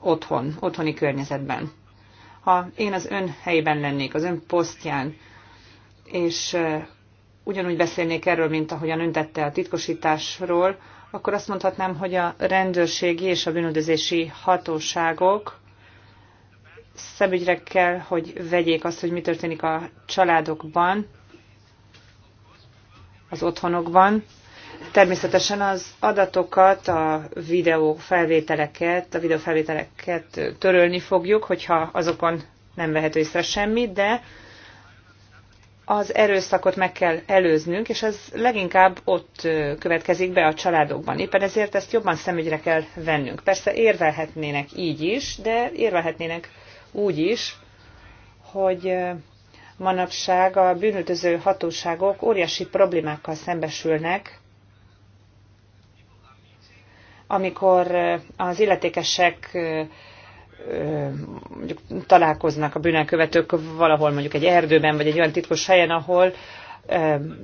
otthon, otthoni környezetben. Ha én az ön helyében lennék, az ön posztján, és ugyanúgy beszélnék erről, mint ahogyan ön tette a titkosításról, akkor azt mondhatnám, hogy a rendőrségi és a bűnöldözési hatóságok szemügyre kell, hogy vegyék azt, hogy mi történik a családokban, az otthonokban. Természetesen az adatokat, a videó felvételeket, a videó felvételeket törölni fogjuk, hogyha azokon nem vehető észre semmi, de az erőszakot meg kell előznünk, és ez leginkább ott következik be a családokban. Éppen ezért ezt jobban szemügyre kell vennünk. Persze érvelhetnének így is, de érvelhetnének úgy is, hogy manapság a bűnöltöző hatóságok óriási problémákkal szembesülnek, amikor az illetékesek mondjuk találkoznak a bűnelkövetők valahol mondjuk egy erdőben, vagy egy olyan titkos helyen, ahol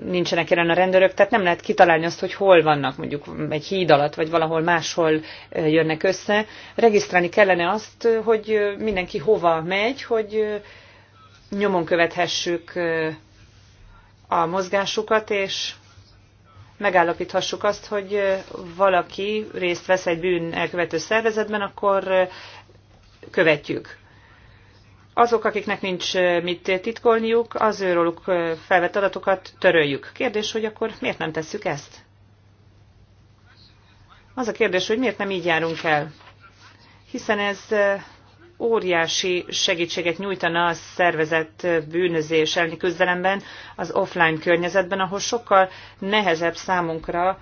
nincsenek jelen a rendőrök, tehát nem lehet kitalálni azt, hogy hol vannak, mondjuk egy híd alatt, vagy valahol máshol jönnek össze. Regisztrálni kellene azt, hogy mindenki hova megy, hogy nyomon követhessük a mozgásukat, és megállapíthassuk azt, hogy valaki részt vesz egy bűn elkövető szervezetben, akkor követjük azok, akiknek nincs mit titkolniuk, az őróluk felvett adatokat töröljük. Kérdés, hogy akkor miért nem tesszük ezt? Az a kérdés, hogy miért nem így járunk el? Hiszen ez óriási segítséget nyújtana a szervezett bűnözés elleni küzdelemben, az offline környezetben, ahol sokkal nehezebb számunkra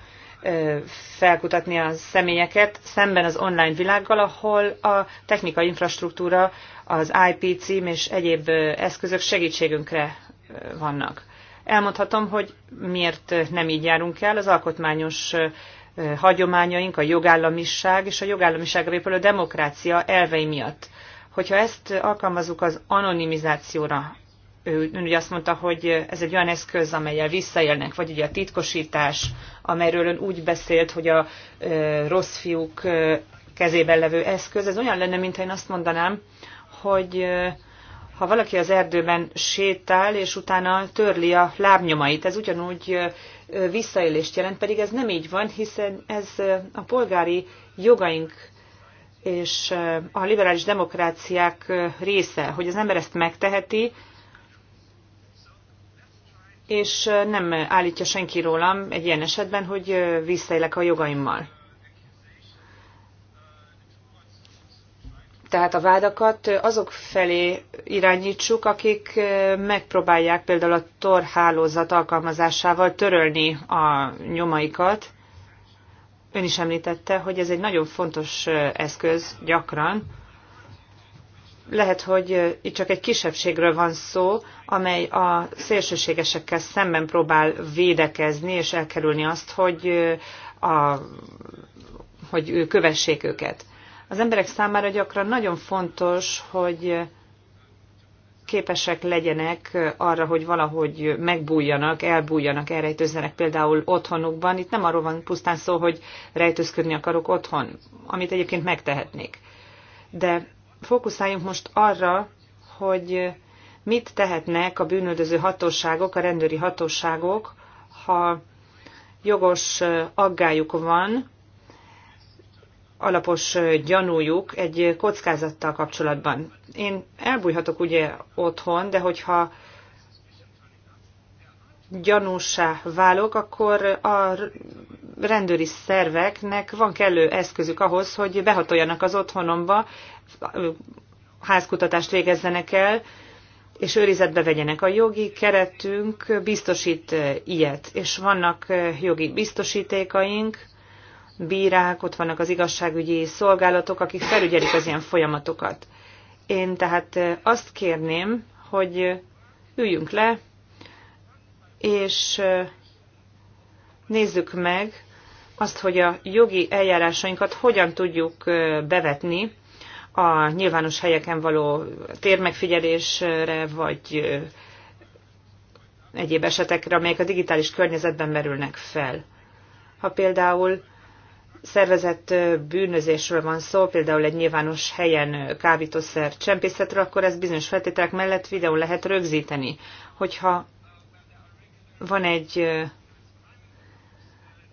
felkutatni a személyeket, szemben az online világgal, ahol a technikai infrastruktúra az IP cím és egyéb eszközök segítségünkre vannak. Elmondhatom, hogy miért nem így járunk el. Az alkotmányos hagyományaink, a jogállamiság és a jogállamiságra épülő demokrácia elvei miatt. Hogyha ezt alkalmazunk az anonimizációra, ő, ön ugye azt mondta, hogy ez egy olyan eszköz, amelyel visszaélnek, vagy ugye a titkosítás, amelyről ön úgy beszélt, hogy a e, rossz fiúk e, kezében levő eszköz, ez olyan lenne, mintha én azt mondanám, hogy ha valaki az erdőben sétál, és utána törli a lábnyomait, ez ugyanúgy visszaélést jelent, pedig ez nem így van, hiszen ez a polgári jogaink és a liberális demokráciák része, hogy az ember ezt megteheti, és nem állítja senki rólam egy ilyen esetben, hogy visszaélek a jogaimmal. tehát a vádakat azok felé irányítsuk, akik megpróbálják például a torhálózat alkalmazásával törölni a nyomaikat. Ön is említette, hogy ez egy nagyon fontos eszköz gyakran. Lehet, hogy itt csak egy kisebbségről van szó, amely a szélsőségesekkel szemben próbál védekezni, és elkerülni azt, hogy, a, hogy kövessék őket az emberek számára gyakran nagyon fontos, hogy képesek legyenek arra, hogy valahogy megbújjanak, elbújjanak, elrejtőzzenek például otthonukban. Itt nem arról van pusztán szó, hogy rejtőzködni akarok otthon, amit egyébként megtehetnék. De fókuszáljunk most arra, hogy mit tehetnek a bűnöldöző hatóságok, a rendőri hatóságok, ha jogos aggályuk van, alapos gyanújuk egy kockázattal kapcsolatban. Én elbújhatok ugye otthon, de hogyha gyanúsá válok, akkor a rendőri szerveknek van kellő eszközük ahhoz, hogy behatoljanak az otthonomba, házkutatást végezzenek el, és őrizetbe vegyenek. A jogi keretünk biztosít ilyet, és vannak jogi biztosítékaink, bírák, ott vannak az igazságügyi szolgálatok, akik felügyelik az ilyen folyamatokat. Én tehát azt kérném, hogy üljünk le, és nézzük meg azt, hogy a jogi eljárásainkat hogyan tudjuk bevetni a nyilvános helyeken való térmegfigyelésre, vagy egyéb esetekre, amelyek a digitális környezetben merülnek fel. Ha például szervezett bűnözésről van szó, például egy nyilvános helyen kábítószer csempészetről, akkor ezt bizonyos feltételek mellett videó lehet rögzíteni. Hogyha van egy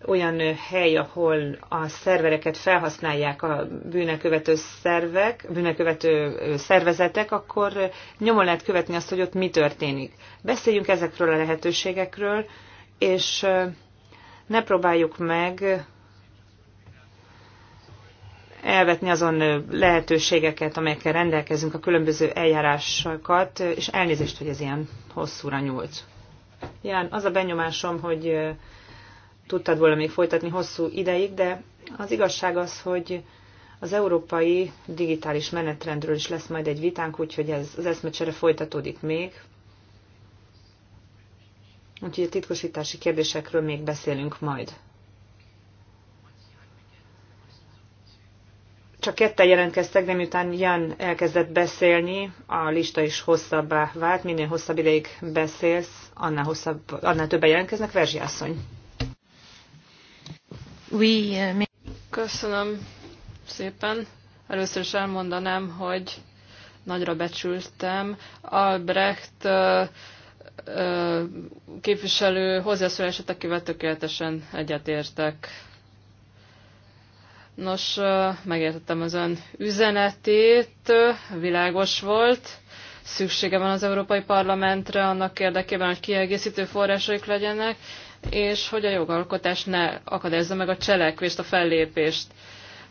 olyan hely, ahol a szervereket felhasználják a bűnekövető szervek, bűnekövető szervezetek, akkor nyomon lehet követni azt, hogy ott mi történik. Beszéljünk ezekről a lehetőségekről, és ne próbáljuk meg elvetni azon lehetőségeket, amelyekkel rendelkezünk, a különböző eljárásokat, és elnézést, hogy ez ilyen hosszúra nyúlt. Ján, az a benyomásom, hogy tudtad volna még folytatni hosszú ideig, de az igazság az, hogy az európai digitális menetrendről is lesz majd egy vitánk, úgyhogy ez az eszmecsere folytatódik még. Úgyhogy a titkosítási kérdésekről még beszélünk majd. csak ketten jelentkeztek, de miután Jan elkezdett beszélni, a lista is hosszabbá vált. Minél hosszabb ideig beszélsz, annál, hosszabb, annál többen jelentkeznek. Verzsi asszony. Euh, Köszönöm szépen. Először is elmondanám, hogy nagyra becsültem. Albrecht képviselő hozzászólását, akivel tökéletesen egyetértek. Nos, megértettem az ön üzenetét, világos volt. Szüksége van az Európai Parlamentre annak érdekében, hogy kiegészítő forrásaik legyenek, és hogy a jogalkotás ne akadályozza meg a cselekvést, a fellépést.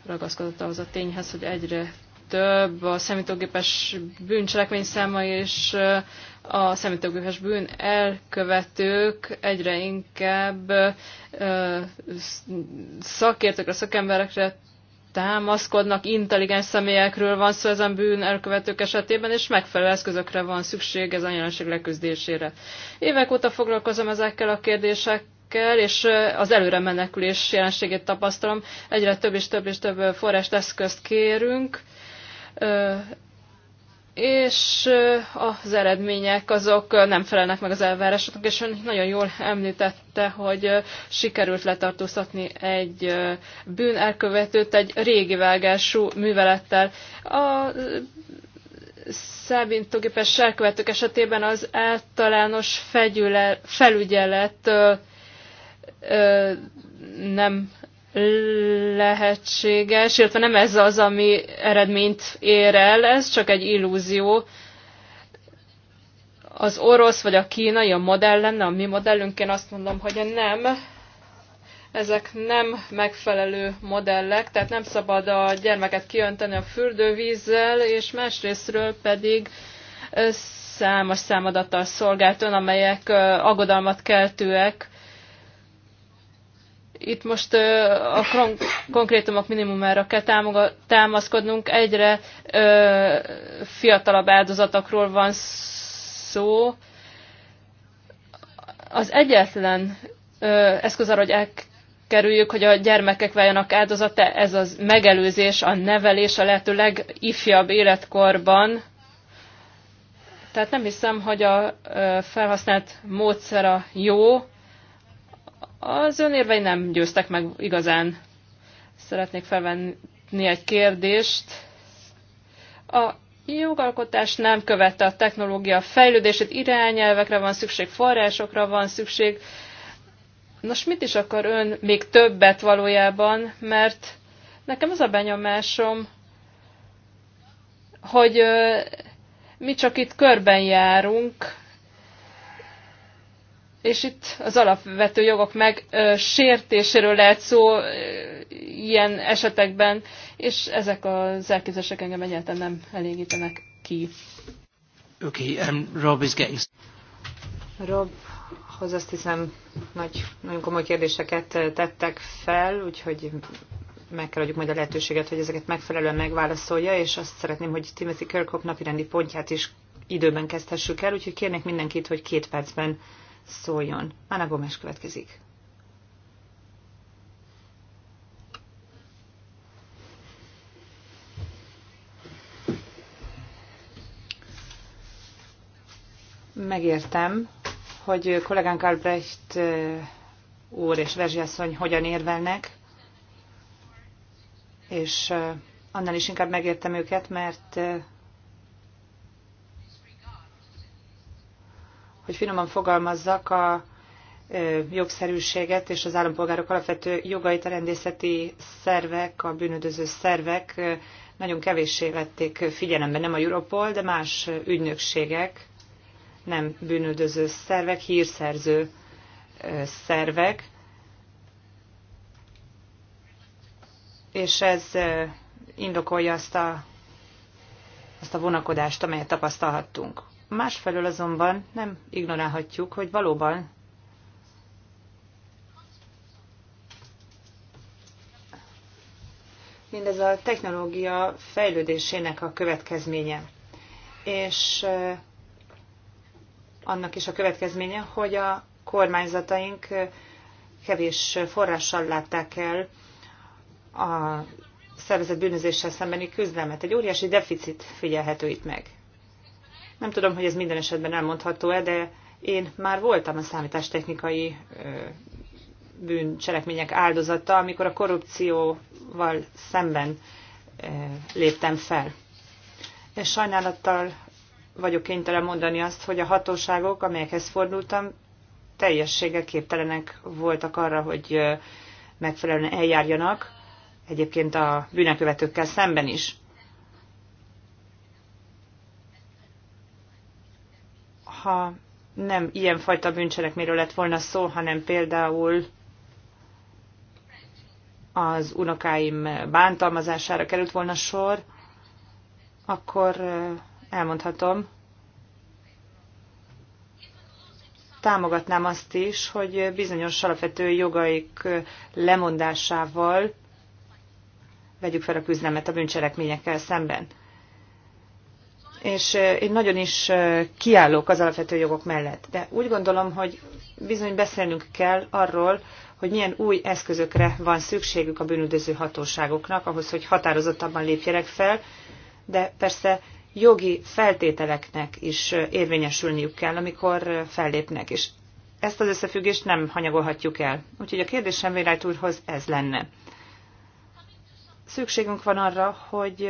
Ragaszkodott ahhoz a tényhez, hogy egyre több a számítógépes bűncselekmény száma és a számítógépes bűn elkövetők egyre inkább szakértőkre, szakemberekre támaszkodnak, intelligens személyekről van szó ezen bűn elkövetők esetében, és megfelelő eszközökre van szükség ez a jelenség leküzdésére. Évek óta foglalkozom ezekkel a kérdésekkel, és az előre menekülés jelenségét tapasztalom. Egyre több és több és több forrást eszközt kérünk, és az eredmények azok nem felelnek meg az elvárásoknak, és ön nagyon jól említette, hogy sikerült letartóztatni egy bűn elkövetőt egy régi vágású művelettel. A szábintógépes elkövetők esetében az általános felügyelet nem lehetséges, illetve nem ez az, ami eredményt ér el, ez csak egy illúzió. Az orosz vagy a kínai a modell lenne, a mi modellünk, én azt mondom, hogy nem. Ezek nem megfelelő modellek, tehát nem szabad a gyermeket kiönteni a fürdővízzel, és másrésztről pedig számos számadattal szolgált ön, amelyek aggodalmat keltőek itt most a konkrétumok minimumára kell támaszkodnunk. Egyre fiatalabb áldozatokról van szó. Az egyetlen eszköz arra, hogy elkerüljük, hogy a gyermekek váljanak áldozata, ez az megelőzés, a nevelés a lehető legifjabb életkorban. Tehát nem hiszem, hogy a felhasznált módszer a jó, az önérvei nem győztek meg igazán. Szeretnék felvenni egy kérdést. A jogalkotás nem követte a technológia fejlődését, irányelvekre van szükség, forrásokra van szükség. Nos, mit is akar ön még többet valójában, mert nekem az a benyomásom, hogy mi csak itt körben járunk, és itt az alapvető jogok megsértéséről lehet szó ilyen esetekben, és ezek az elképzelések engem egyáltalán nem elégítenek ki. Okay, um, Rob is getting... Rob, hoz azt hiszem nagy, nagyon komoly kérdéseket tettek fel, úgyhogy meg kell adjuk majd a lehetőséget, hogy ezeket megfelelően megválaszolja, és azt szeretném, hogy Timothy Kirkhope napirendi pontját is időben kezdhessük el, úgyhogy kérnék mindenkit, hogy két percben szóljon. Ana Gomes következik. Megértem, hogy kollégánk Albrecht úr és Verzsiasszony hogyan érvelnek, és annál is inkább megértem őket, mert hogy finoman fogalmazzak a jogszerűséget és az állampolgárok alapvető jogait a rendészeti szervek, a bűnöldöző szervek nagyon kevéssé vették figyelembe, nem a Europol, de más ügynökségek, nem bűnöldöző szervek, hírszerző szervek. És ez indokolja azt a, azt a vonakodást, amelyet tapasztalhattunk. Másfelől azonban nem ignorálhatjuk, hogy valóban mindez a technológia fejlődésének a következménye. És annak is a következménye, hogy a kormányzataink kevés forrással látták el a szervezett bűnözéssel szembeni küzdelmet. Egy óriási deficit figyelhető itt meg. Nem tudom, hogy ez minden esetben elmondható-e, de én már voltam a számítástechnikai bűncselekmények áldozata, amikor a korrupcióval szemben léptem fel. És sajnálattal vagyok kénytelen mondani azt, hogy a hatóságok, amelyekhez fordultam, teljességgel képtelenek voltak arra, hogy megfelelően eljárjanak, egyébként a bűnökövetőkkel szemben is. ha nem ilyenfajta bűncselekméről lett volna szó, hanem például az unokáim bántalmazására került volna sor, akkor elmondhatom, támogatnám azt is, hogy bizonyos alapvető jogaik lemondásával vegyük fel a küzdelmet a bűncselekményekkel szemben és én nagyon is kiállok az alapvető jogok mellett. De úgy gondolom, hogy bizony beszélnünk kell arról, hogy milyen új eszközökre van szükségük a bűnüldöző hatóságoknak, ahhoz, hogy határozottabban lépjenek fel, de persze jogi feltételeknek is érvényesülniük kell, amikor fellépnek, és ezt az összefüggést nem hanyagolhatjuk el. Úgyhogy a kérdésem Vérájt úrhoz ez lenne. Szükségünk van arra, hogy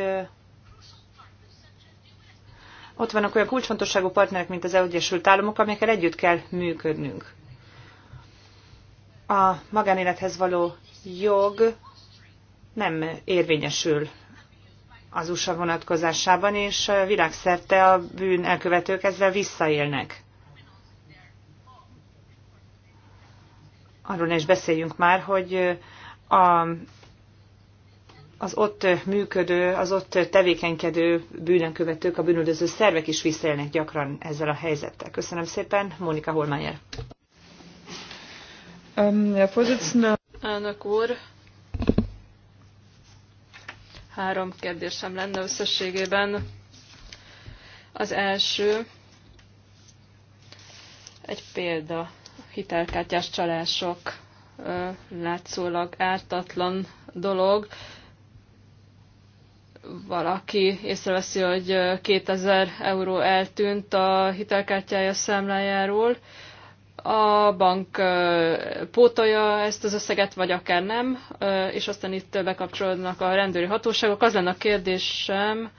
ott vannak olyan kulcsfontosságú partnerek, mint az Egyesült Államok, amikkel együtt kell működnünk. A magánélethez való jog nem érvényesül az USA vonatkozásában, és világszerte a bűn elkövetők ezzel visszaélnek. Arról is beszéljünk már, hogy a az ott működő, az ott tevékenykedő bűnönkövetők, a bűnöldöző szervek is visszaélnek gyakran ezzel a helyzettel. Köszönöm szépen, Mónika Holmányer. Um, Elnök úr, három kérdésem lenne összességében. Az első, egy példa, hitelkártyás csalások látszólag ártatlan dolog, valaki észreveszi, hogy 2000 euró eltűnt a hitelkártyája számlájáról, a bank pótolja ezt az összeget, vagy akár nem, és aztán itt bekapcsolódnak a rendőri hatóságok. Az lenne a kérdésem,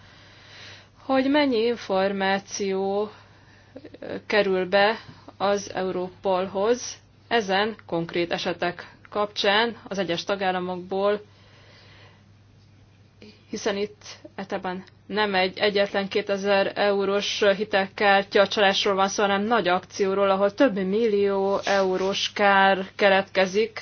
hogy mennyi információ kerül be az Európolhoz ezen konkrét esetek kapcsán az egyes tagállamokból, hiszen itt eteben nem egy egyetlen 2000 eurós hitelkártya csalásról van szó, hanem nagy akcióról, ahol több millió eurós kár keletkezik.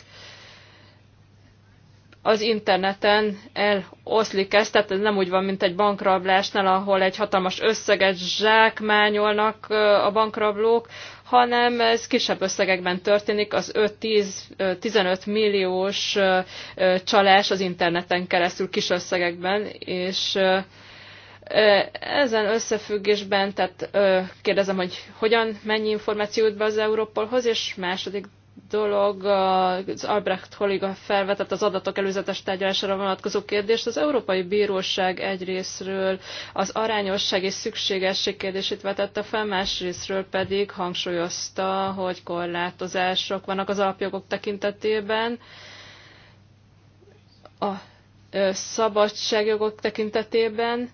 Az interneten eloszlik ezt, tehát ez nem úgy van, mint egy bankrablásnál, ahol egy hatalmas összeget zsákmányolnak a bankrablók, hanem ez kisebb összegekben történik, az 5-10-15 milliós csalás az interneten keresztül kis összegekben, és ezen összefüggésben, tehát kérdezem, hogy hogyan mennyi információt be az Európolhoz, és második dolog, az Albrecht kolléga felvetett az adatok előzetes tárgyalására vonatkozó kérdést. Az Európai Bíróság részről az arányosság és szükségesség kérdését vetette fel, másrésztről pedig hangsúlyozta, hogy korlátozások vannak az alapjogok tekintetében. A szabadságjogok tekintetében,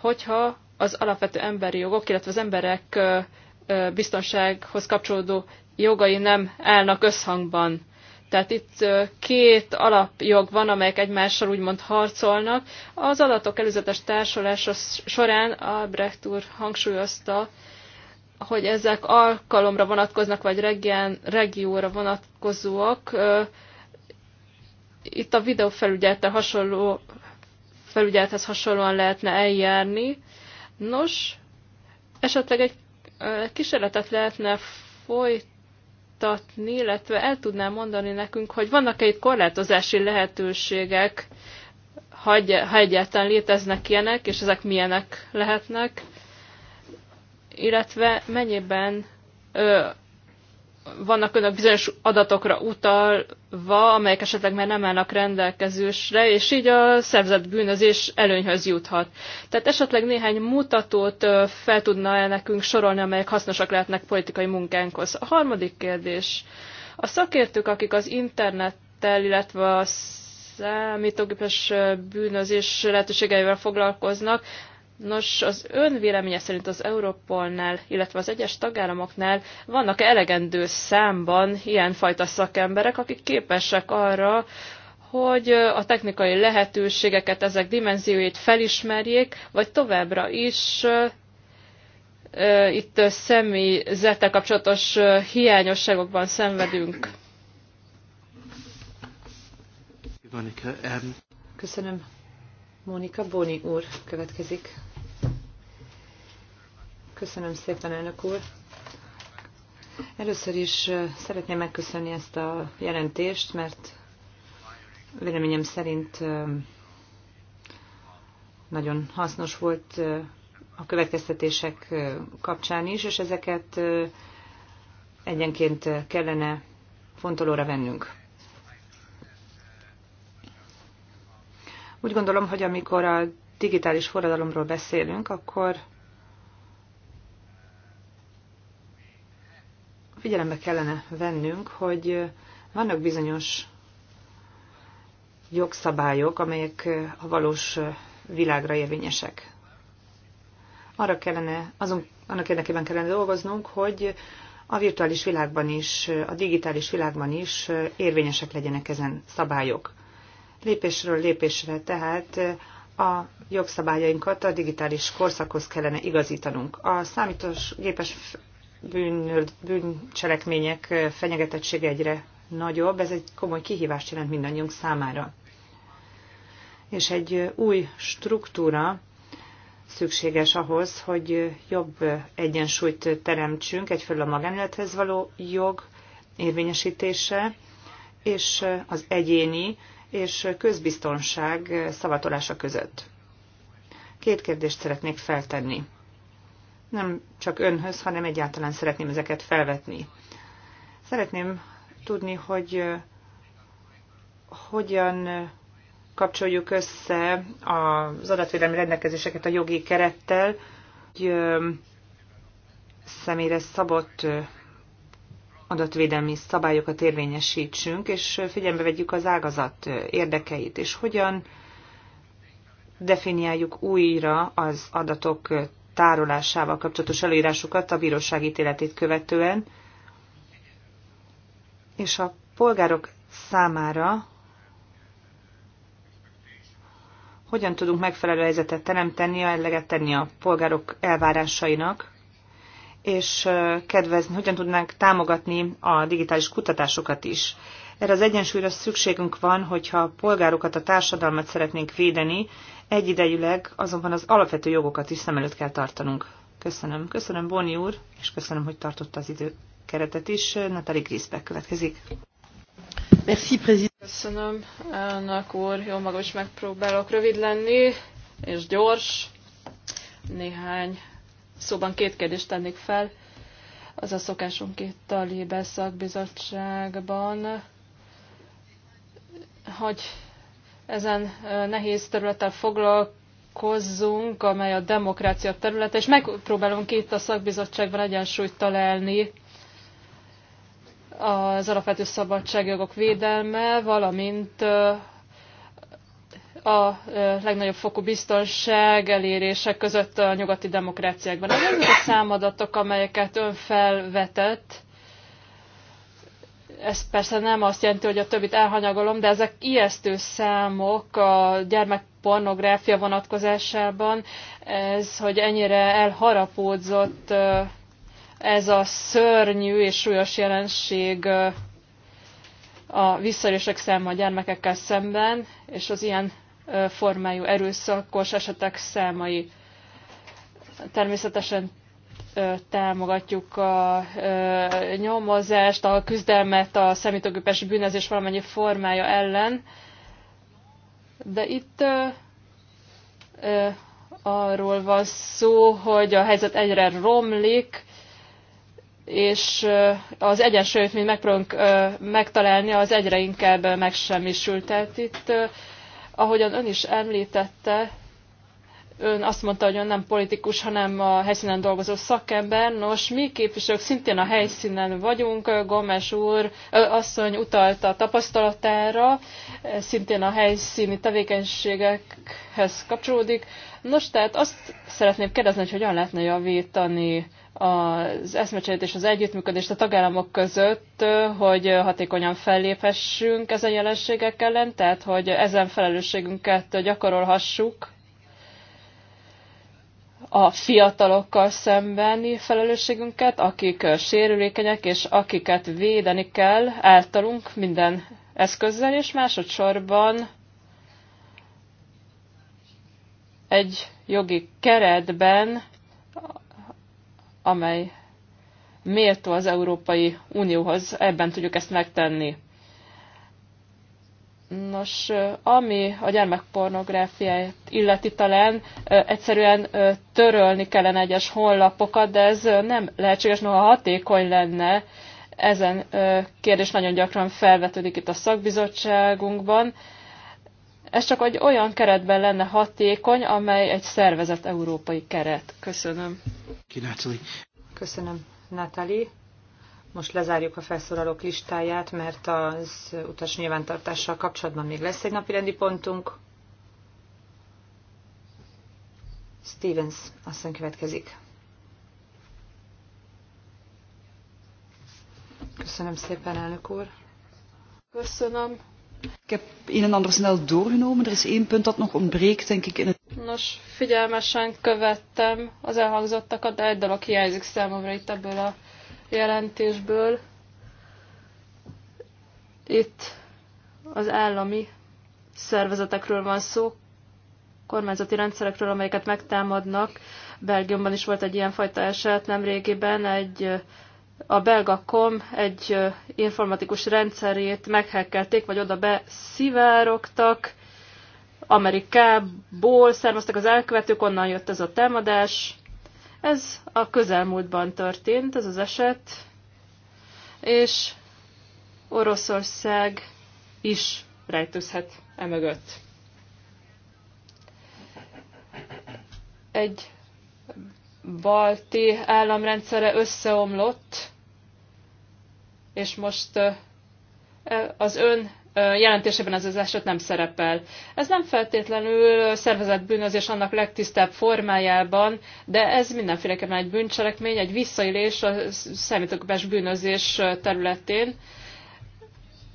hogyha az alapvető emberi jogok, illetve az emberek biztonsághoz kapcsolódó jogai nem állnak összhangban. Tehát itt két alapjog van, amelyek egymással úgymond harcolnak. Az adatok előzetes társolása során Albrecht úr hangsúlyozta, hogy ezek alkalomra vonatkoznak, vagy regián, regióra vonatkozóak. Itt a videófelügyelettel hasonló felügyelethez hasonlóan lehetne eljárni. Nos, esetleg egy kísérletet lehetne folytatni, megvitatni, illetve el tudnám mondani nekünk, hogy vannak-e itt korlátozási lehetőségek, ha, egy, ha egyáltalán léteznek ilyenek, és ezek milyenek lehetnek, illetve mennyiben ö, vannak önök bizonyos adatokra utalva, amelyek esetleg már nem állnak rendelkezésre, és így a szervezett bűnözés előnyhöz juthat. Tehát esetleg néhány mutatót fel tudna -e nekünk sorolni, amelyek hasznosak lehetnek politikai munkánkhoz. A harmadik kérdés. A szakértők, akik az internettel, illetve a számítógépes bűnözés lehetőségeivel foglalkoznak, Nos, az ön véleménye szerint az Európolnál, illetve az egyes tagállamoknál vannak elegendő számban ilyenfajta szakemberek, akik képesek arra, hogy a technikai lehetőségeket, ezek dimenzióit felismerjék, vagy továbbra is itt személyzettel kapcsolatos hiányosságokban szenvedünk. Köszönöm. Mónika Boni úr következik. Köszönöm szépen, elnök úr. Először is szeretném megköszönni ezt a jelentést, mert véleményem szerint nagyon hasznos volt a következtetések kapcsán is, és ezeket egyenként kellene fontolóra vennünk. Úgy gondolom, hogy amikor a digitális forradalomról beszélünk, akkor figyelembe kellene vennünk, hogy vannak bizonyos jogszabályok, amelyek a valós világra érvényesek. Arra kellene, azon, annak érdekében kellene dolgoznunk, hogy a virtuális világban is, a digitális világban is érvényesek legyenek ezen szabályok. Lépésről lépésre tehát a jogszabályainkat a digitális korszakhoz kellene igazítanunk. A számítógépes bűn, bűncselekmények fenyegetettsége egyre nagyobb, ez egy komoly kihívást jelent mindannyiunk számára. És egy új struktúra szükséges ahhoz, hogy jobb egyensúlyt teremtsünk egyfelől a magánélethez való jog érvényesítése, és az egyéni és közbiztonság szavatolása között. Két kérdést szeretnék feltenni. Nem csak önhöz, hanem egyáltalán szeretném ezeket felvetni. Szeretném tudni, hogy eh, hogyan eh, kapcsoljuk össze az adatvédelmi rendelkezéseket a jogi kerettel, hogy eh, személyre szabott adatvédelmi szabályokat érvényesítsünk, és figyelembe vegyük az ágazat érdekeit, és hogyan definiáljuk újra az adatok tárolásával kapcsolatos előírásokat a bíróság ítéletét követően, és a polgárok számára hogyan tudunk megfelelő helyzetet teremteni, eleget tenni a polgárok elvárásainak, és kedvezni, hogyan tudnánk támogatni a digitális kutatásokat is. Erre az egyensúlyra szükségünk van, hogyha a polgárokat, a társadalmat szeretnénk védeni, egyidejűleg azonban az alapvető jogokat is szem előtt kell tartanunk. Köszönöm. Köszönöm, Boni úr, és köszönöm, hogy tartotta az időkeretet is. Natali Griszbeck következik. Merci, président. Köszönöm, elnök úr. Jó magam is megpróbálok rövid lenni, és gyors. Néhány szóban két kérdést tennék fel. Az a szokásunk itt a Libe hogy ezen nehéz területtel foglalkozzunk, amely a demokrácia területe, és megpróbálunk itt a szakbizottságban egyensúlyt találni az alapvető szabadságjogok védelme, valamint a legnagyobb fokú biztonság elérése között a nyugati demokráciákban. Ezek a számadatok, amelyeket ön felvetett, ez persze nem azt jelenti, hogy a többit elhanyagolom, de ezek ijesztő számok a gyermekpornográfia vonatkozásában, ez, hogy ennyire elharapódzott ez a szörnyű és súlyos jelenség a visszaélések száma a gyermekekkel szemben, és az ilyen formájú erőszakos esetek számai. Természetesen támogatjuk a nyomozást, a küzdelmet a számítógépes bűnözés valamennyi formája ellen, de itt arról van szó, hogy a helyzet egyre romlik, és az egyensúlyt, mint megpróbálunk megtalálni, az egyre inkább megsemmisült. Tehát itt Ahogyan ön is említette, ön azt mondta, hogy ön nem politikus, hanem a helyszínen dolgozó szakember. Nos, mi képviselők szintén a helyszínen vagyunk. Gomes úr asszony utalta a tapasztalatára, szintén a helyszíni tevékenységekhez kapcsolódik. Nos, tehát azt szeretném kérdezni, hogy hogyan lehetne javítani az eszmecserét és az együttműködést a tagállamok között, hogy hatékonyan felléphessünk ezen jelenségek ellen, tehát hogy ezen felelősségünket gyakorolhassuk a fiatalokkal szembeni felelősségünket, akik sérülékenyek, és akiket védeni kell általunk minden eszközzel, és másodszorban egy jogi keretben amely méltó az Európai Unióhoz, ebben tudjuk ezt megtenni. Nos, ami a gyermekpornográfiát illeti talán, egyszerűen törölni kellene egyes honlapokat, de ez nem lehetséges, noha hatékony lenne. Ezen kérdés nagyon gyakran felvetődik itt a szakbizottságunkban. Ez csak egy olyan keretben lenne hatékony, amely egy szervezett európai keret. Köszönöm. Kinátszoli. Köszönöm, Natali. Most lezárjuk a felszólalók listáját, mert az utas nyilvántartással kapcsolatban még lesz egy napi rendi pontunk. Stevens aztán következik. Köszönöm szépen, elnök úr. Köszönöm. Ik heb een en ander snel doorgenomen. Er is één punt dat nog ontbreekt, denk ik. In het... Nos, figyelmesen követtem az elhangzottakat, de egy dolog hiányzik számomra itt ebből a jelentésből. Itt az állami szervezetekről van szó, kormányzati rendszerekről, amelyeket megtámadnak. Belgiumban is volt egy ilyen fajta eset nemrégiben, egy a belga kom egy informatikus rendszerét meghekkelték, vagy oda beszivárogtak, Amerikából származtak az elkövetők, onnan jött ez a támadás. Ez a közelmúltban történt, ez az eset, és Oroszország is rejtőzhet emögött. Egy balti államrendszere összeomlott, és most e, az ön jelentésében ez az eset nem szerepel. Ez nem feltétlenül szervezett bűnözés annak legtisztább formájában, de ez mindenféleképpen egy bűncselekmény, egy visszaélés a számítógépes bűnözés területén.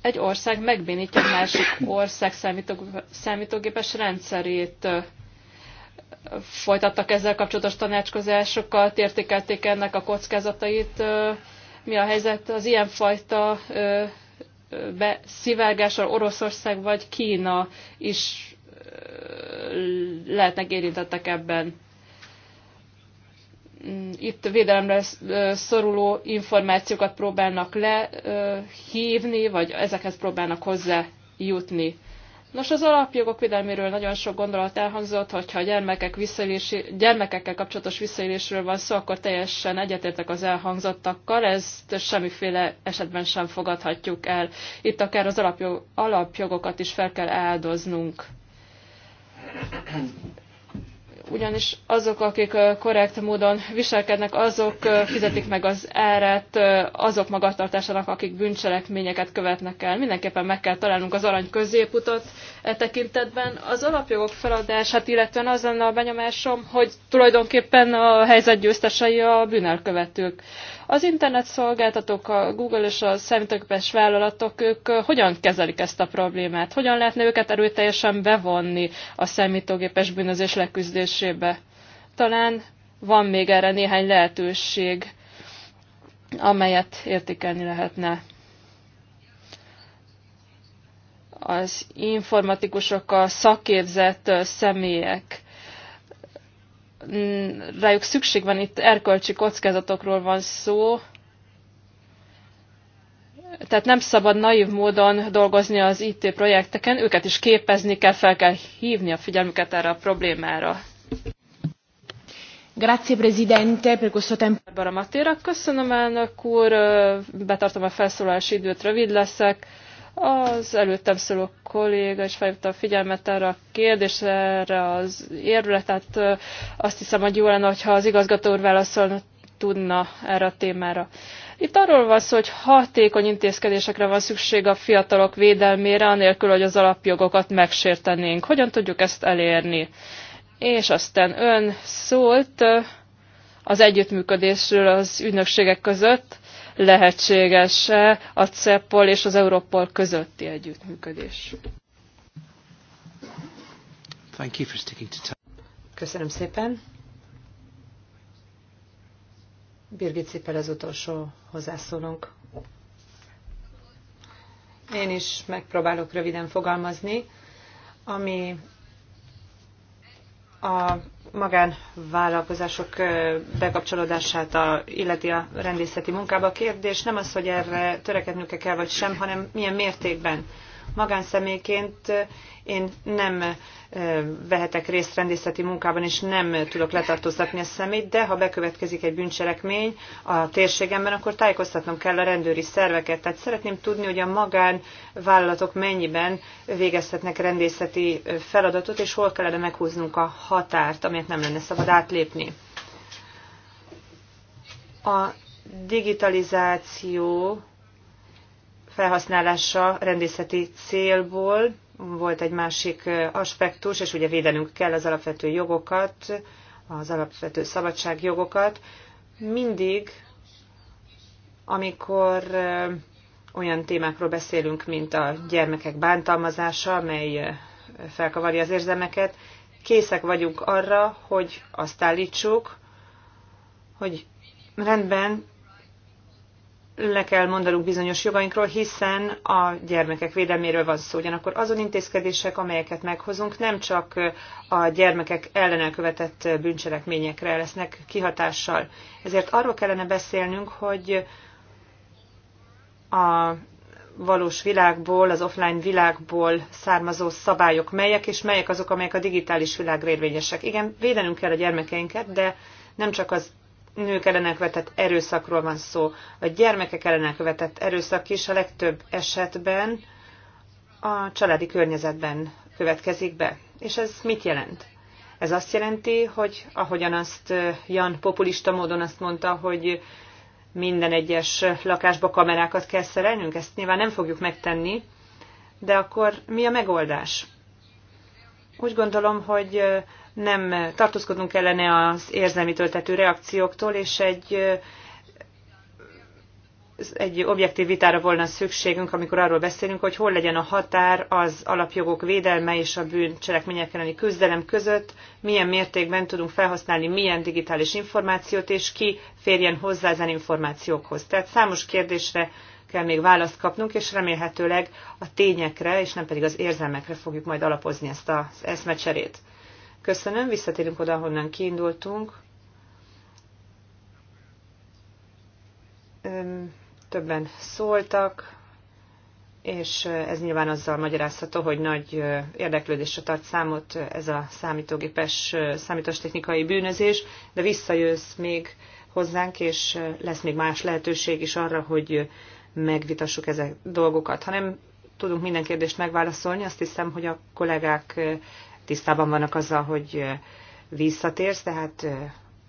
Egy ország megbénítja a másik ország számítógépes rendszerét folytattak ezzel kapcsolatos tanácskozásokat, értékelték ennek a kockázatait. Mi a helyzet az ilyenfajta beszivárgással Oroszország vagy Kína is lehetnek érintettek ebben? Mm, itt védelemre szoruló információkat próbálnak lehívni, vagy ezekhez próbálnak hozzájutni. Nos, az alapjogok védelméről nagyon sok gondolat elhangzott, hogyha a gyermekek gyermekekkel kapcsolatos visszaélésről van szó, akkor teljesen egyetértek az elhangzottakkal, ezt semmiféle esetben sem fogadhatjuk el. Itt akár az alapjog, alapjogokat is fel kell áldoznunk ugyanis azok, akik korrekt módon viselkednek, azok fizetik meg az árat azok magatartásának, akik bűncselekményeket követnek el. Mindenképpen meg kell találnunk az arany középutat e tekintetben. Az alapjogok feladását illetően az lenne a benyomásom, hogy tulajdonképpen a helyzet győztesei a bűnelkövetők. Az internet szolgáltatók, a Google és a számítógépes vállalatok, ők hogyan kezelik ezt a problémát? Hogyan lehetne őket erőteljesen bevonni a számítógépes bűnözés leküzdésébe? kérdésébe. Talán van még erre néhány lehetőség, amelyet értékelni lehetne. Az informatikusok, a szakképzett személyek, mm, rájuk szükség van, itt erkölcsi kockázatokról van szó, tehát nem szabad naív módon dolgozni az IT projekteken, őket is képezni kell, fel kell hívni a figyelmüket erre a problémára. Grazie Presidente per questo tempo. Barbara Matera, köszönöm elnök úr, betartom a felszólalási időt, rövid leszek. Az előttem szóló kolléga is felhívta a figyelmet erre a kérdésre, erre az érvre, tehát azt hiszem, hogy jó lenne, hogyha az igazgató úr válaszolna tudna erre a témára. Itt arról van szó, hogy hatékony intézkedésekre van szükség a fiatalok védelmére, anélkül, hogy az alapjogokat megsértenénk. Hogyan tudjuk ezt elérni? és aztán ön szólt az együttműködésről az ügynökségek között, lehetséges -e a CEPOL és az Európol közötti együttműködés? Thank you for sticking to time. Köszönöm szépen. Birgit Cipel az utolsó hozzászólónk. Én is megpróbálok röviden fogalmazni, ami a magánvállalkozások bekapcsolódását a, illeti a rendészeti munkába. A kérdés nem az, hogy erre törekednünk kell vagy sem, hanem milyen mértékben. Magánszemélyként én nem vehetek részt rendészeti munkában, és nem tudok letartóztatni a szemét, de ha bekövetkezik egy bűncselekmény a térségemben, akkor tájékoztatnom kell a rendőri szerveket. Tehát szeretném tudni, hogy a magánvállalatok mennyiben végezhetnek rendészeti feladatot, és hol kellene meghúznunk a határt, amit nem lenne szabad átlépni. A digitalizáció felhasználása rendészeti célból volt egy másik aspektus, és ugye védenünk kell az alapvető jogokat, az alapvető szabadságjogokat. Mindig, amikor olyan témákról beszélünk, mint a gyermekek bántalmazása, amely felkavarja az érzelmeket, készek vagyunk arra, hogy azt állítsuk, hogy rendben, le kell mondanunk bizonyos jogainkról, hiszen a gyermekek védelméről van szó. Ugyanakkor azon intézkedések, amelyeket meghozunk, nem csak a gyermekek ellen elkövetett bűncselekményekre lesznek kihatással. Ezért arról kellene beszélnünk, hogy a valós világból, az offline világból származó szabályok melyek, és melyek azok, amelyek a digitális világra érvényesek. Igen, védenünk kell a gyermekeinket, de nem csak az nők ellenek vetett erőszakról van szó. A gyermekek ellenek vetett erőszak is a legtöbb esetben a családi környezetben következik be. És ez mit jelent? Ez azt jelenti, hogy ahogyan azt Jan populista módon azt mondta, hogy minden egyes lakásba kamerákat kell szerelnünk, ezt nyilván nem fogjuk megtenni, de akkor mi a megoldás? Úgy gondolom, hogy nem tartózkodnunk kellene az érzelmi töltető reakcióktól, és egy egy objektív vitára volna szükségünk, amikor arról beszélünk, hogy hol legyen a határ az alapjogok védelme és a bűncselekmények elleni küzdelem között, milyen mértékben tudunk felhasználni milyen digitális információt, és ki férjen hozzá ezen információkhoz. Tehát számos kérdésre kell még választ kapnunk, és remélhetőleg a tényekre, és nem pedig az érzelmekre fogjuk majd alapozni ezt az eszmecserét. Köszönöm, visszatérünk oda, honnan kiindultunk. Többen szóltak, és ez nyilván azzal magyarázható, hogy nagy érdeklődésre tart számot ez a számítógépes, számítós technikai bűnözés, de visszajössz még hozzánk, és lesz még más lehetőség is arra, hogy megvitassuk ezek dolgokat. Ha nem tudunk minden kérdést megválaszolni, azt hiszem, hogy a kollégák tisztában vannak azzal, hogy visszatérsz, tehát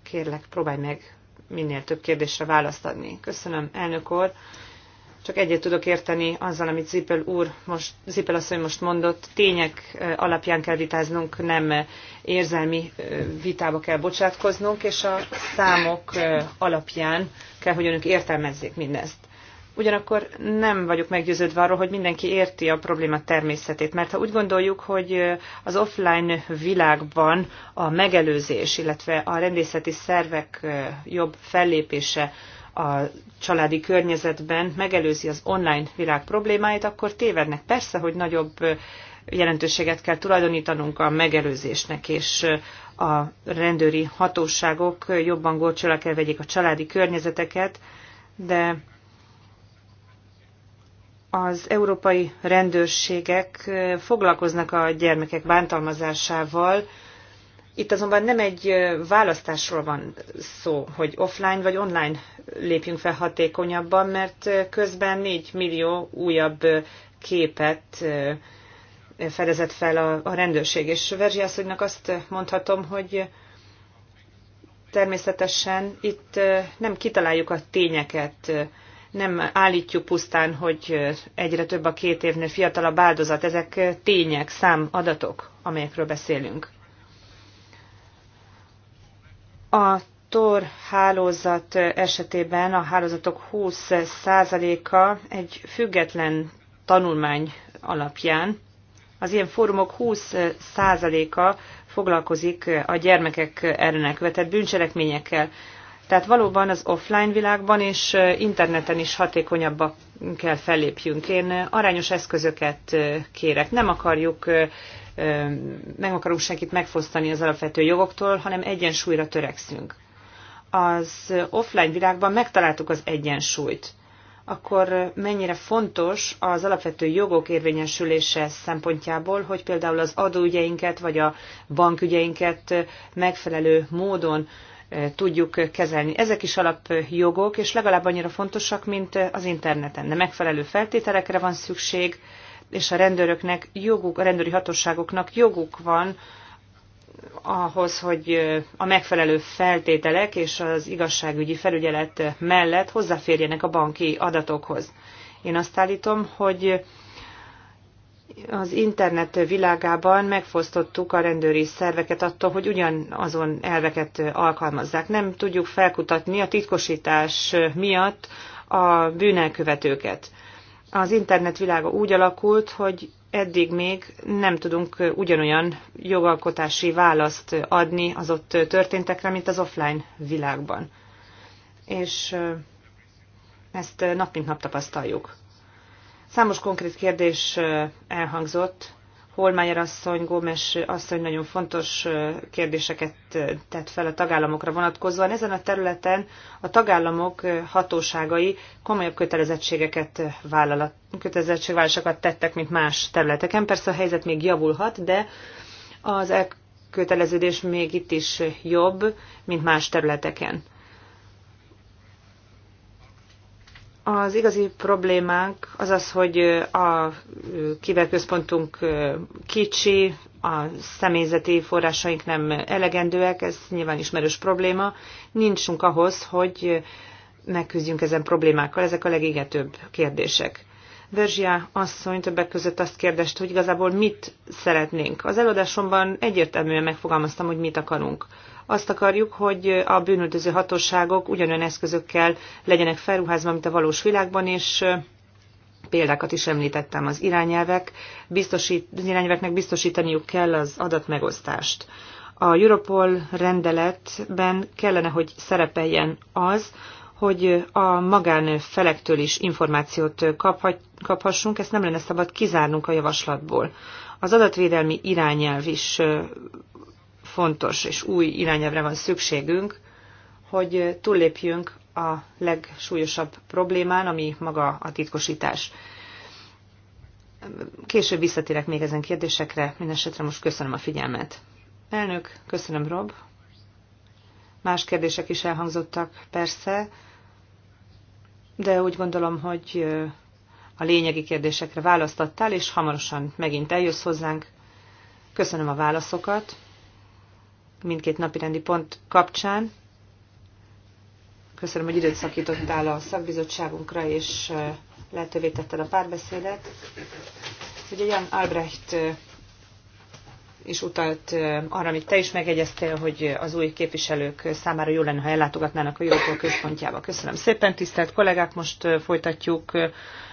kérlek, próbálj meg minél több kérdésre választ adni. Köszönöm, elnök úr. Csak egyet tudok érteni azzal, amit Zipel úr most, Zipel asszony most mondott. Tények alapján kell vitáznunk, nem érzelmi vitába kell bocsátkoznunk, és a számok alapján kell, hogy önök értelmezzék mindezt. Ugyanakkor nem vagyok meggyőződve arról, hogy mindenki érti a probléma természetét, mert ha úgy gondoljuk, hogy az offline világban a megelőzés, illetve a rendészeti szervek jobb fellépése a családi környezetben megelőzi az online világ problémáit, akkor tévednek. Persze, hogy nagyobb jelentőséget kell tulajdonítanunk a megelőzésnek, és a rendőri hatóságok jobban górcsőre kell vegyék a családi környezeteket, de az európai rendőrségek foglalkoznak a gyermekek bántalmazásával. Itt azonban nem egy választásról van szó, hogy offline vagy online lépjünk fel hatékonyabban, mert közben 4 millió újabb képet fedezett fel a, rendőrség. És Verzsi asszonynak azt mondhatom, hogy természetesen itt nem kitaláljuk a tényeket, nem állítjuk pusztán, hogy egyre több a két évnél fiatalabb áldozat. Ezek tények, szám, adatok, amelyekről beszélünk. A TOR hálózat esetében a hálózatok 20%-a egy független tanulmány alapján. Az ilyen fórumok 20%-a foglalkozik a gyermekek ellenek vetett bűncselekményekkel. Tehát valóban az offline világban és interneten is hatékonyabbak kell fellépjünk. Én arányos eszközöket kérek. Nem akarjuk, meg akarunk senkit megfosztani az alapvető jogoktól, hanem egyensúlyra törekszünk. Az offline világban megtaláltuk az egyensúlyt akkor mennyire fontos az alapvető jogok érvényesülése szempontjából, hogy például az adóügyeinket vagy a bankügyeinket megfelelő módon tudjuk kezelni. Ezek is alapjogok, és legalább annyira fontosak, mint az interneten. De megfelelő feltételekre van szükség, és a rendőröknek joguk, a rendőri hatóságoknak joguk van ahhoz, hogy a megfelelő feltételek és az igazságügyi felügyelet mellett hozzáférjenek a banki adatokhoz. Én azt állítom, hogy az internet világában megfosztottuk a rendőri szerveket attól, hogy ugyanazon elveket alkalmazzák. Nem tudjuk felkutatni a titkosítás miatt a bűnelkövetőket. Az internet világa úgy alakult, hogy eddig még nem tudunk ugyanolyan jogalkotási választ adni az ott történtekre, mint az offline világban. És ezt nap mint nap tapasztaljuk. Számos konkrét kérdés elhangzott. Holmájer asszony, Gómez asszony nagyon fontos kérdéseket tett fel a tagállamokra vonatkozóan. Ezen a területen a tagállamok hatóságai komolyabb kötelezettségeket vállalat, kötelezettségvállalásokat tettek, mint más területeken. Persze a helyzet még javulhat, de az elköteleződés még itt is jobb, mint más területeken. Az igazi problémánk az az, hogy a kiberközpontunk kicsi, a személyzeti forrásaink nem elegendőek, ez nyilván ismerős probléma. Nincsunk ahhoz, hogy megküzdjünk ezen problémákkal, ezek a legégetőbb kérdések. Verzsia asszony többek között azt kérdezte, hogy igazából mit szeretnénk. Az előadásomban egyértelműen megfogalmaztam, hogy mit akarunk azt akarjuk, hogy a bűnöldöző hatóságok ugyanolyan eszközökkel legyenek felruházva, mint a valós világban, és példákat is említettem, az irányelvek, biztosít, az irányelveknek biztosítaniuk kell az adatmegosztást. A Europol rendeletben kellene, hogy szerepeljen az, hogy a magánfelektől is információt kaphat, kaphassunk, ezt nem lenne szabad kizárnunk a javaslatból. Az adatvédelmi irányelv is fontos és új irányelvre van szükségünk, hogy túllépjünk a legsúlyosabb problémán, ami maga a titkosítás. Később visszatérek még ezen kérdésekre, mindesetre most köszönöm a figyelmet. Elnök, köszönöm Rob. Más kérdések is elhangzottak, persze, de úgy gondolom, hogy a lényegi kérdésekre választattál, és hamarosan megint eljössz hozzánk. Köszönöm a válaszokat mindkét napirendi pont kapcsán. Köszönöm, hogy időt szakítottál a szakbizottságunkra, és lehetővé tetted a párbeszédet. Ugye Jan Albrecht is utalt arra, amit te is megegyeztél, hogy az új képviselők számára jó lenne, ha ellátogatnának a Jókó központjába. Köszönöm szépen, tisztelt kollégák, most folytatjuk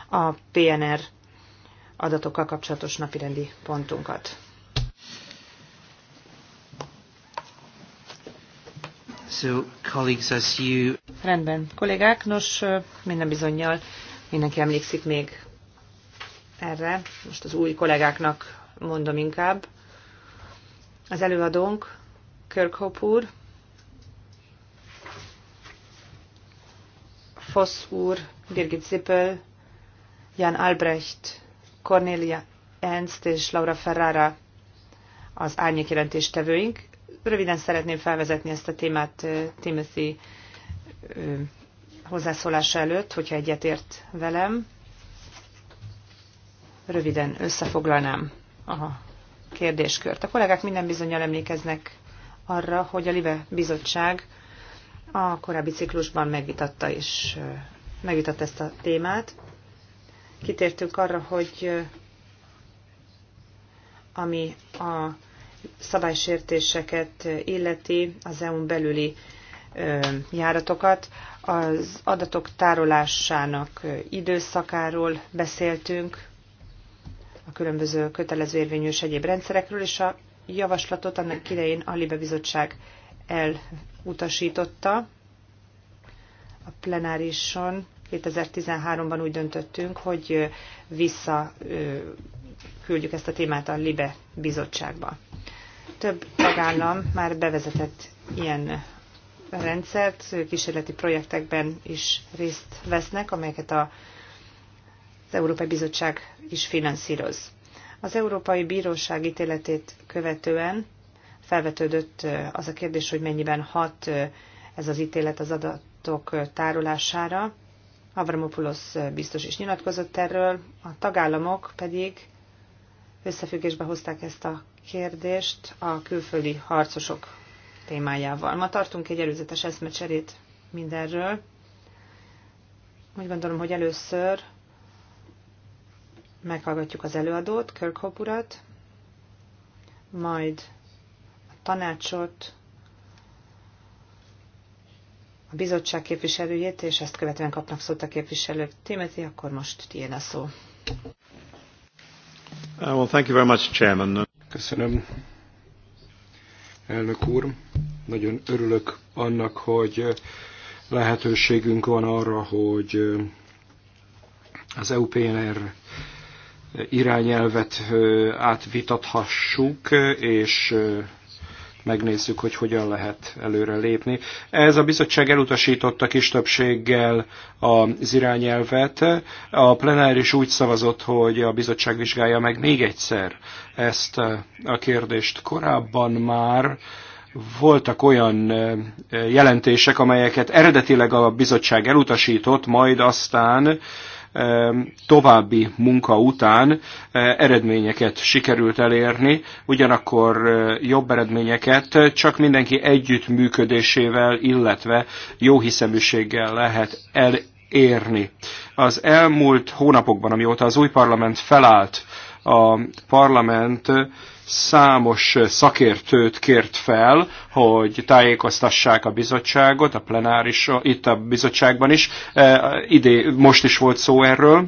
a PNR adatokkal kapcsolatos napirendi pontunkat. So, colleagues, as you... Rendben, kollégák, nos, minden bizonyal mindenki emlékszik még erre, most az új kollégáknak mondom inkább. Az előadónk Kirkhope úr, Foss úr, Birgit Zippel, Jan Albrecht, Cornelia Ernst és Laura Ferrara az tevőink. Röviden szeretném felvezetni ezt a témát Timothy hozzászólása előtt, hogyha egyetért velem. Röviden összefoglalnám a kérdéskört. A kollégák minden bizonyal emlékeznek arra, hogy a Live Bizottság a korábbi ciklusban megvitatta, és, megvitatta ezt a témát. Kitértünk arra, hogy ami a szabálysértéseket illeti az EU-n belüli járatokat. Az adatok tárolásának időszakáról beszéltünk, a különböző kötelező érvényűs egyéb rendszerekről, és a javaslatot annak idején a Libe Bizottság elutasította. A plenárison 2013-ban úgy döntöttünk, hogy vissza küldjük ezt a témát a LIBE bizottságba. Több tagállam már bevezetett ilyen rendszert, kísérleti projektekben is részt vesznek, amelyeket a, az Európai Bizottság is finanszíroz. Az Európai Bíróság ítéletét követően felvetődött az a kérdés, hogy mennyiben hat ez az ítélet az adatok tárolására. Avramopoulos biztos is nyilatkozott erről, a tagállamok pedig összefüggésbe hozták ezt a kérdést a külföldi harcosok témájával. Ma tartunk egy előzetes eszmecserét mindenről. Úgy gondolom, hogy először meghallgatjuk az előadót, Kirk Hopurat, majd a tanácsot, a bizottság képviselőjét, és ezt követően kapnak szót a képviselők. Timothy, akkor most tiéd a szó. Uh, well, thank you very much, Chairman. Köszönöm, elnök úr. Nagyon örülök annak, hogy uh, lehetőségünk van arra, hogy uh, az EUPNR irányelvet átvitathassuk, és megnézzük, hogy hogyan lehet előre lépni. Ez a bizottság elutasította kis többséggel az irányelvet. A plenáris úgy szavazott, hogy a bizottság vizsgálja meg még egyszer ezt a kérdést. Korábban már voltak olyan jelentések, amelyeket eredetileg a bizottság elutasított, majd aztán további munka után eh, eredményeket sikerült elérni, ugyanakkor eh, jobb eredményeket csak mindenki együttműködésével, illetve jó hiszeműséggel lehet elérni. Az elmúlt hónapokban, amióta az új parlament felállt, a parlament számos szakértőt kért fel, hogy tájékoztassák a bizottságot, a plenáris, itt a bizottságban is. E, ide most is volt szó erről,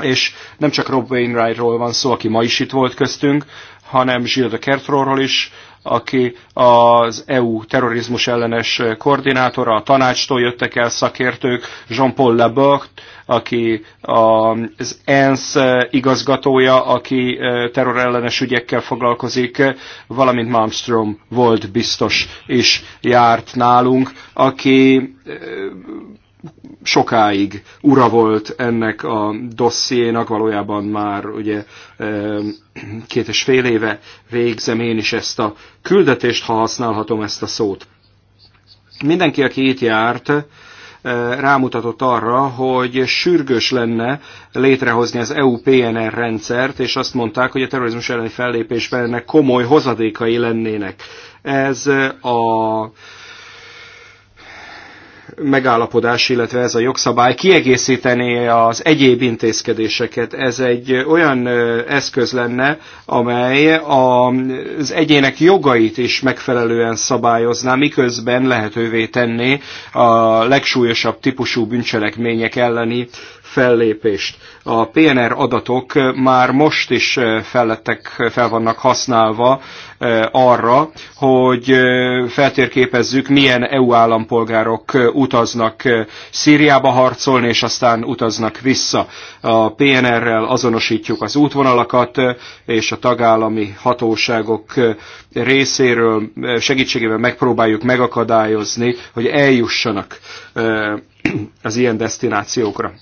és nem csak Rob Wainwrightról van szó, aki ma is itt volt köztünk, hanem Gilles de is, aki az EU terrorizmus ellenes koordinátora, a tanácstól jöttek el szakértők, Jean-Paul Labort, aki az ENSZ igazgatója, aki terrorellenes ügyekkel foglalkozik, valamint Malmström volt biztos és járt nálunk, aki sokáig ura volt ennek a dossziénak, valójában már ugye két és fél éve végzem én is ezt a küldetést, ha használhatom ezt a szót. Mindenki, aki itt járt, rámutatott arra, hogy sürgős lenne létrehozni az EU PNR rendszert, és azt mondták, hogy a terrorizmus elleni fellépésben ennek komoly hozadékai lennének. Ez a megállapodás, illetve ez a jogszabály kiegészítené az egyéb intézkedéseket. Ez egy olyan eszköz lenne, amely az egyének jogait is megfelelően szabályozná, miközben lehetővé tenné a legsúlyosabb típusú bűncselekmények elleni fellépést. A PNR adatok már most is eh, fellettek, fel vannak használva eh, arra, hogy eh, feltérképezzük, milyen EU állampolgárok utaznak Szíriába harcolni, és aztán utaznak vissza. A PNR-rel azonosítjuk az útvonalakat, és a tagállami hatóságok részéről segítségével megpróbáljuk megakadályozni, hogy eljussanak az ilyen destinációkra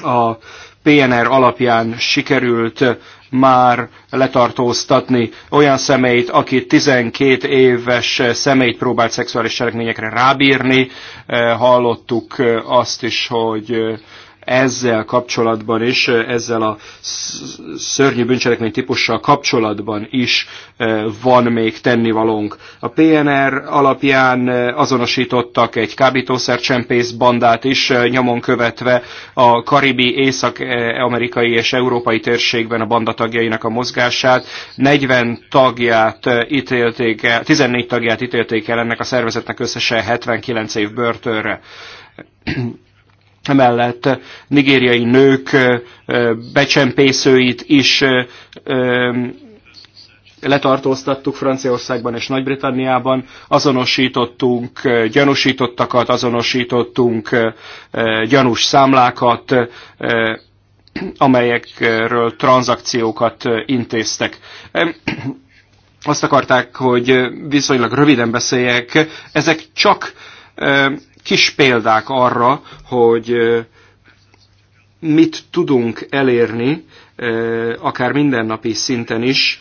a PNR alapján sikerült már letartóztatni olyan személyt, aki 12 éves személyt próbált szexuális cselekményekre rábírni. Eh, hallottuk eh, azt is, hogy eh, ezzel kapcsolatban is, ezzel a szörnyű bűncselekmény típussal kapcsolatban is van még tennivalónk. A PNR alapján azonosítottak egy kábítószercsempész bandát is, nyomon követve a karibi, észak-amerikai és európai térségben a bandatagjainak a mozgását. 40 tagját ítélték el, 14 tagját ítélték el ennek a szervezetnek összesen 79 év börtönre emellett nigériai nők becsempészőit is letartóztattuk Franciaországban és Nagy-Britanniában, azonosítottunk gyanúsítottakat, azonosítottunk gyanús számlákat, amelyekről tranzakciókat intéztek. Azt akarták, hogy viszonylag röviden beszéljek, ezek csak kis példák arra, hogy mit tudunk elérni, akár mindennapi szinten is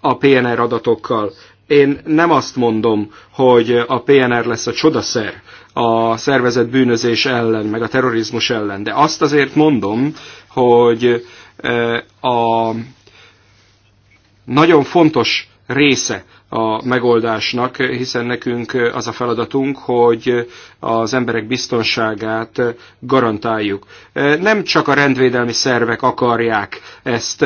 a PNR adatokkal. Én nem azt mondom, hogy a PNR lesz a csodaszer a szervezet bűnözés ellen, meg a terrorizmus ellen, de azt azért mondom, hogy a nagyon fontos része a megoldásnak, hiszen nekünk az a feladatunk, hogy az emberek biztonságát garantáljuk. Nem csak a rendvédelmi szervek akarják ezt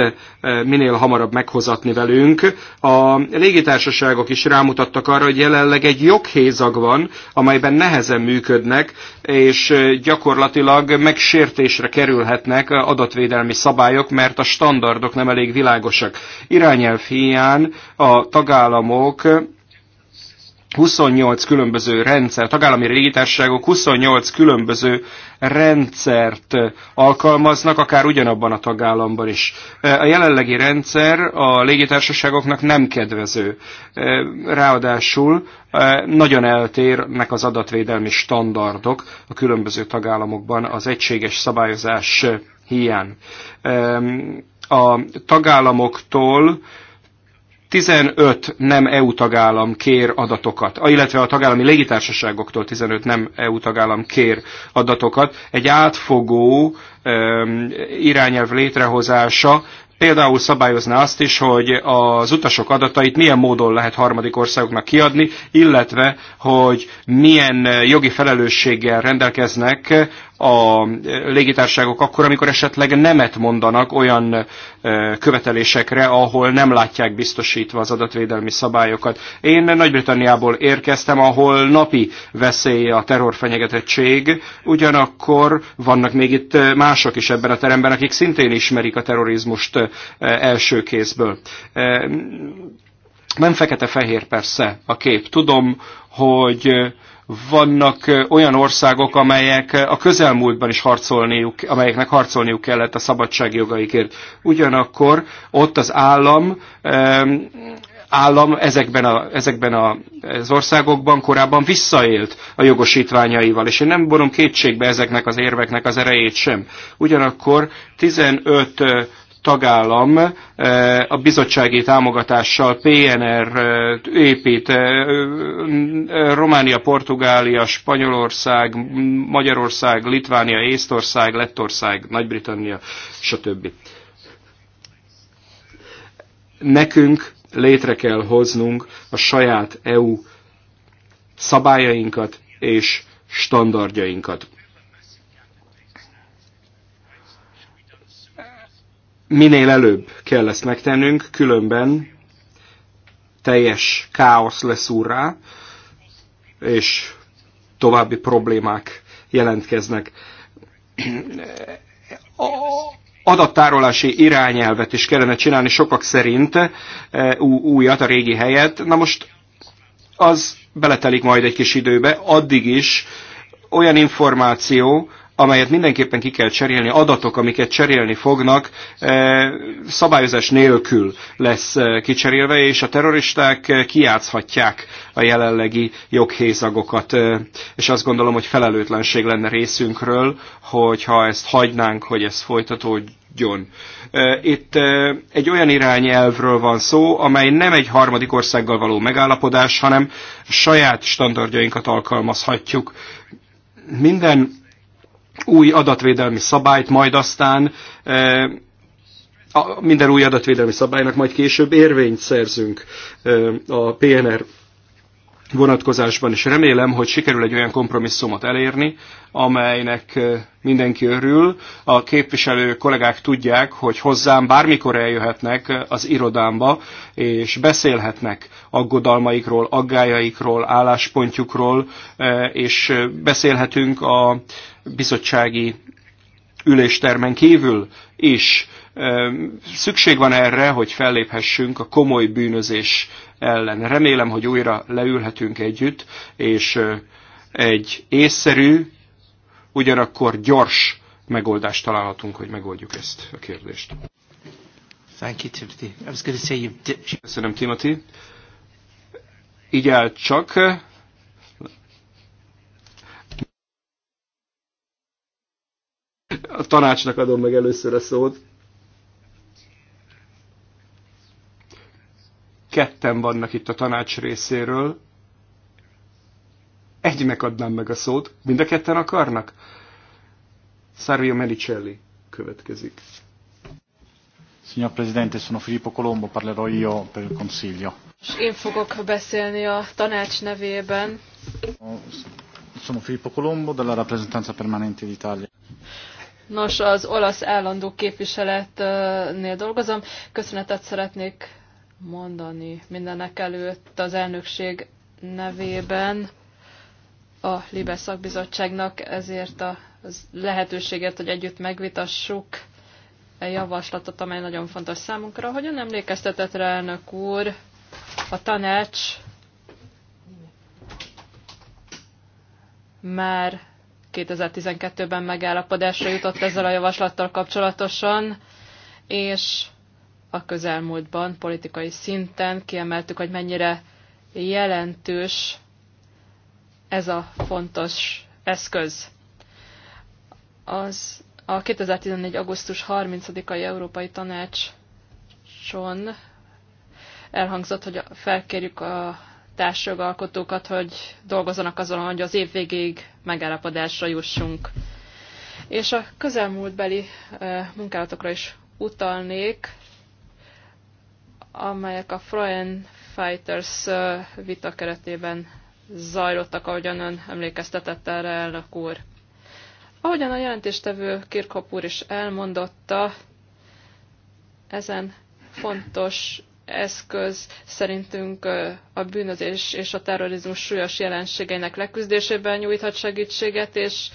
minél hamarabb meghozatni velünk, a légitársaságok is rámutattak arra, hogy jelenleg egy joghézag van, amelyben nehezen működnek, és gyakorlatilag megsértésre kerülhetnek adatvédelmi szabályok, mert a standardok nem elég világosak. Irányelv hiány a tagállamok 28 különböző rendszer, tagállami légitársaságok 28 különböző rendszert eh, alkalmaznak, akár ugyanabban a tagállamban is. Eh, a jelenlegi rendszer a légitársaságoknak nem kedvező. Eh, ráadásul nagyon eltérnek az adatvédelmi standardok a különböző tagállamokban az egységes szabályozás hiány. A tagállamoktól 15 nem EU tagállam kér adatokat, illetve a tagállami légitársaságoktól 15 nem EU tagállam kér adatokat. Egy átfogó um, irányelv létrehozása például szabályozná azt is, hogy az utasok adatait milyen módon lehet harmadik országoknak kiadni, illetve hogy milyen jogi felelősséggel rendelkeznek a légitárságok akkor, amikor esetleg nemet mondanak olyan követelésekre, ahol nem látják biztosítva az adatvédelmi szabályokat. Én Nagy-Britanniából érkeztem, ahol napi veszély a terrorfenyegetettség, ugyanakkor vannak még itt mások is ebben a teremben, akik szintén ismerik a terrorizmust első kézből. Nem fekete-fehér persze a kép. Tudom, hogy vannak olyan országok, amelyek a közelmúltban is harcolniuk, amelyeknek harcolniuk kellett a szabadságjogaikért. Ugyanakkor ott az állam állam ezekben, a, ezekben a, az országokban korábban visszaélt a jogosítványaival, és én nem borom kétségbe ezeknek az érveknek az erejét sem. Ugyanakkor 15 tagállam eh, a bizottsági támogatással PNR eh, épít. Eh, Románia, Portugália, Spanyolország, Magyarország, Litvánia, Észtország, Lettország, Nagy-Britannia, stb. Nekünk létre kell hoznunk a saját EU szabályainkat és standardjainkat. minél előbb kell ezt megtennünk, különben teljes káosz lesz úrrá, és további problémák jelentkeznek. A adattárolási irányelvet is kellene csinálni sokak szerint e, újat a régi helyet. Na most az beletelik majd egy kis időbe, addig is olyan információ, amelyet mindenképpen ki kell cserélni, adatok, amiket cserélni fognak, e, szabályozás nélkül lesz e, kicserélve, és a terroristák e, kiátszhatják a jelenlegi joghézagokat. És azt gondolom, hogy felelőtlenség lenne részünkről, hogyha ezt hagynánk, hogy ez folytatódjon Itt egy olyan irányelvről van szó, amely nem egy harmadik országgal való megállapodás, hanem saját standardjainkat alkalmazhatjuk. Minden új adatvédelmi szabályt, majd aztán e, a minden új adatvédelmi szabálynak majd később érvényt szerzünk e, a PNR vonatkozásban, és remélem, hogy sikerül egy olyan kompromisszumot elérni, amelynek e, mindenki örül. A képviselő kollégák tudják, hogy hozzám bármikor eljöhetnek az irodámba, és beszélhetnek aggodalmaikról, aggájaikról, álláspontjukról, és beszélhetünk a bizottsági üléstermen kívül is szükség van erre, hogy felléphessünk a komoly bűnözés ellen. Remélem, hogy újra leülhetünk együtt, és egy észszerű, ugyanakkor gyors megoldást találhatunk, hogy megoldjuk ezt a kérdést. Thank you, Timothy. I was going to say you Köszönöm, Timothy. Így csak A tanácsnak adom meg először a szót. Ketten vannak itt a tanács részéről. Egynek adnám meg a szót. Mind a ketten akarnak? Sarvio Melicelli következik. Signor Presidente, sono Filippo Colombo, parlerò io per il Consiglio. Én fogok beszélni a tanács nevében. Sono Filippo Colombo, della rappresentanza permanente d'Italia. Nos, az olasz állandó képviseletnél dolgozom. Köszönetet szeretnék mondani mindenek előtt az elnökség nevében a Libe szakbizottságnak ezért a lehetőséget, hogy együtt megvitassuk e javaslatot, amely nagyon fontos számunkra. Hogyan emlékeztetett rá elnök úr, a tanács már 2012-ben megállapodásra jutott ezzel a javaslattal kapcsolatosan, és a közelmúltban politikai szinten kiemeltük, hogy mennyire jelentős ez a fontos eszköz. Az a 2014. augusztus 30-ai Európai Tanácson elhangzott, hogy felkérjük a társjogalkotókat, hogy dolgozzanak azon, hogy az év végéig megállapodásra jussunk. És a közelmúltbeli munkálatokra is utalnék, amelyek a Freuen Fighters vita keretében zajlottak, ahogyan ön emlékeztetett erre elnök úr. Ahogyan a jelentéstevő Kirkhop úr is elmondotta, ezen fontos eszköz szerintünk a bűnözés és a terrorizmus súlyos jelenségeinek leküzdésében nyújthat segítséget, és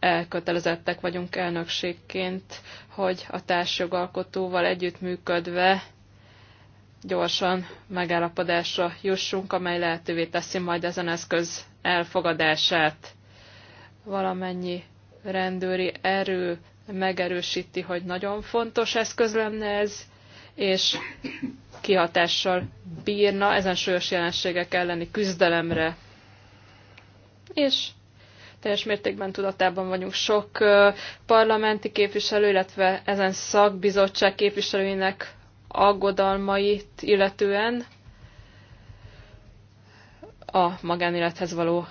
elkötelezettek vagyunk elnökségként, hogy a társjogalkotóval együttműködve gyorsan megállapodásra jussunk, amely lehetővé teszi majd ezen eszköz elfogadását. Valamennyi rendőri erő megerősíti, hogy nagyon fontos eszköz lenne ez, és kihatással bírna ezen súlyos jelenségek elleni küzdelemre. És teljes mértékben tudatában vagyunk sok parlamenti képviselő, illetve ezen szakbizottság képviselőinek aggodalmait illetően a magánélethez való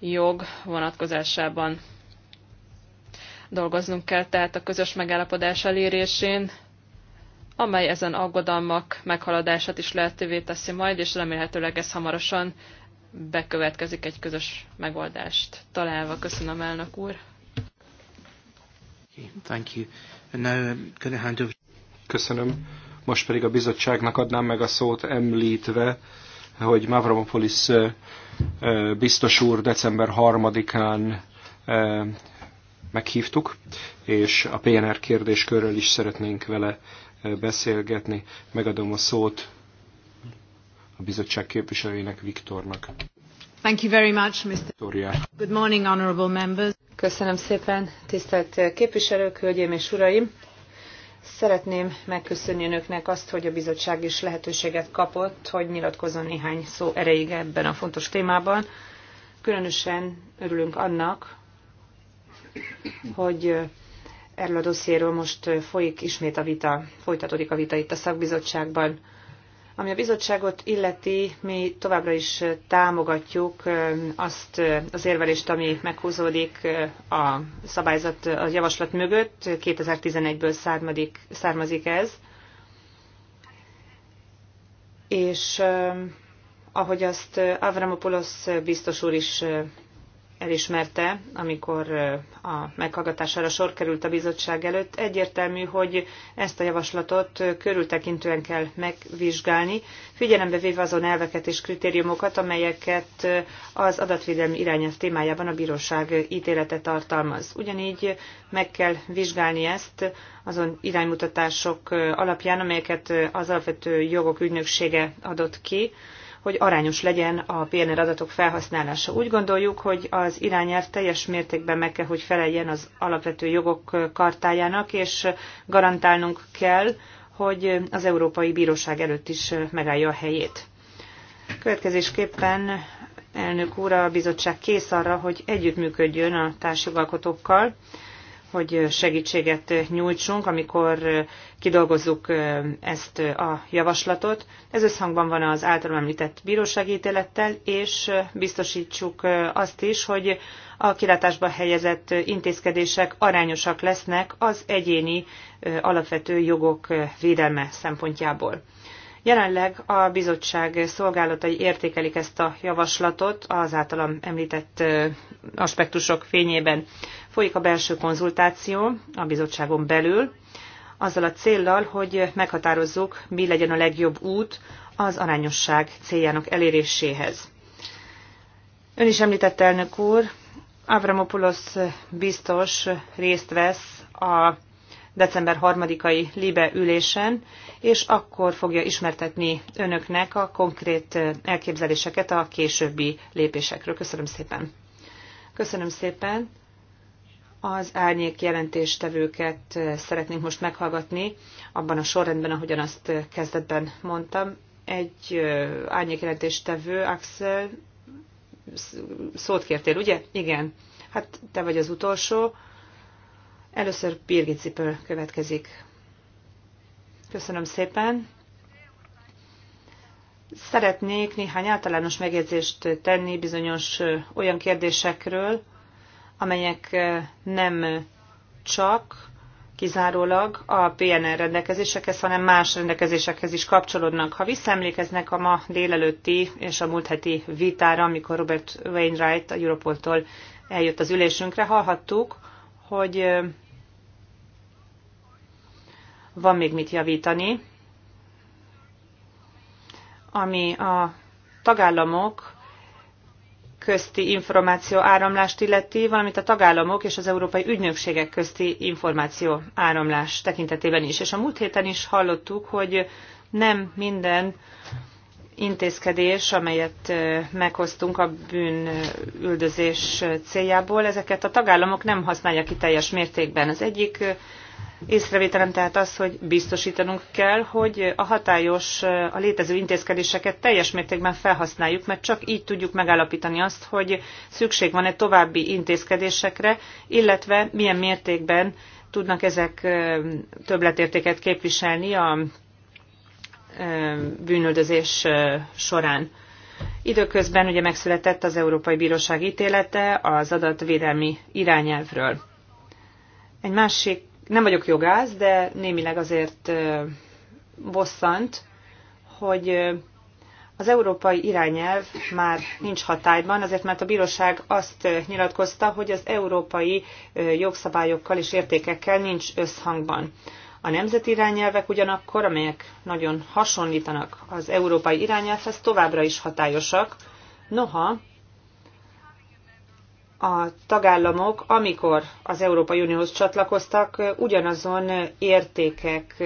jog vonatkozásában. Dolgoznunk kell tehát a közös megállapodás elérésén, amely ezen aggodalmak meghaladását is lehetővé teszi majd, és remélhetőleg ez hamarosan bekövetkezik egy közös megoldást találva. Köszönöm, elnök úr. Thank you. now I'm um, hand over... Köszönöm. Most pedig a bizottságnak adnám meg a szót említve, hogy Mavropolis biztos úr december 3-án meghívtuk, és a PNR kérdéskörről is szeretnénk vele beszélgetni. Megadom a szót a bizottság képviselőjének, Viktornak. Thank you very much, Mr. Victoria. Good morning, honorable members. Köszönöm szépen, tisztelt képviselők, hölgyeim és uraim! Szeretném megköszönni önöknek azt, hogy a bizottság is lehetőséget kapott, hogy nyilatkozzon néhány szó erejéig ebben a fontos témában. Különösen örülünk annak, hogy Erről a dossziéről most folyik ismét a vita, folytatódik a vita itt a szakbizottságban. Ami a bizottságot illeti, mi továbbra is támogatjuk azt az érvelést, ami meghúzódik a szabályzat, a javaslat mögött. 2011-ből származik, származik ez. És ahogy azt Avramopoulos biztos úr is elismerte, amikor a meghallgatására sor került a bizottság előtt, egyértelmű, hogy ezt a javaslatot körültekintően kell megvizsgálni, figyelembe véve azon elveket és kritériumokat, amelyeket az adatvédelmi irányelv témájában a bíróság ítélete tartalmaz. Ugyanígy meg kell vizsgálni ezt azon iránymutatások alapján, amelyeket az alapvető jogok ügynöksége adott ki, hogy arányos legyen a PNR adatok felhasználása. Úgy gondoljuk, hogy az irányelv teljes mértékben meg kell, hogy feleljen az alapvető jogok kartájának, és garantálnunk kell, hogy az Európai Bíróság előtt is megállja a helyét. Következésképpen elnök úr, a bizottság kész arra, hogy együttműködjön a társjogalkotókkal, hogy segítséget nyújtsunk, amikor kidolgozzuk ezt a javaslatot. Ez összhangban van az általam említett bírósági ítélettel, és biztosítsuk azt is, hogy a kilátásba helyezett intézkedések arányosak lesznek az egyéni alapvető jogok védelme szempontjából. Jelenleg a bizottság szolgálatai értékelik ezt a javaslatot az általam említett aspektusok fényében. Folyik a belső konzultáció a bizottságon belül, azzal a céllal, hogy meghatározzuk, mi legyen a legjobb út az arányosság céljának eléréséhez. Ön is említette, elnök úr, Avramopoulos biztos részt vesz a december 3-ai LIBE ülésen, és akkor fogja ismertetni önöknek a konkrét elképzeléseket a későbbi lépésekről. Köszönöm szépen! Köszönöm szépen! Az árnyék jelentéstevőket szeretnénk most meghallgatni, abban a sorrendben, ahogyan azt kezdetben mondtam. Egy árnyék jelentéstevő, Axel, szót kértél, ugye? Igen. Hát te vagy az utolsó. Először Birgit Cipel következik. Köszönöm szépen. Szeretnék néhány általános megjegyzést tenni bizonyos olyan kérdésekről, amelyek nem csak kizárólag a PNR rendelkezésekhez, hanem más rendelkezésekhez is kapcsolódnak. Ha visszaemlékeznek a ma délelőtti és a múlt heti vitára, amikor Robert Wainwright a Europoltól eljött az ülésünkre, hallhattuk, hogy van még mit javítani, ami a tagállamok közti információ áramlást illeti, valamint a tagállamok és az európai ügynökségek közti információ áramlás tekintetében is. És a múlt héten is hallottuk, hogy nem minden intézkedés, amelyet meghoztunk a bűnüldözés céljából, ezeket a tagállamok nem használják ki teljes mértékben. Az egyik Észrevételem tehát az, hogy biztosítanunk kell, hogy a hatályos, a létező intézkedéseket teljes mértékben felhasználjuk, mert csak így tudjuk megállapítani azt, hogy szükség van-e további intézkedésekre, illetve milyen mértékben tudnak ezek többletértéket képviselni a bűnöldözés során. Időközben ugye megszületett az Európai Bíróság ítélete az adatvédelmi irányelvről. Egy másik nem vagyok jogász, de némileg azért bosszant, hogy az európai irányelv már nincs hatályban, azért mert a bíróság azt nyilatkozta, hogy az európai jogszabályokkal és értékekkel nincs összhangban. A nemzeti irányelvek ugyanakkor, amelyek nagyon hasonlítanak az európai irányelvhez, továbbra is hatályosak, noha a tagállamok, amikor az Európai Unióhoz csatlakoztak, ugyanazon értékek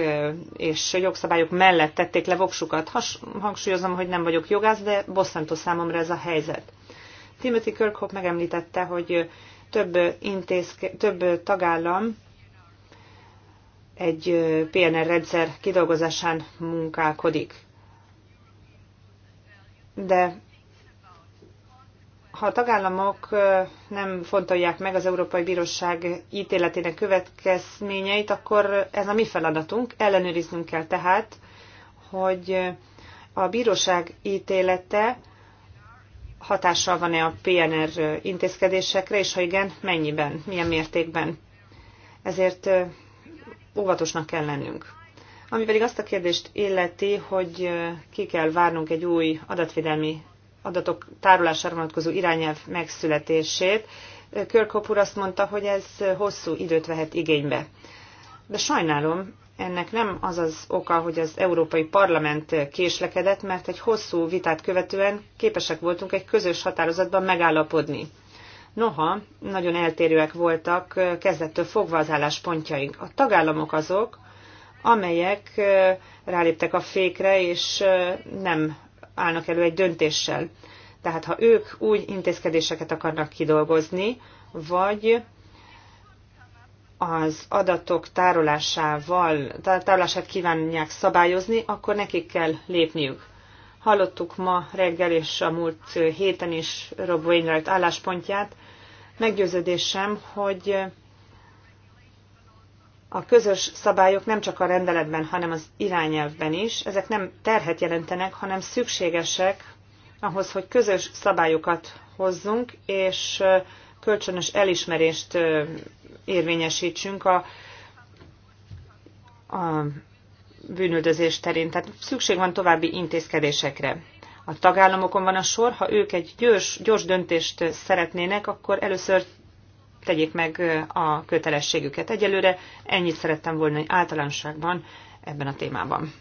és jogszabályok mellett tették le voksukat. Has, hangsúlyozom, hogy nem vagyok jogász, de bosszantó számomra ez a helyzet. Timothy Kirkhope megemlítette, hogy több, intézke, több tagállam egy PNR rendszer kidolgozásán munkálkodik. De ha a tagállamok nem fontolják meg az Európai Bíróság ítéletének következményeit, akkor ez a mi feladatunk, ellenőriznünk kell tehát, hogy a bíróság ítélete hatással van-e a PNR intézkedésekre, és ha igen, mennyiben, milyen mértékben. Ezért óvatosnak kell lennünk. Ami pedig azt a kérdést illeti, hogy ki kell várnunk egy új adatvédelmi adatok tárolására vonatkozó irányelv megszületését. Körkop úr azt mondta, hogy ez hosszú időt vehet igénybe. De sajnálom, ennek nem az az oka, hogy az Európai Parlament késlekedett, mert egy hosszú vitát követően képesek voltunk egy közös határozatban megállapodni. Noha, nagyon eltérőek voltak eh, kezdettől fogva az álláspontjaink. A tagállamok azok, amelyek eh, ráléptek a fékre, és eh, nem állnak elő egy döntéssel. Tehát ha ők új intézkedéseket akarnak kidolgozni, vagy az adatok tárolásával, tárolását kívánják szabályozni, akkor nekik kell lépniük. Hallottuk ma reggel és a múlt héten is Rob Wainwright álláspontját. Meggyőződésem, hogy a közös szabályok nem csak a rendeletben, hanem az irányelvben is, ezek nem terhet jelentenek, hanem szükségesek ahhoz, hogy közös szabályokat hozzunk, és kölcsönös elismerést érvényesítsünk a, a bűnöldözés terén. Tehát szükség van további intézkedésekre. A tagállamokon van a sor, ha ők egy gyors, gyors döntést szeretnének, akkor először tegyék meg a kötelességüket. Egyelőre ennyit szerettem volna általánosságban ebben a témában.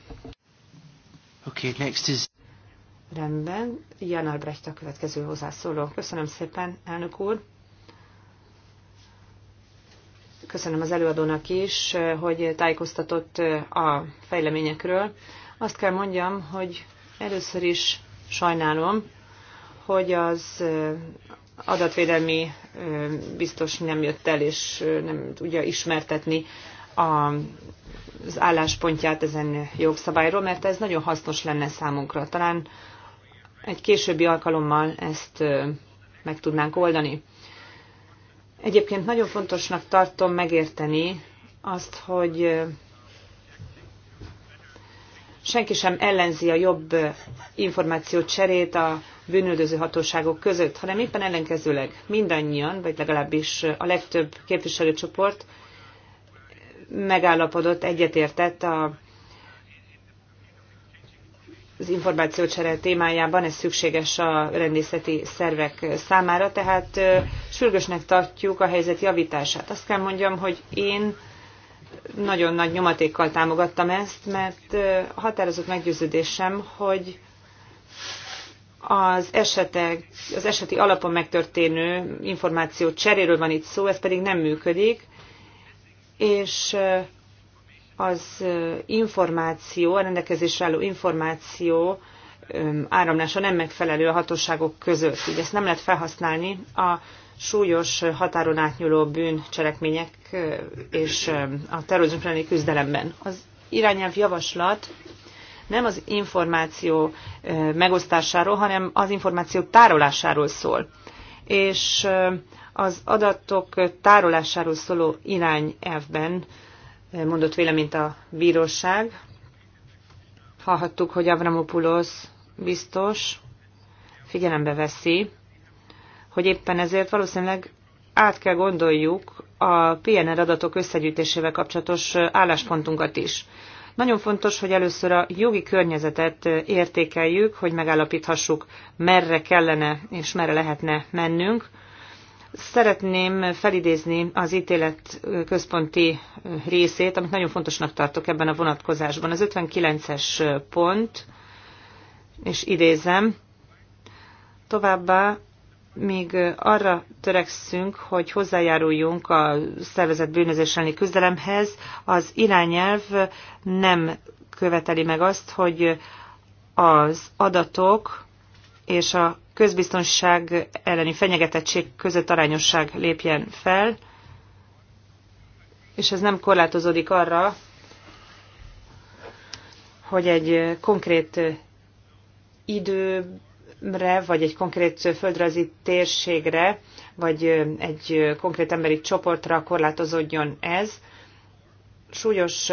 Okay, next is... Rendben. Jan Albrecht a következő hozzászóló. Köszönöm szépen, elnök úr. Köszönöm az előadónak is, hogy tájékoztatott a fejleményekről. Azt kell mondjam, hogy először is sajnálom, hogy az adatvédelmi biztos nem jött el, és nem tudja ismertetni a az álláspontját ezen jogszabályról, mert ez nagyon hasznos lenne számunkra. Talán egy későbbi alkalommal ezt meg tudnánk oldani. Egyébként nagyon fontosnak tartom megérteni azt, hogy senki sem ellenzi a jobb információt cserét, a bűnöldöző hatóságok között, hanem éppen ellenkezőleg mindannyian, vagy legalábbis a legtöbb képviselőcsoport megállapodott, egyetértett a, az információcsere témájában, ez szükséges a rendészeti szervek számára, tehát sürgősnek tartjuk a helyzet javítását. Azt kell mondjam, hogy én nagyon nagy nyomatékkal támogattam ezt, mert határozott meggyőződésem, hogy az, esetek, az eseti alapon megtörténő információ cseréről van itt szó, ez pedig nem működik, és az információ, a rendelkezésre álló információ áramlása nem megfelelő a hatóságok között, így ezt nem lehet felhasználni a súlyos határon átnyúló bűncselekmények és a terrorizmus elleni küzdelemben. Az irányelv javaslat nem az információ megosztásáról, hanem az információ tárolásáról szól. És az adatok tárolásáról szóló irányelvben mondott véleményt a bíróság. Hallhattuk, hogy Avramopoulos biztos figyelembe veszi, hogy éppen ezért valószínűleg át kell gondoljuk a PNR adatok összegyűjtésével kapcsolatos álláspontunkat is. Nagyon fontos, hogy először a jogi környezetet értékeljük, hogy megállapíthassuk, merre kellene és merre lehetne mennünk. Szeretném felidézni az ítélet központi részét, amit nagyon fontosnak tartok ebben a vonatkozásban. Az 59-es pont, és idézem, továbbá még arra törekszünk, hogy hozzájáruljunk a szervezett bűnözés elleni küzdelemhez, az irányelv nem követeli meg azt, hogy az adatok és a közbiztonság elleni fenyegetettség között arányosság lépjen fel, és ez nem korlátozódik arra, hogy egy konkrét idő területre, vagy egy konkrét földrajzi térségre, vagy egy konkrét emberi csoportra korlátozódjon ez. Súlyos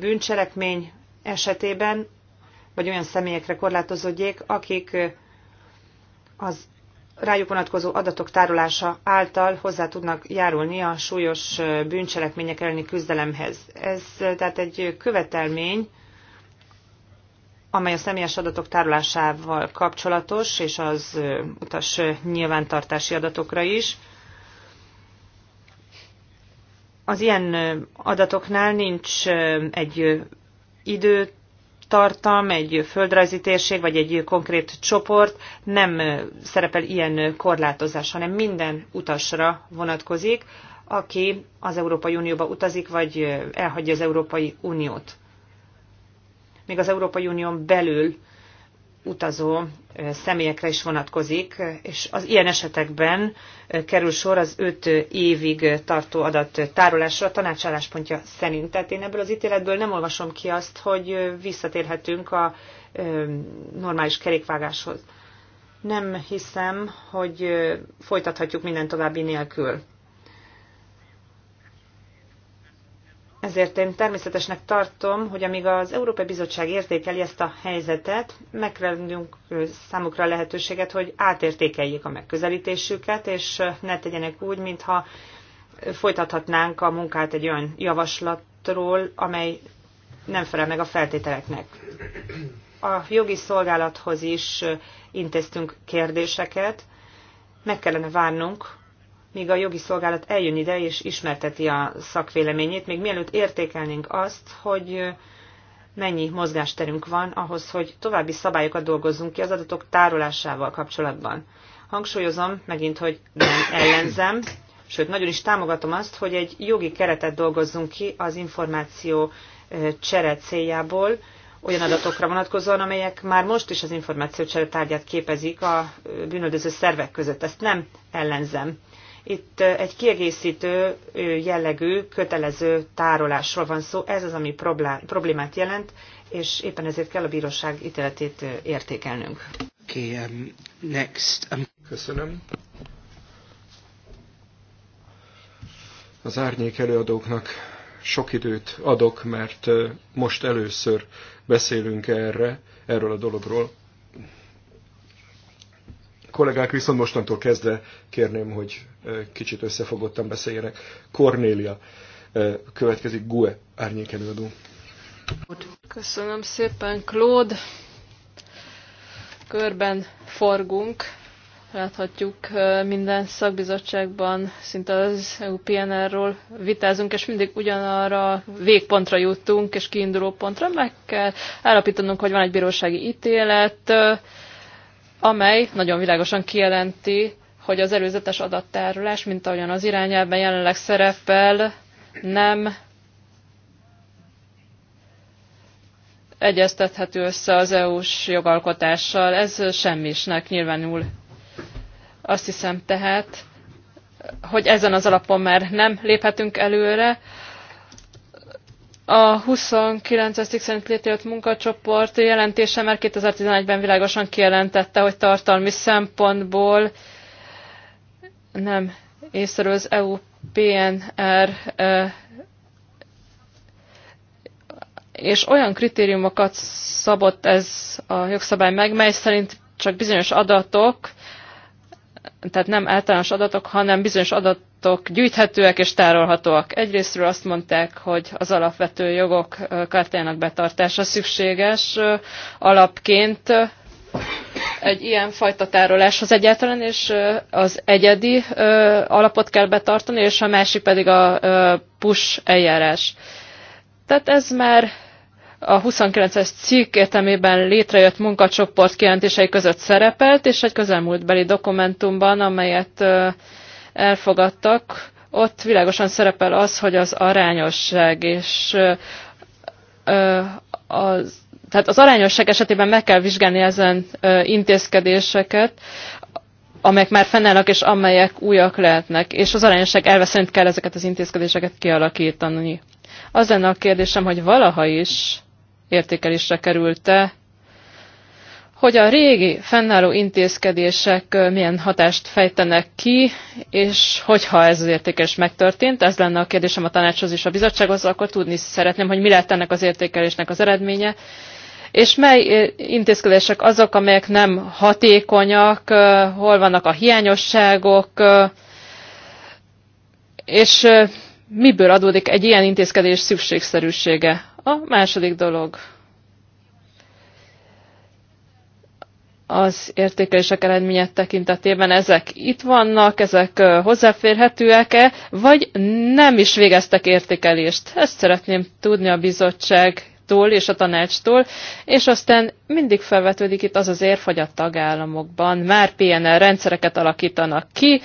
bűncselekmény esetében, vagy olyan személyekre korlátozódjék, akik az rájuk vonatkozó adatok tárolása által hozzá tudnak járulni a súlyos bűncselekmények elleni küzdelemhez. Ez tehát egy követelmény, amely a személyes adatok tárolásával kapcsolatos, és az utas nyilvántartási adatokra is. Az ilyen adatoknál nincs egy idő tartam, egy földrajzi térség, vagy egy konkrét csoport nem szerepel ilyen korlátozás, hanem minden utasra vonatkozik, aki az Európai Unióba utazik, vagy elhagyja az Európai Uniót még az Európai Unión belül utazó személyekre is vonatkozik, és az ilyen esetekben kerül sor az 5 évig tartó adat tárolásra a tanácsálláspontja szerint. Tehát én ebből az ítéletből nem olvasom ki azt, hogy visszatérhetünk a normális kerékvágáshoz. Nem hiszem, hogy folytathatjuk minden további nélkül. Ezért én természetesnek tartom, hogy amíg az Európai Bizottság értékeli ezt a helyzetet, megrendünk számukra a lehetőséget, hogy átértékeljék a megközelítésüket, és ne tegyenek úgy, mintha folytathatnánk a munkát egy olyan javaslatról, amely nem felel meg a feltételeknek. A jogi szolgálathoz is intéztünk kérdéseket, meg kellene várnunk, míg a jogi szolgálat eljön ide és ismerteti a szakvéleményét, még mielőtt értékelnénk azt, hogy mennyi mozgásterünk van ahhoz, hogy további szabályokat dolgozzunk ki az adatok tárolásával kapcsolatban. Hangsúlyozom megint, hogy nem ellenzem, sőt nagyon is támogatom azt, hogy egy jogi keretet dolgozzunk ki az információ csere céljából, olyan adatokra vonatkozóan, amelyek már most is az információcsere tárgyát képezik a bűnöldöző szervek között. Ezt nem ellenzem. Itt egy kiegészítő jellegű, kötelező tárolásról van szó. Ez az, ami problémát jelent, és éppen ezért kell a bíróság ítéletét értékelnünk. Okay, um, next. Um... Köszönöm. Az árnyék előadóknak sok időt adok, mert most először beszélünk erre, erről a dologról kollégák viszont mostantól kezdve kérném, hogy kicsit összefogottan beszéljenek. Kornélia következik, GUE árnyék előadó. Köszönöm szépen, Claude. Körben forgunk, láthatjuk minden szakbizottságban, szinte az EU PNR-ról vitázunk, és mindig ugyanarra a végpontra jutunk, és kiinduló pontra meg kell állapítanunk, hogy van egy bírósági ítélet, amely nagyon világosan kijelenti, hogy az előzetes adattárolás, mint ahogyan az irányelben jelenleg szerepel, nem egyeztethető össze az EU-s jogalkotással. Ez semmisnek nyilvánul. Azt hiszem tehát, hogy ezen az alapon már nem léphetünk előre. A 29-es létrejött munkacsoport jelentése már 2011-ben világosan kijelentette, hogy tartalmi szempontból nem észre az EU PNR és olyan kritériumokat szabott ez a jogszabály meg, mely szerint csak bizonyos adatok, tehát nem általános adatok, hanem bizonyos adatok gyűjthetőek és tárolhatóak. Egyrésztről azt mondták, hogy az alapvető jogok kártyának betartása szükséges alapként egy ilyen fajta tároláshoz egyáltalán, és az egyedi alapot kell betartani, és a másik pedig a push eljárás. Tehát ez már a 29-es cikk értelmében létrejött munkacsoport kijelentései között szerepelt, és egy közelmúltbeli dokumentumban, amelyet elfogadtak, ott világosan szerepel az, hogy az arányosság és az, tehát az arányosság esetében meg kell vizsgálni ezen intézkedéseket, amelyek már fennállnak, és amelyek újak lehetnek, és az arányosság elve szerint kell ezeket az intézkedéseket kialakítani. Az lenne a kérdésem, hogy valaha is értékelésre került-e, hogy a régi fennálló intézkedések milyen hatást fejtenek ki, és hogyha ez az értékelés megtörtént, ez lenne a kérdésem a tanácshoz és a bizottsághoz, akkor tudni szeretném, hogy mi lett ennek az értékelésnek az eredménye, és mely intézkedések azok, amelyek nem hatékonyak, hol vannak a hiányosságok, és miből adódik egy ilyen intézkedés szükségszerűsége. A második dolog az értékelések eredménye tekintetében ezek itt vannak, ezek hozzáférhetőek-e, vagy nem is végeztek értékelést. Ezt szeretném tudni a bizottságtól és a tanácstól, és aztán mindig felvetődik itt az az érv, hogy a tagállamokban már PNL rendszereket alakítanak ki,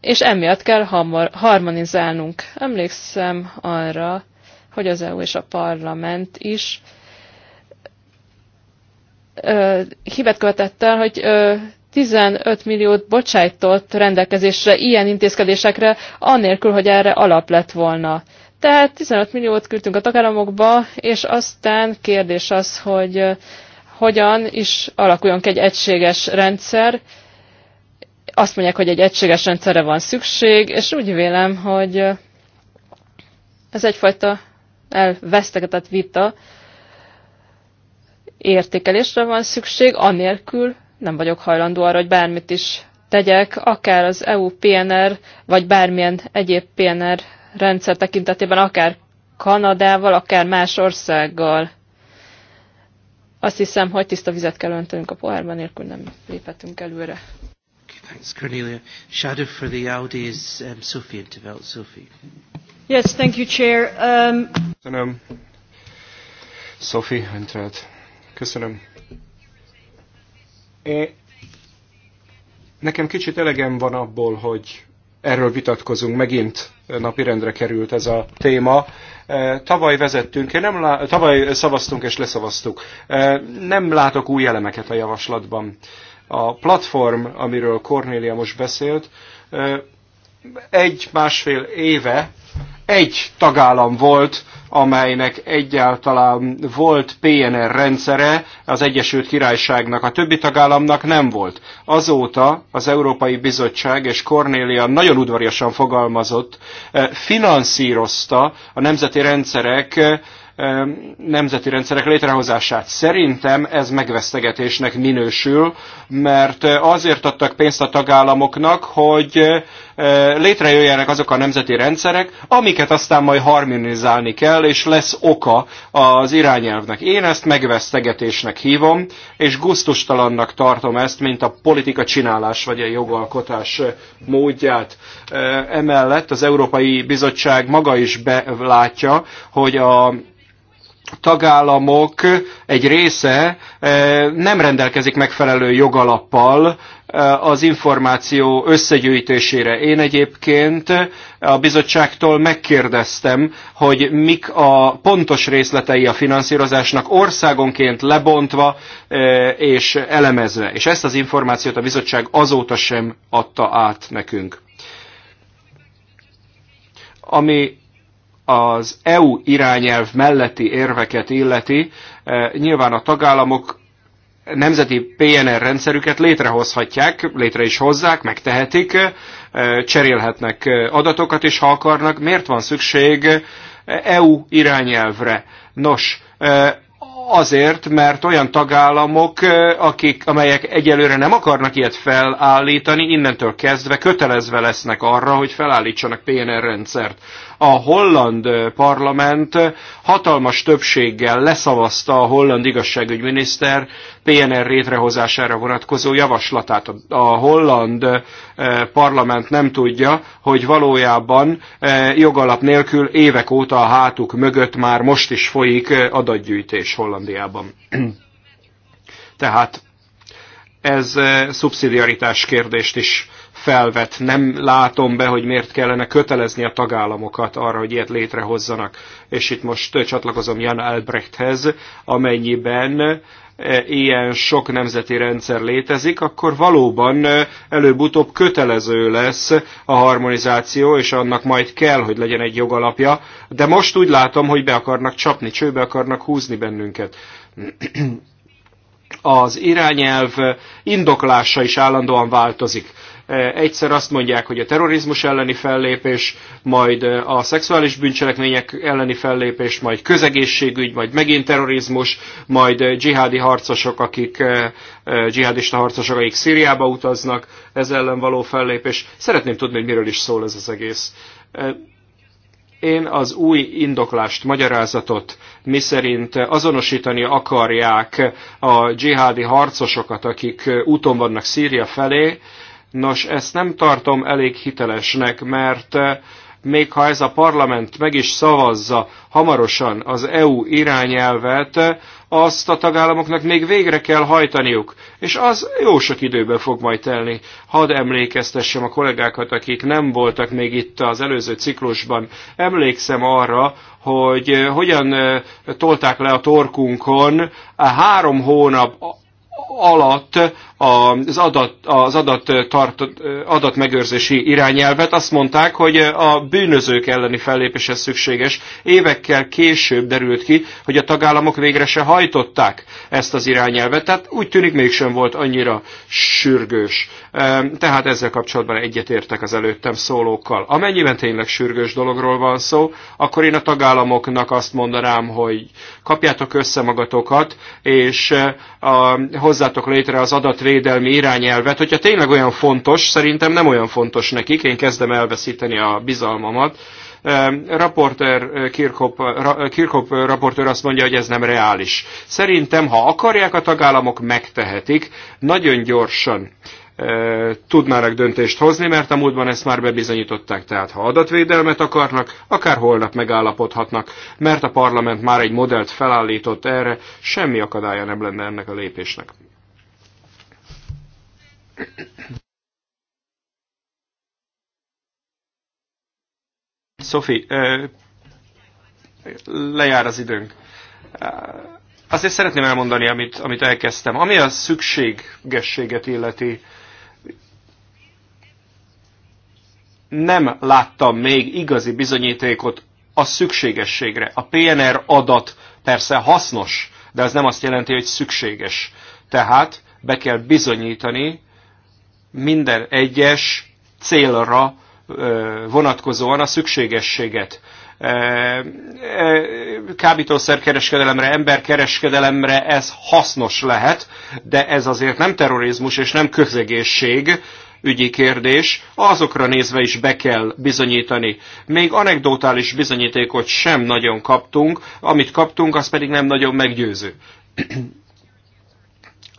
és emiatt kell harmonizálnunk. Emlékszem arra, hogy az EU és a parlament is ö, hibet követett el, hogy ö, 15 milliót bocsájtott rendelkezésre ilyen intézkedésekre, anélkül, hogy erre alap lett volna. Tehát 15 milliót küldtünk a tagállamokba, és aztán kérdés az, hogy hogyan is alakuljon ki egy egységes rendszer. Azt mondják, hogy egy egységes rendszerre van szükség, és úgy vélem, hogy ez egyfajta elvesztegetett vita értékelésre van szükség, anélkül nem vagyok hajlandó arra, hogy bármit is tegyek, akár az EU PNR, vagy bármilyen egyéb PNR rendszer tekintetében, akár Kanadával, akár más országgal. Azt hiszem, hogy tiszta vizet kell öntenünk a pohárban, nélkül nem léphetünk előre. Okay, thanks, Cornelia. Shadow for the Audi is um, Sophie Intervelt. Sophie. Yes, thank you, Chair. Um... Köszönöm. Sophie Entrát. Köszönöm. É, nekem kicsit elegem van abból, hogy erről vitatkozunk, megint napirendre került ez a téma. Tavaly vezettünk, nem lá... tavaly szavaztunk és leszavaztuk. Nem látok új elemeket a javaslatban. A platform, amiről Cornélia most beszélt, egy-másfél éve egy tagállam volt, amelynek egyáltalán volt PNR rendszere, az Egyesült Királyságnak, a többi tagállamnak nem volt. Azóta az Európai Bizottság és Cornélia nagyon udvariasan fogalmazott, eh, finanszírozta a nemzeti rendszerek eh, nemzeti rendszerek létrehozását. Szerintem ez megvesztegetésnek minősül, mert eh, azért adtak pénzt a tagállamoknak, hogy létrejöjjenek azok a nemzeti rendszerek, amiket aztán majd harmonizálni kell, és lesz oka az irányelvnek. Én ezt megvesztegetésnek hívom, és guztustalannak tartom ezt, mint a politika csinálás vagy a jogalkotás módját. Emellett az Európai Bizottság maga is belátja, hogy a tagállamok egy része nem rendelkezik megfelelő jogalappal Eh, az információ összegyűjtésére. Én egyébként a bizottságtól megkérdeztem, hogy mik a pontos részletei a finanszírozásnak országonként lebontva eh, és elemezve. És ezt az információt a bizottság azóta sem adta át nekünk. Ami az EU irányelv melletti érveket illeti, eh, nyilván a tagállamok nemzeti PNR rendszerüket létrehozhatják, létre is hozzák, megtehetik, cserélhetnek adatokat is, ha akarnak. Miért van szükség EU irányelvre? Nos, azért, mert olyan tagállamok, akik, amelyek egyelőre nem akarnak ilyet felállítani, innentől kezdve kötelezve lesznek arra, hogy felállítsanak PNR rendszert. A holland parlament hatalmas többséggel leszavazta a holland igazságügyminiszter PNR rétrehozására vonatkozó javaslatát. A holland parlament nem tudja, hogy valójában jogalap nélkül évek óta a hátuk mögött már most is folyik adatgyűjtés Hollandiában. Tehát ez szubszidiaritás kérdést is felvet. Nem látom be, hogy miért kellene kötelezni a tagállamokat arra, hogy ilyet létrehozzanak. És itt most csatlakozom Jan Albrechthez, amennyiben e, ilyen sok nemzeti rendszer létezik, akkor valóban e, előbb-utóbb kötelező lesz a harmonizáció, és annak majd kell, hogy legyen egy jogalapja. De most úgy látom, hogy be akarnak csapni, csőbe akarnak húzni bennünket az irányelv indoklása is állandóan változik. Egyszer azt mondják, hogy a terrorizmus elleni fellépés, majd a szexuális bűncselekmények elleni fellépés, majd közegészségügy, majd megint terrorizmus, majd dzsihádi harcosok, akik dzsihádista harcosok, akik Szíriába utaznak, ez ellen való fellépés. Szeretném tudni, hogy miről is szól ez az egész. Én az új indoklást, magyarázatot, miszerint azonosítani akarják a dzsihádi harcosokat, akik úton vannak Szíria felé, Nos, ezt nem tartom elég hitelesnek, mert eh, még ha ez a parlament meg is szavazza hamarosan az EU irányelvet, eh, azt a tagállamoknak még végre kell hajtaniuk, és az jó sok időbe fog majd telni. Hadd emlékeztessem a kollégákat, akik nem voltak még itt az előző ciklusban. Emlékszem arra, hogy eh, hogyan tolták le a torkunkon a három hónap alatt az, adat, az adat tart, adatmegőrzési irányelvet, azt mondták, hogy a bűnözők elleni fellépéshez szükséges. Évekkel később derült ki, hogy a tagállamok végre se hajtották ezt az irányelvet, tehát úgy tűnik mégsem volt annyira sürgős. Ehm, tehát ezzel kapcsolatban egyetértek az előttem szólókkal. Amennyiben tényleg sürgős dologról van szó, akkor én a tagállamoknak azt mondanám, hogy kapjátok össze magatokat, és ehm, hozzátok létre az adatvédelmi adatvédelmi irányelvet, hogyha tényleg olyan fontos, szerintem nem olyan fontos nekik, én kezdem elveszíteni a bizalmamat. Raporter Kirkop, Kirkop raportőr azt mondja, hogy ez nem reális. Szerintem, ha akarják, a tagállamok megtehetik, nagyon gyorsan tudnának döntést hozni, mert a múltban ezt már bebizonyították. Tehát ha adatvédelmet akarnak, akár holnap megállapodhatnak, mert a parlament már egy modellt felállított erre, semmi akadálya nem lenne ennek a lépésnek. Szofi, lejár az időnk. Azért szeretném elmondani, amit, amit elkezdtem. Ami a szükségességet illeti, nem láttam még igazi bizonyítékot a szükségességre. A PNR adat persze hasznos, de ez nem azt jelenti, hogy szükséges. Tehát be kell bizonyítani, minden egyes célra vonatkozóan a szükségességet kábítószerkereskedelemre, emberkereskedelemre ez hasznos lehet, de ez azért nem terrorizmus és nem közegészség ügyi kérdés, azokra nézve is be kell bizonyítani. Még anekdotális bizonyítékot sem nagyon kaptunk, amit kaptunk, az pedig nem nagyon meggyőző.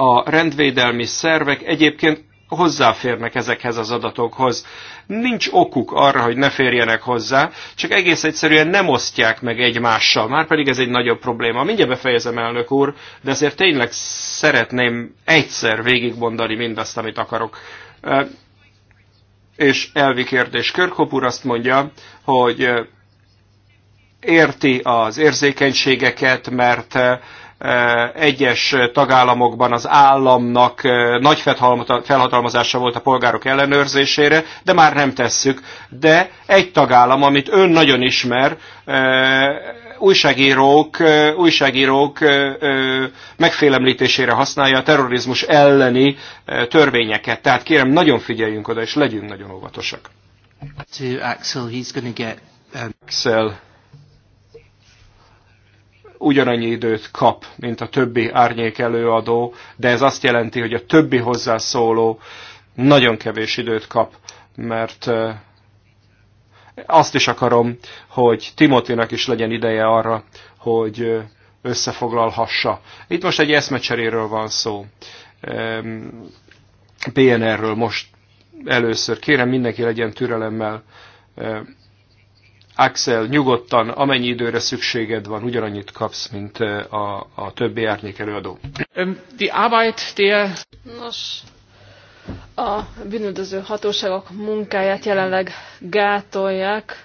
A rendvédelmi szervek egyébként hozzáférnek ezekhez az adatokhoz. Nincs okuk arra, hogy ne férjenek hozzá, csak egész egyszerűen nem osztják meg egymással, már pedig ez egy nagyobb probléma. Mindjárt befejezem, elnök úr, de azért tényleg szeretném egyszer végigmondani mindazt, amit akarok. És elvi kérdés. Körkop úr azt mondja, hogy érti az érzékenységeket, mert egyes tagállamokban az államnak nagy felhatalmazása volt a polgárok ellenőrzésére, de már nem tesszük. De egy tagállam, amit ön nagyon ismer, újságírók, újságírók megfélemlítésére használja a terrorizmus elleni törvényeket. Tehát kérem, nagyon figyeljünk oda, és legyünk nagyon óvatosak. To Axel, he's gonna get, um... Axel ugyanannyi időt kap, mint a többi árnyék előadó, de ez azt jelenti, hogy a többi hozzászóló nagyon kevés időt kap, mert azt is akarom, hogy Timotinak is legyen ideje arra, hogy összefoglalhassa. Itt most egy eszmecseréről van szó. PNR-ről most először. Kérem, mindenki legyen türelemmel. Axel, nyugodtan, amennyi időre szükséged van, ugyanannyit kapsz, mint a, a többi árnyék előadó. Die Arbeit der... Nos, a bűnöldöző hatóságok munkáját jelenleg gátolják,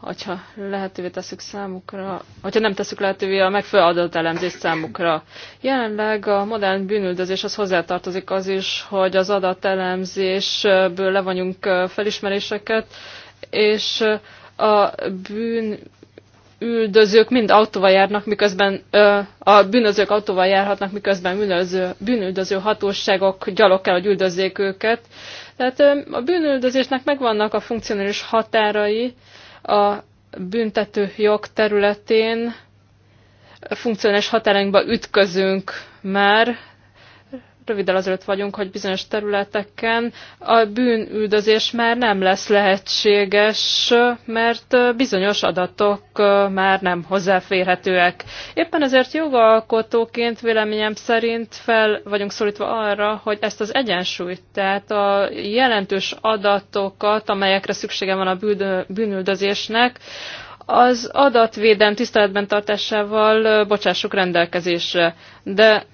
hogyha lehetővé teszük számukra, hogyha nem teszük lehetővé a megfelelő adatelemzés számukra. Jelenleg a modern bűnüldözés az hozzátartozik az is, hogy az adatelemzésből levonjunk felismeréseket, és a bűn üldözők mind autóval járnak, miközben ö, a bűnözők autóval járhatnak, miközben bűnöző, bűnüldöző hatóságok gyalog kell, hogy üldözzék őket. Tehát ö, a bűnüldözésnek megvannak a funkcionális határai a büntető jog területén, funkcionális határainkba ütközünk már, röviddel azelőtt vagyunk, hogy bizonyos területeken a bűnüldözés már nem lesz lehetséges, mert bizonyos adatok már nem hozzáférhetőek. Éppen ezért jogalkotóként véleményem szerint fel vagyunk szólítva arra, hogy ezt az egyensúlyt, tehát a jelentős adatokat, amelyekre szüksége van a bűnüldözésnek, az adatvédelem tiszteletben tartásával bocsássuk rendelkezésre. De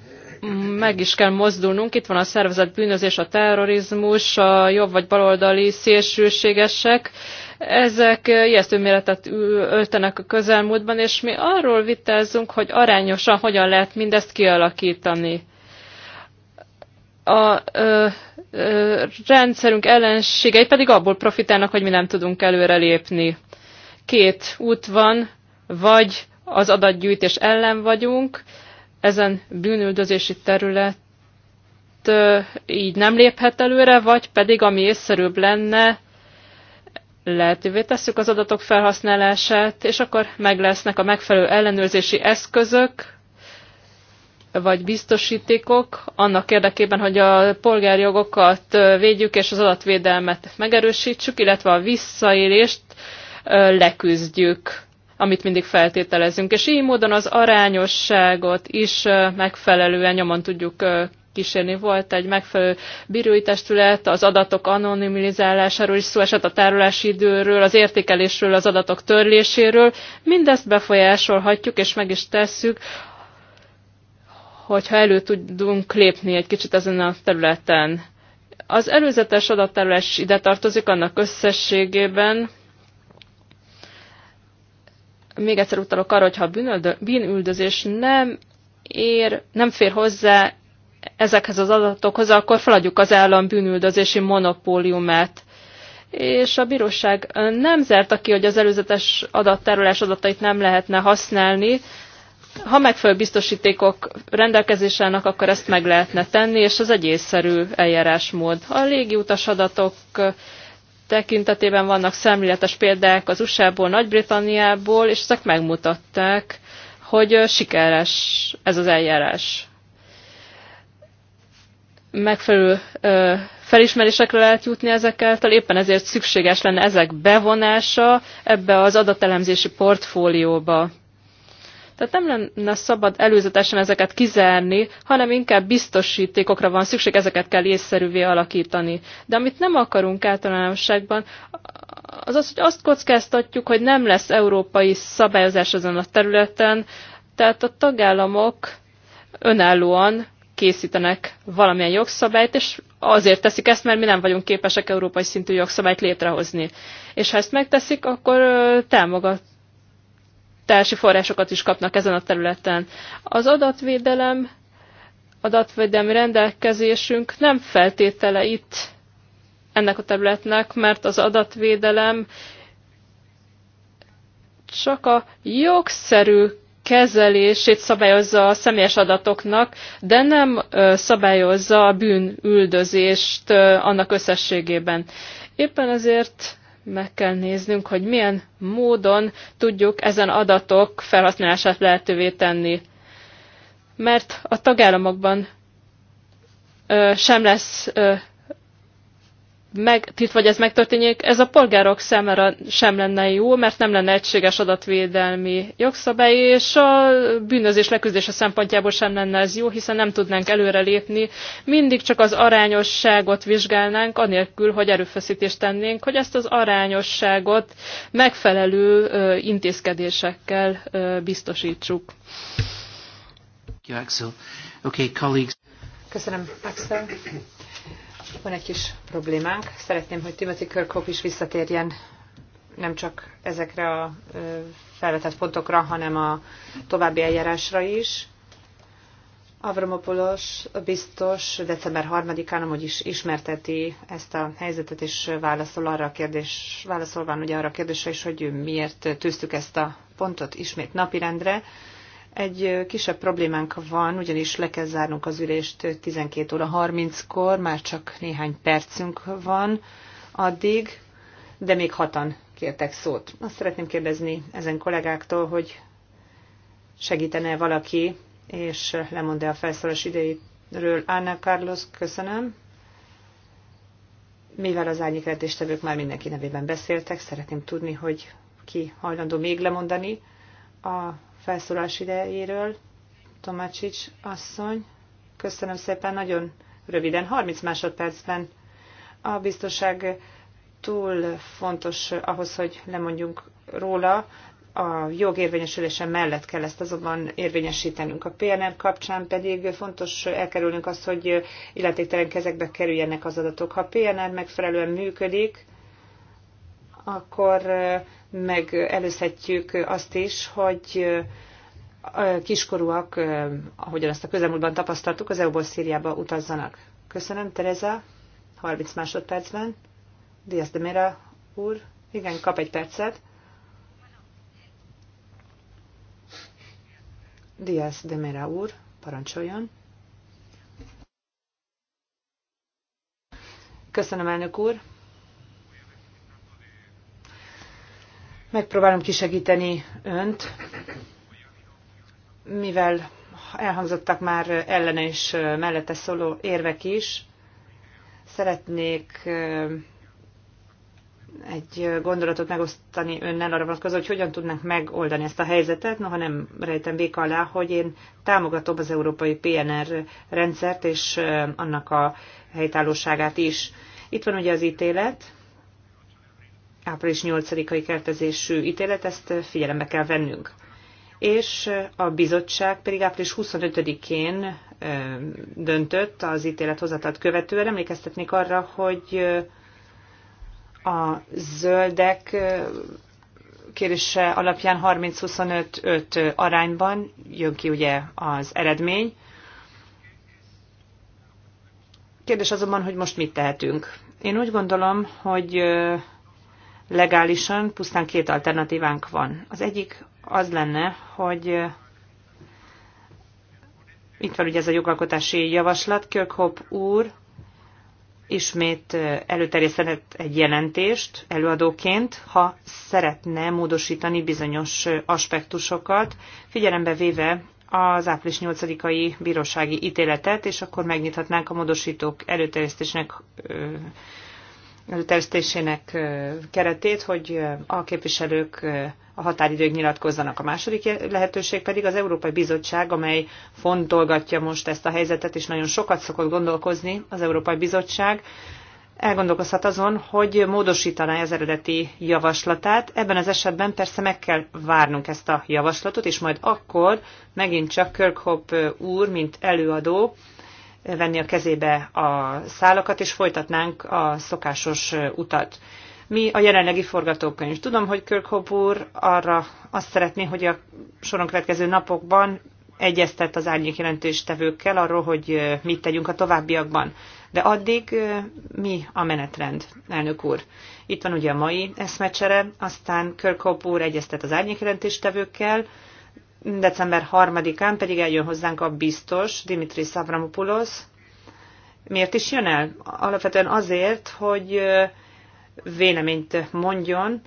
meg is kell mozdulnunk. Itt van a szervezet bűnözés, a terrorizmus, a jobb vagy baloldali szélsőségesek. Ezek ijesztő méretet öltenek a közelmúltban, és mi arról vitázunk, hogy arányosan hogyan lehet mindezt kialakítani. A ö, ö, rendszerünk ellenségei pedig abból profitálnak, hogy mi nem tudunk előrelépni. Két út van, vagy az adatgyűjtés ellen vagyunk, ezen bűnüldözési terület így nem léphet előre, vagy pedig, ami észszerűbb lenne, lehetővé tesszük az adatok felhasználását, és akkor meg lesznek a megfelelő ellenőrzési eszközök, vagy biztosítékok annak érdekében, hogy a polgárjogokat védjük és az adatvédelmet megerősítsük, illetve a visszaélést leküzdjük amit mindig feltételezünk. És így módon az arányosságot is megfelelően nyomon tudjuk kísérni. Volt egy megfelelő bírói testület, az adatok anonimizálásáról is szó esett, a tárolási időről, az értékelésről, az adatok törléséről. Mindezt befolyásolhatjuk, és meg is tesszük, hogyha elő tudunk lépni egy kicsit ezen a területen. Az előzetes adattárolás ide tartozik annak összességében, még egyszer utalok arra, hogyha a bűnüldözés nem ér, nem fér hozzá ezekhez az adatokhoz, akkor feladjuk az állam bűnüldözési monopóliumát. És a bíróság nem zárta ki, hogy az előzetes adattárolás adatait nem lehetne használni, ha megfelelő biztosítékok rendelkezésének akkor ezt meg lehetne tenni, és az egy észszerű eljárásmód. A utas adatok tekintetében vannak szemléletes példák az USA-ból, Nagy-Britanniából, és ezek megmutatták, hogy sikeres ez az eljárás. Megfelelő felismerésekre lehet jutni ezekkel, éppen ezért szükséges lenne ezek bevonása ebbe az adatelemzési portfólióba. Tehát nem lenne szabad előzetesen ezeket kizárni, hanem inkább biztosítékokra van szükség, ezeket kell észszerűvé alakítani. De amit nem akarunk általánosságban, az az, hogy azt kockáztatjuk, hogy nem lesz európai szabályozás ezen a területen, tehát a tagállamok önállóan készítenek valamilyen jogszabályt, és azért teszik ezt, mert mi nem vagyunk képesek európai szintű jogszabályt létrehozni. És ha ezt megteszik, akkor támogat, kutatási forrásokat is kapnak ezen a területen. Az adatvédelem, adatvédelmi rendelkezésünk nem feltétele itt ennek a területnek, mert az adatvédelem csak a jogszerű kezelését szabályozza a személyes adatoknak, de nem szabályozza a bűnüldözést annak összességében. Éppen ezért meg kell néznünk, hogy milyen módon tudjuk ezen adatok felhasználását lehetővé tenni. Mert a tagállamokban sem lesz meg, vagy ez megtörténjék, ez a polgárok számára sem lenne jó, mert nem lenne egységes adatvédelmi jogszabály, és a bűnözés leküzdése szempontjából sem lenne ez jó, hiszen nem tudnánk előrelépni. Mindig csak az arányosságot vizsgálnánk, anélkül, hogy erőfeszítést tennénk, hogy ezt az arányosságot megfelelő intézkedésekkel biztosítsuk. Köszönöm, Axel. Van egy kis problémánk. Szeretném, hogy Timothy Kirkhope is visszatérjen nem csak ezekre a felvetett pontokra, hanem a további eljárásra is. Avramopoulos biztos december 3-án amúgy is ismerteti ezt a helyzetet, és válaszol arra a kérdés, válaszolván ugye arra a kérdésre is, hogy miért tűztük ezt a pontot ismét napirendre. rendre egy kisebb problémánk van, ugyanis le kell zárnunk az ülést 12 óra 30-kor, már csak néhány percünk van addig, de még hatan kértek szót. Azt szeretném kérdezni ezen kollégáktól, hogy segítene valaki, és lemond-e a felszólás idejéről. Anna Carlos, köszönöm. Mivel az árnyékletéstevők már mindenki nevében beszéltek, szeretném tudni, hogy ki hajlandó még lemondani a felszólás idejéről. Tomácsics asszony, köszönöm szépen, nagyon röviden, 30 másodpercben. A biztonság túl fontos ahhoz, hogy lemondjunk róla, a jog érvényesülése mellett kell ezt azonban érvényesítenünk. A PNR kapcsán pedig fontos elkerülnünk azt, hogy illetéktelen kezekbe kerüljenek az adatok. Ha a PNR megfelelően működik, akkor megelőzhetjük azt is, hogy kiskorúak, ahogyan azt a közelmúltban tapasztaltuk, az EU-ból Szíriába utazzanak. Köszönöm, Tereza. 30 másodpercben. Díaz de Mera úr. Igen, kap egy percet. Díaz de Mera úr, parancsoljon. Köszönöm, elnök úr. Megpróbálom kisegíteni önt, mivel elhangzottak már ellene és mellette szóló érvek is. Szeretnék egy gondolatot megosztani önnel arra vonatkozó, hogy hogyan tudnánk megoldani ezt a helyzetet. Noha nem rejtem béka alá, hogy én támogatom az európai PNR rendszert és annak a helytállóságát is. Itt van ugye az ítélet, április 8-ai kertezésű ítélet, ezt figyelembe kell vennünk. És a bizottság pedig április 25-én döntött az ítélet hozatát követően. Emlékeztetnék arra, hogy a zöldek kérése alapján 30-25-5 arányban jön ki ugye az eredmény. Kérdés azonban, hogy most mit tehetünk. Én úgy gondolom, hogy legálisan, pusztán két alternatívánk van. Az egyik az lenne, hogy itt van ugye ez a jogalkotási javaslat, Kirkhope úr ismét előterjesztett egy jelentést előadóként, ha szeretne módosítani bizonyos aspektusokat, figyelembe véve az április 8-ai bírósági ítéletet, és akkor megnyithatnánk a módosítók előterjesztésnek előterjesztésének keretét, hogy a képviselők a határidők nyilatkozzanak. A második lehetőség pedig az Európai Bizottság, amely fontolgatja most ezt a helyzetet, és nagyon sokat szokott gondolkozni az Európai Bizottság, elgondolkozhat azon, hogy módosítaná az eredeti javaslatát. Ebben az esetben persze meg kell várnunk ezt a javaslatot, és majd akkor megint csak Kirkhope úr, mint előadó, venni a kezébe a szálakat, és folytatnánk a szokásos utat. Mi a jelenlegi forgatókönyv? Tudom, hogy Kirkhope úr arra azt szeretné, hogy a soron következő napokban egyeztet az árnyék jelentéstevőkkel arról, hogy mit tegyünk a továbbiakban. De addig mi a menetrend, elnök úr? Itt van ugye a mai eszmecsere, aztán Kirkhope úr egyeztet az árnyék jelentéstevőkkel, december 3-án pedig eljön hozzánk a biztos Dimitris Savramopoulos, Miért is jön el? Alapvetően azért, hogy véleményt mondjon,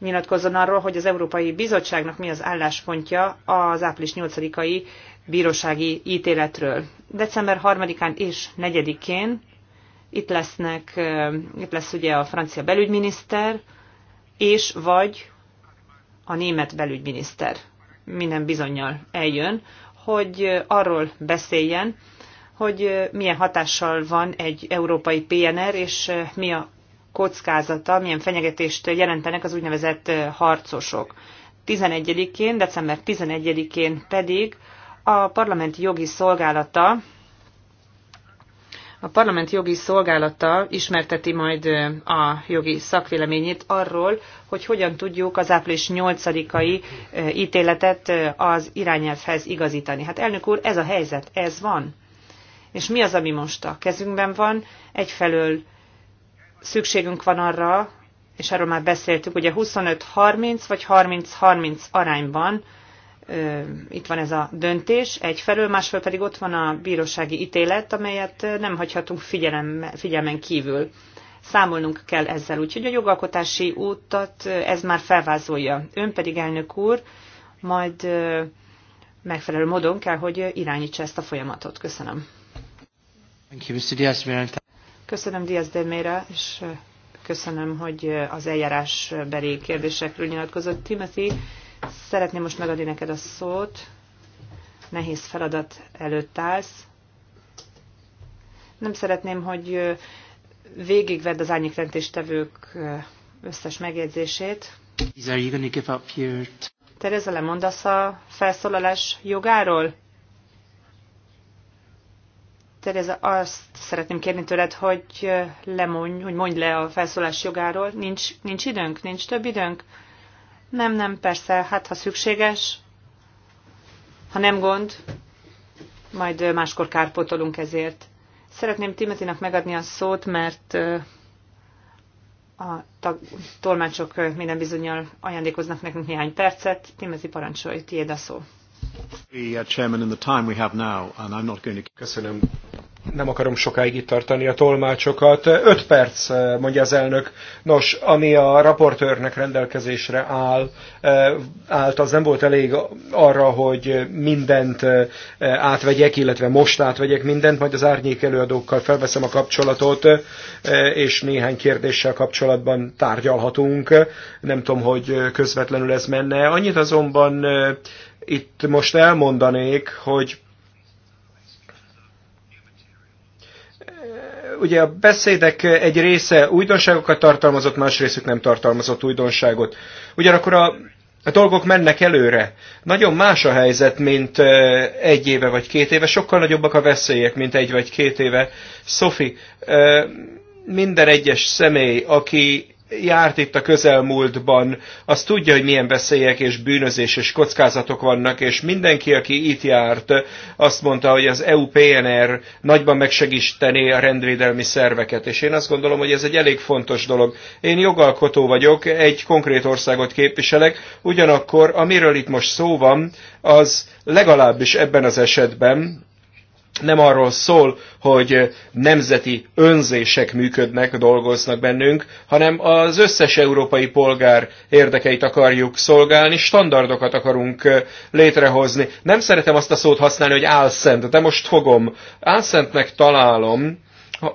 nyilatkozzon arról, hogy az Európai Bizottságnak mi az álláspontja az április 8-ai bírósági ítéletről. December 3-án és 4-én itt lesznek, itt lesz ugye a francia belügyminiszter, és vagy a német belügyminiszter minden bizonyal eljön, hogy arról beszéljen, hogy milyen hatással van egy európai PNR, és mi a kockázata, milyen fenyegetést jelentenek az úgynevezett harcosok. 11-én, december 11-én pedig a parlamenti jogi szolgálata a parlament jogi szolgálata ismerteti majd a jogi szakvéleményét arról, hogy hogyan tudjuk az április 8-ai ítéletet az irányelvhez igazítani. Hát elnök úr, ez a helyzet, ez van. És mi az, ami most a kezünkben van? Egyfelől szükségünk van arra, és erről már beszéltük, ugye 25-30 vagy 30-30 arányban itt van ez a döntés egyfelől, másfelől pedig ott van a bírósági ítélet, amelyet nem hagyhatunk figyelem, figyelmen kívül. Számolnunk kell ezzel, úgyhogy a jogalkotási útat ez már felvázolja. Ön pedig, elnök úr, majd megfelelő módon kell, hogy irányítsa ezt a folyamatot. Köszönöm. Köszönöm Diaz de Mera, és köszönöm, hogy az eljárás eljárásbeli kérdésekről nyilatkozott Timothy. Szeretném most megadni neked a szót. Nehéz feladat előtt állsz. Nem szeretném, hogy végigvedd az árnyékrendtéstevők összes megjegyzését. Tereza, lemondasz a felszólalás jogáról? Tereza, azt szeretném kérni tőled, hogy lemondj, hogy mondj le a felszólás jogáról. Nincs, nincs időnk, nincs több időnk. Nem, nem, persze, hát ha szükséges, ha nem gond, majd máskor kárpótolunk ezért. Szeretném Timetinak megadni a szót, mert a tag, tolmácsok minden bizonyal ajándékoznak nekünk néhány percet. Timothy parancsolj, tiéd a szó. Köszönöm, nem akarom sokáig itt tartani a tolmácsokat. Öt perc, mondja az elnök. Nos, ami a raportőrnek rendelkezésre áll, eh, állt, az nem volt elég arra, hogy mindent eh, átvegyek, illetve most átvegyek mindent, majd az árnyék előadókkal felveszem a kapcsolatot, eh, és néhány kérdéssel kapcsolatban tárgyalhatunk. Nem tudom, hogy közvetlenül ez menne. Annyit azonban itt most elmondanék, hogy ugye a beszédek egy része újdonságokat tartalmazott, más részük nem tartalmazott újdonságot. Ugyanakkor a, a dolgok mennek előre. Nagyon más a helyzet, mint egy éve vagy két éve. Sokkal nagyobbak a veszélyek, mint egy vagy két éve. Sophie, minden egyes személy, aki járt itt a közelmúltban, az tudja, hogy milyen veszélyek és bűnözés és kockázatok vannak, és mindenki, aki itt járt, azt mondta, hogy az EU-PNR nagyban megsegítené a rendvédelmi szerveket, és én azt gondolom, hogy ez egy elég fontos dolog. Én jogalkotó vagyok, egy konkrét országot képviselek, ugyanakkor amiről itt most szó van, az legalábbis ebben az esetben, nem arról szól, hogy nemzeti önzések működnek, dolgoznak bennünk, hanem az összes európai polgár érdekeit akarjuk szolgálni, standardokat akarunk létrehozni. Nem szeretem azt a szót használni, hogy álszent, de most fogom. Álszentnek találom,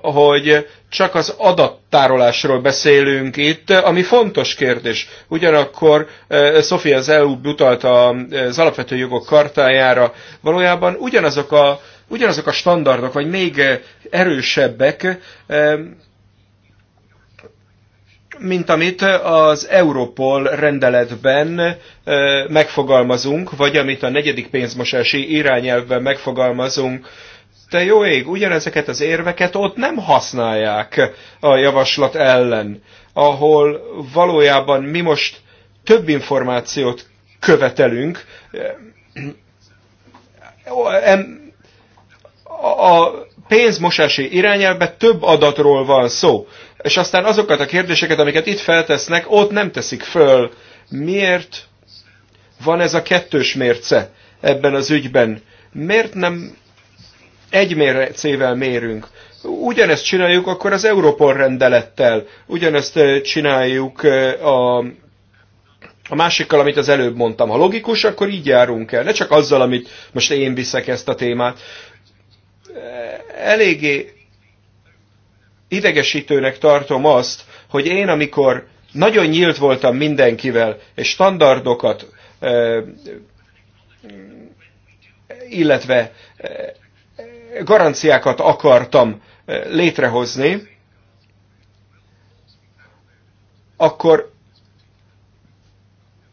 hogy csak az adattárolásról beszélünk itt, ami fontos kérdés. Ugyanakkor Sofia az EU utalta az alapvető jogok kartájára. Valójában ugyanazok a ugyanazok a standardok, vagy még eh, erősebbek, eh, mint amit az Europol rendeletben eh, megfogalmazunk, vagy amit a negyedik pénzmosási irányelvben megfogalmazunk. Te jó ég, ugyanezeket az érveket ott nem használják a javaslat ellen, ahol valójában mi most több információt követelünk, a pénzmosási irányelve több adatról van szó. És aztán azokat a kérdéseket, amiket itt feltesznek, ott nem teszik föl. Miért van ez a kettős mérce ebben az ügyben? Miért nem egy mércével mérünk? Ugyanezt csináljuk akkor az Európol rendelettel, ugyanezt csináljuk a, a másikkal, amit az előbb mondtam. Ha logikus, akkor így járunk el. Ne csak azzal, amit most én viszek ezt a témát eléggé idegesítőnek tartom azt, hogy én, amikor nagyon nyílt voltam mindenkivel, és standardokat, illetve garanciákat akartam létrehozni, akkor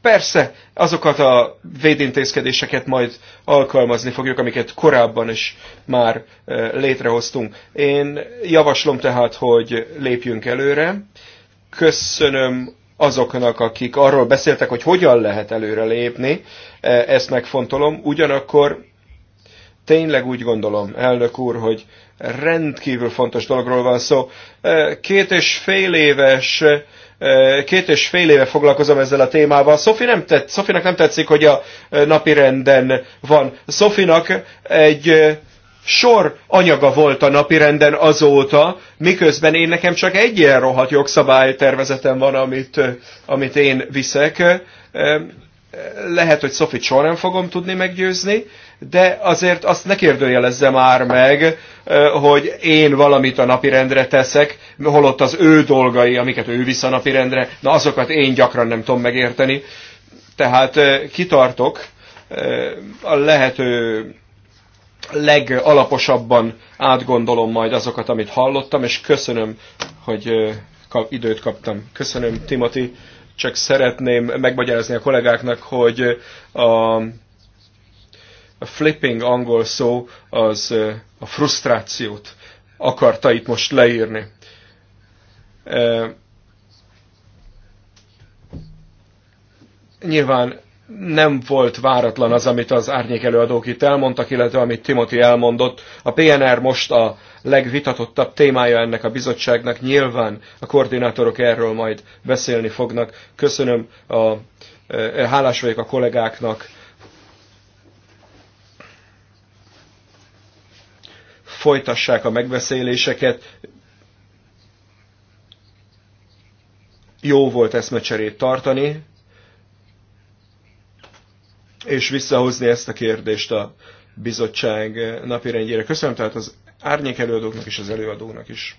Persze, azokat a védintézkedéseket majd alkalmazni fogjuk, amiket korábban is már eh, létrehoztunk. Én javaslom tehát, hogy lépjünk előre. Köszönöm azoknak, akik arról beszéltek, hogy hogyan lehet előre lépni, eh, ezt megfontolom. Ugyanakkor tényleg úgy gondolom, elnök úr, hogy rendkívül fontos dologról van szó. Eh, két és fél éves Két és fél éve foglalkozom ezzel a témával. Sophie nem tett, Szofinak nem tetszik, hogy a napi renden van. Szofinak egy sor anyaga volt a napirenden azóta, miközben én nekem csak egy ilyen rohadt jogszabálytervezetem van, amit, amit én viszek. Lehet, hogy Szofit soha nem fogom tudni meggyőzni, de azért azt ne kérdőjelezze már meg, hogy én valamit a napirendre teszek, holott az ő dolgai, amiket ő visz a napirendre, na azokat én gyakran nem tudom megérteni. Tehát kitartok a lehető legalaposabban átgondolom majd azokat, amit hallottam, és köszönöm, hogy időt kaptam. Köszönöm, Timothy. Csak szeretném megmagyarázni a kollégáknak, hogy a a flipping angol szó az a frusztrációt akarta itt most leírni. Nyilván nem volt váratlan az, amit az árnyék előadók itt elmondtak, illetve amit Timothy elmondott. A PNR most a legvitatottabb témája ennek a bizottságnak. Nyilván a koordinátorok erről majd beszélni fognak. Köszönöm, a, hálás vagyok a kollégáknak folytassák a megbeszéléseket. Jó volt eszmecserét tartani, és visszahozni ezt a kérdést a bizottság napirendjére. Köszönöm tehát az árnyék előadóknak és az előadónak is.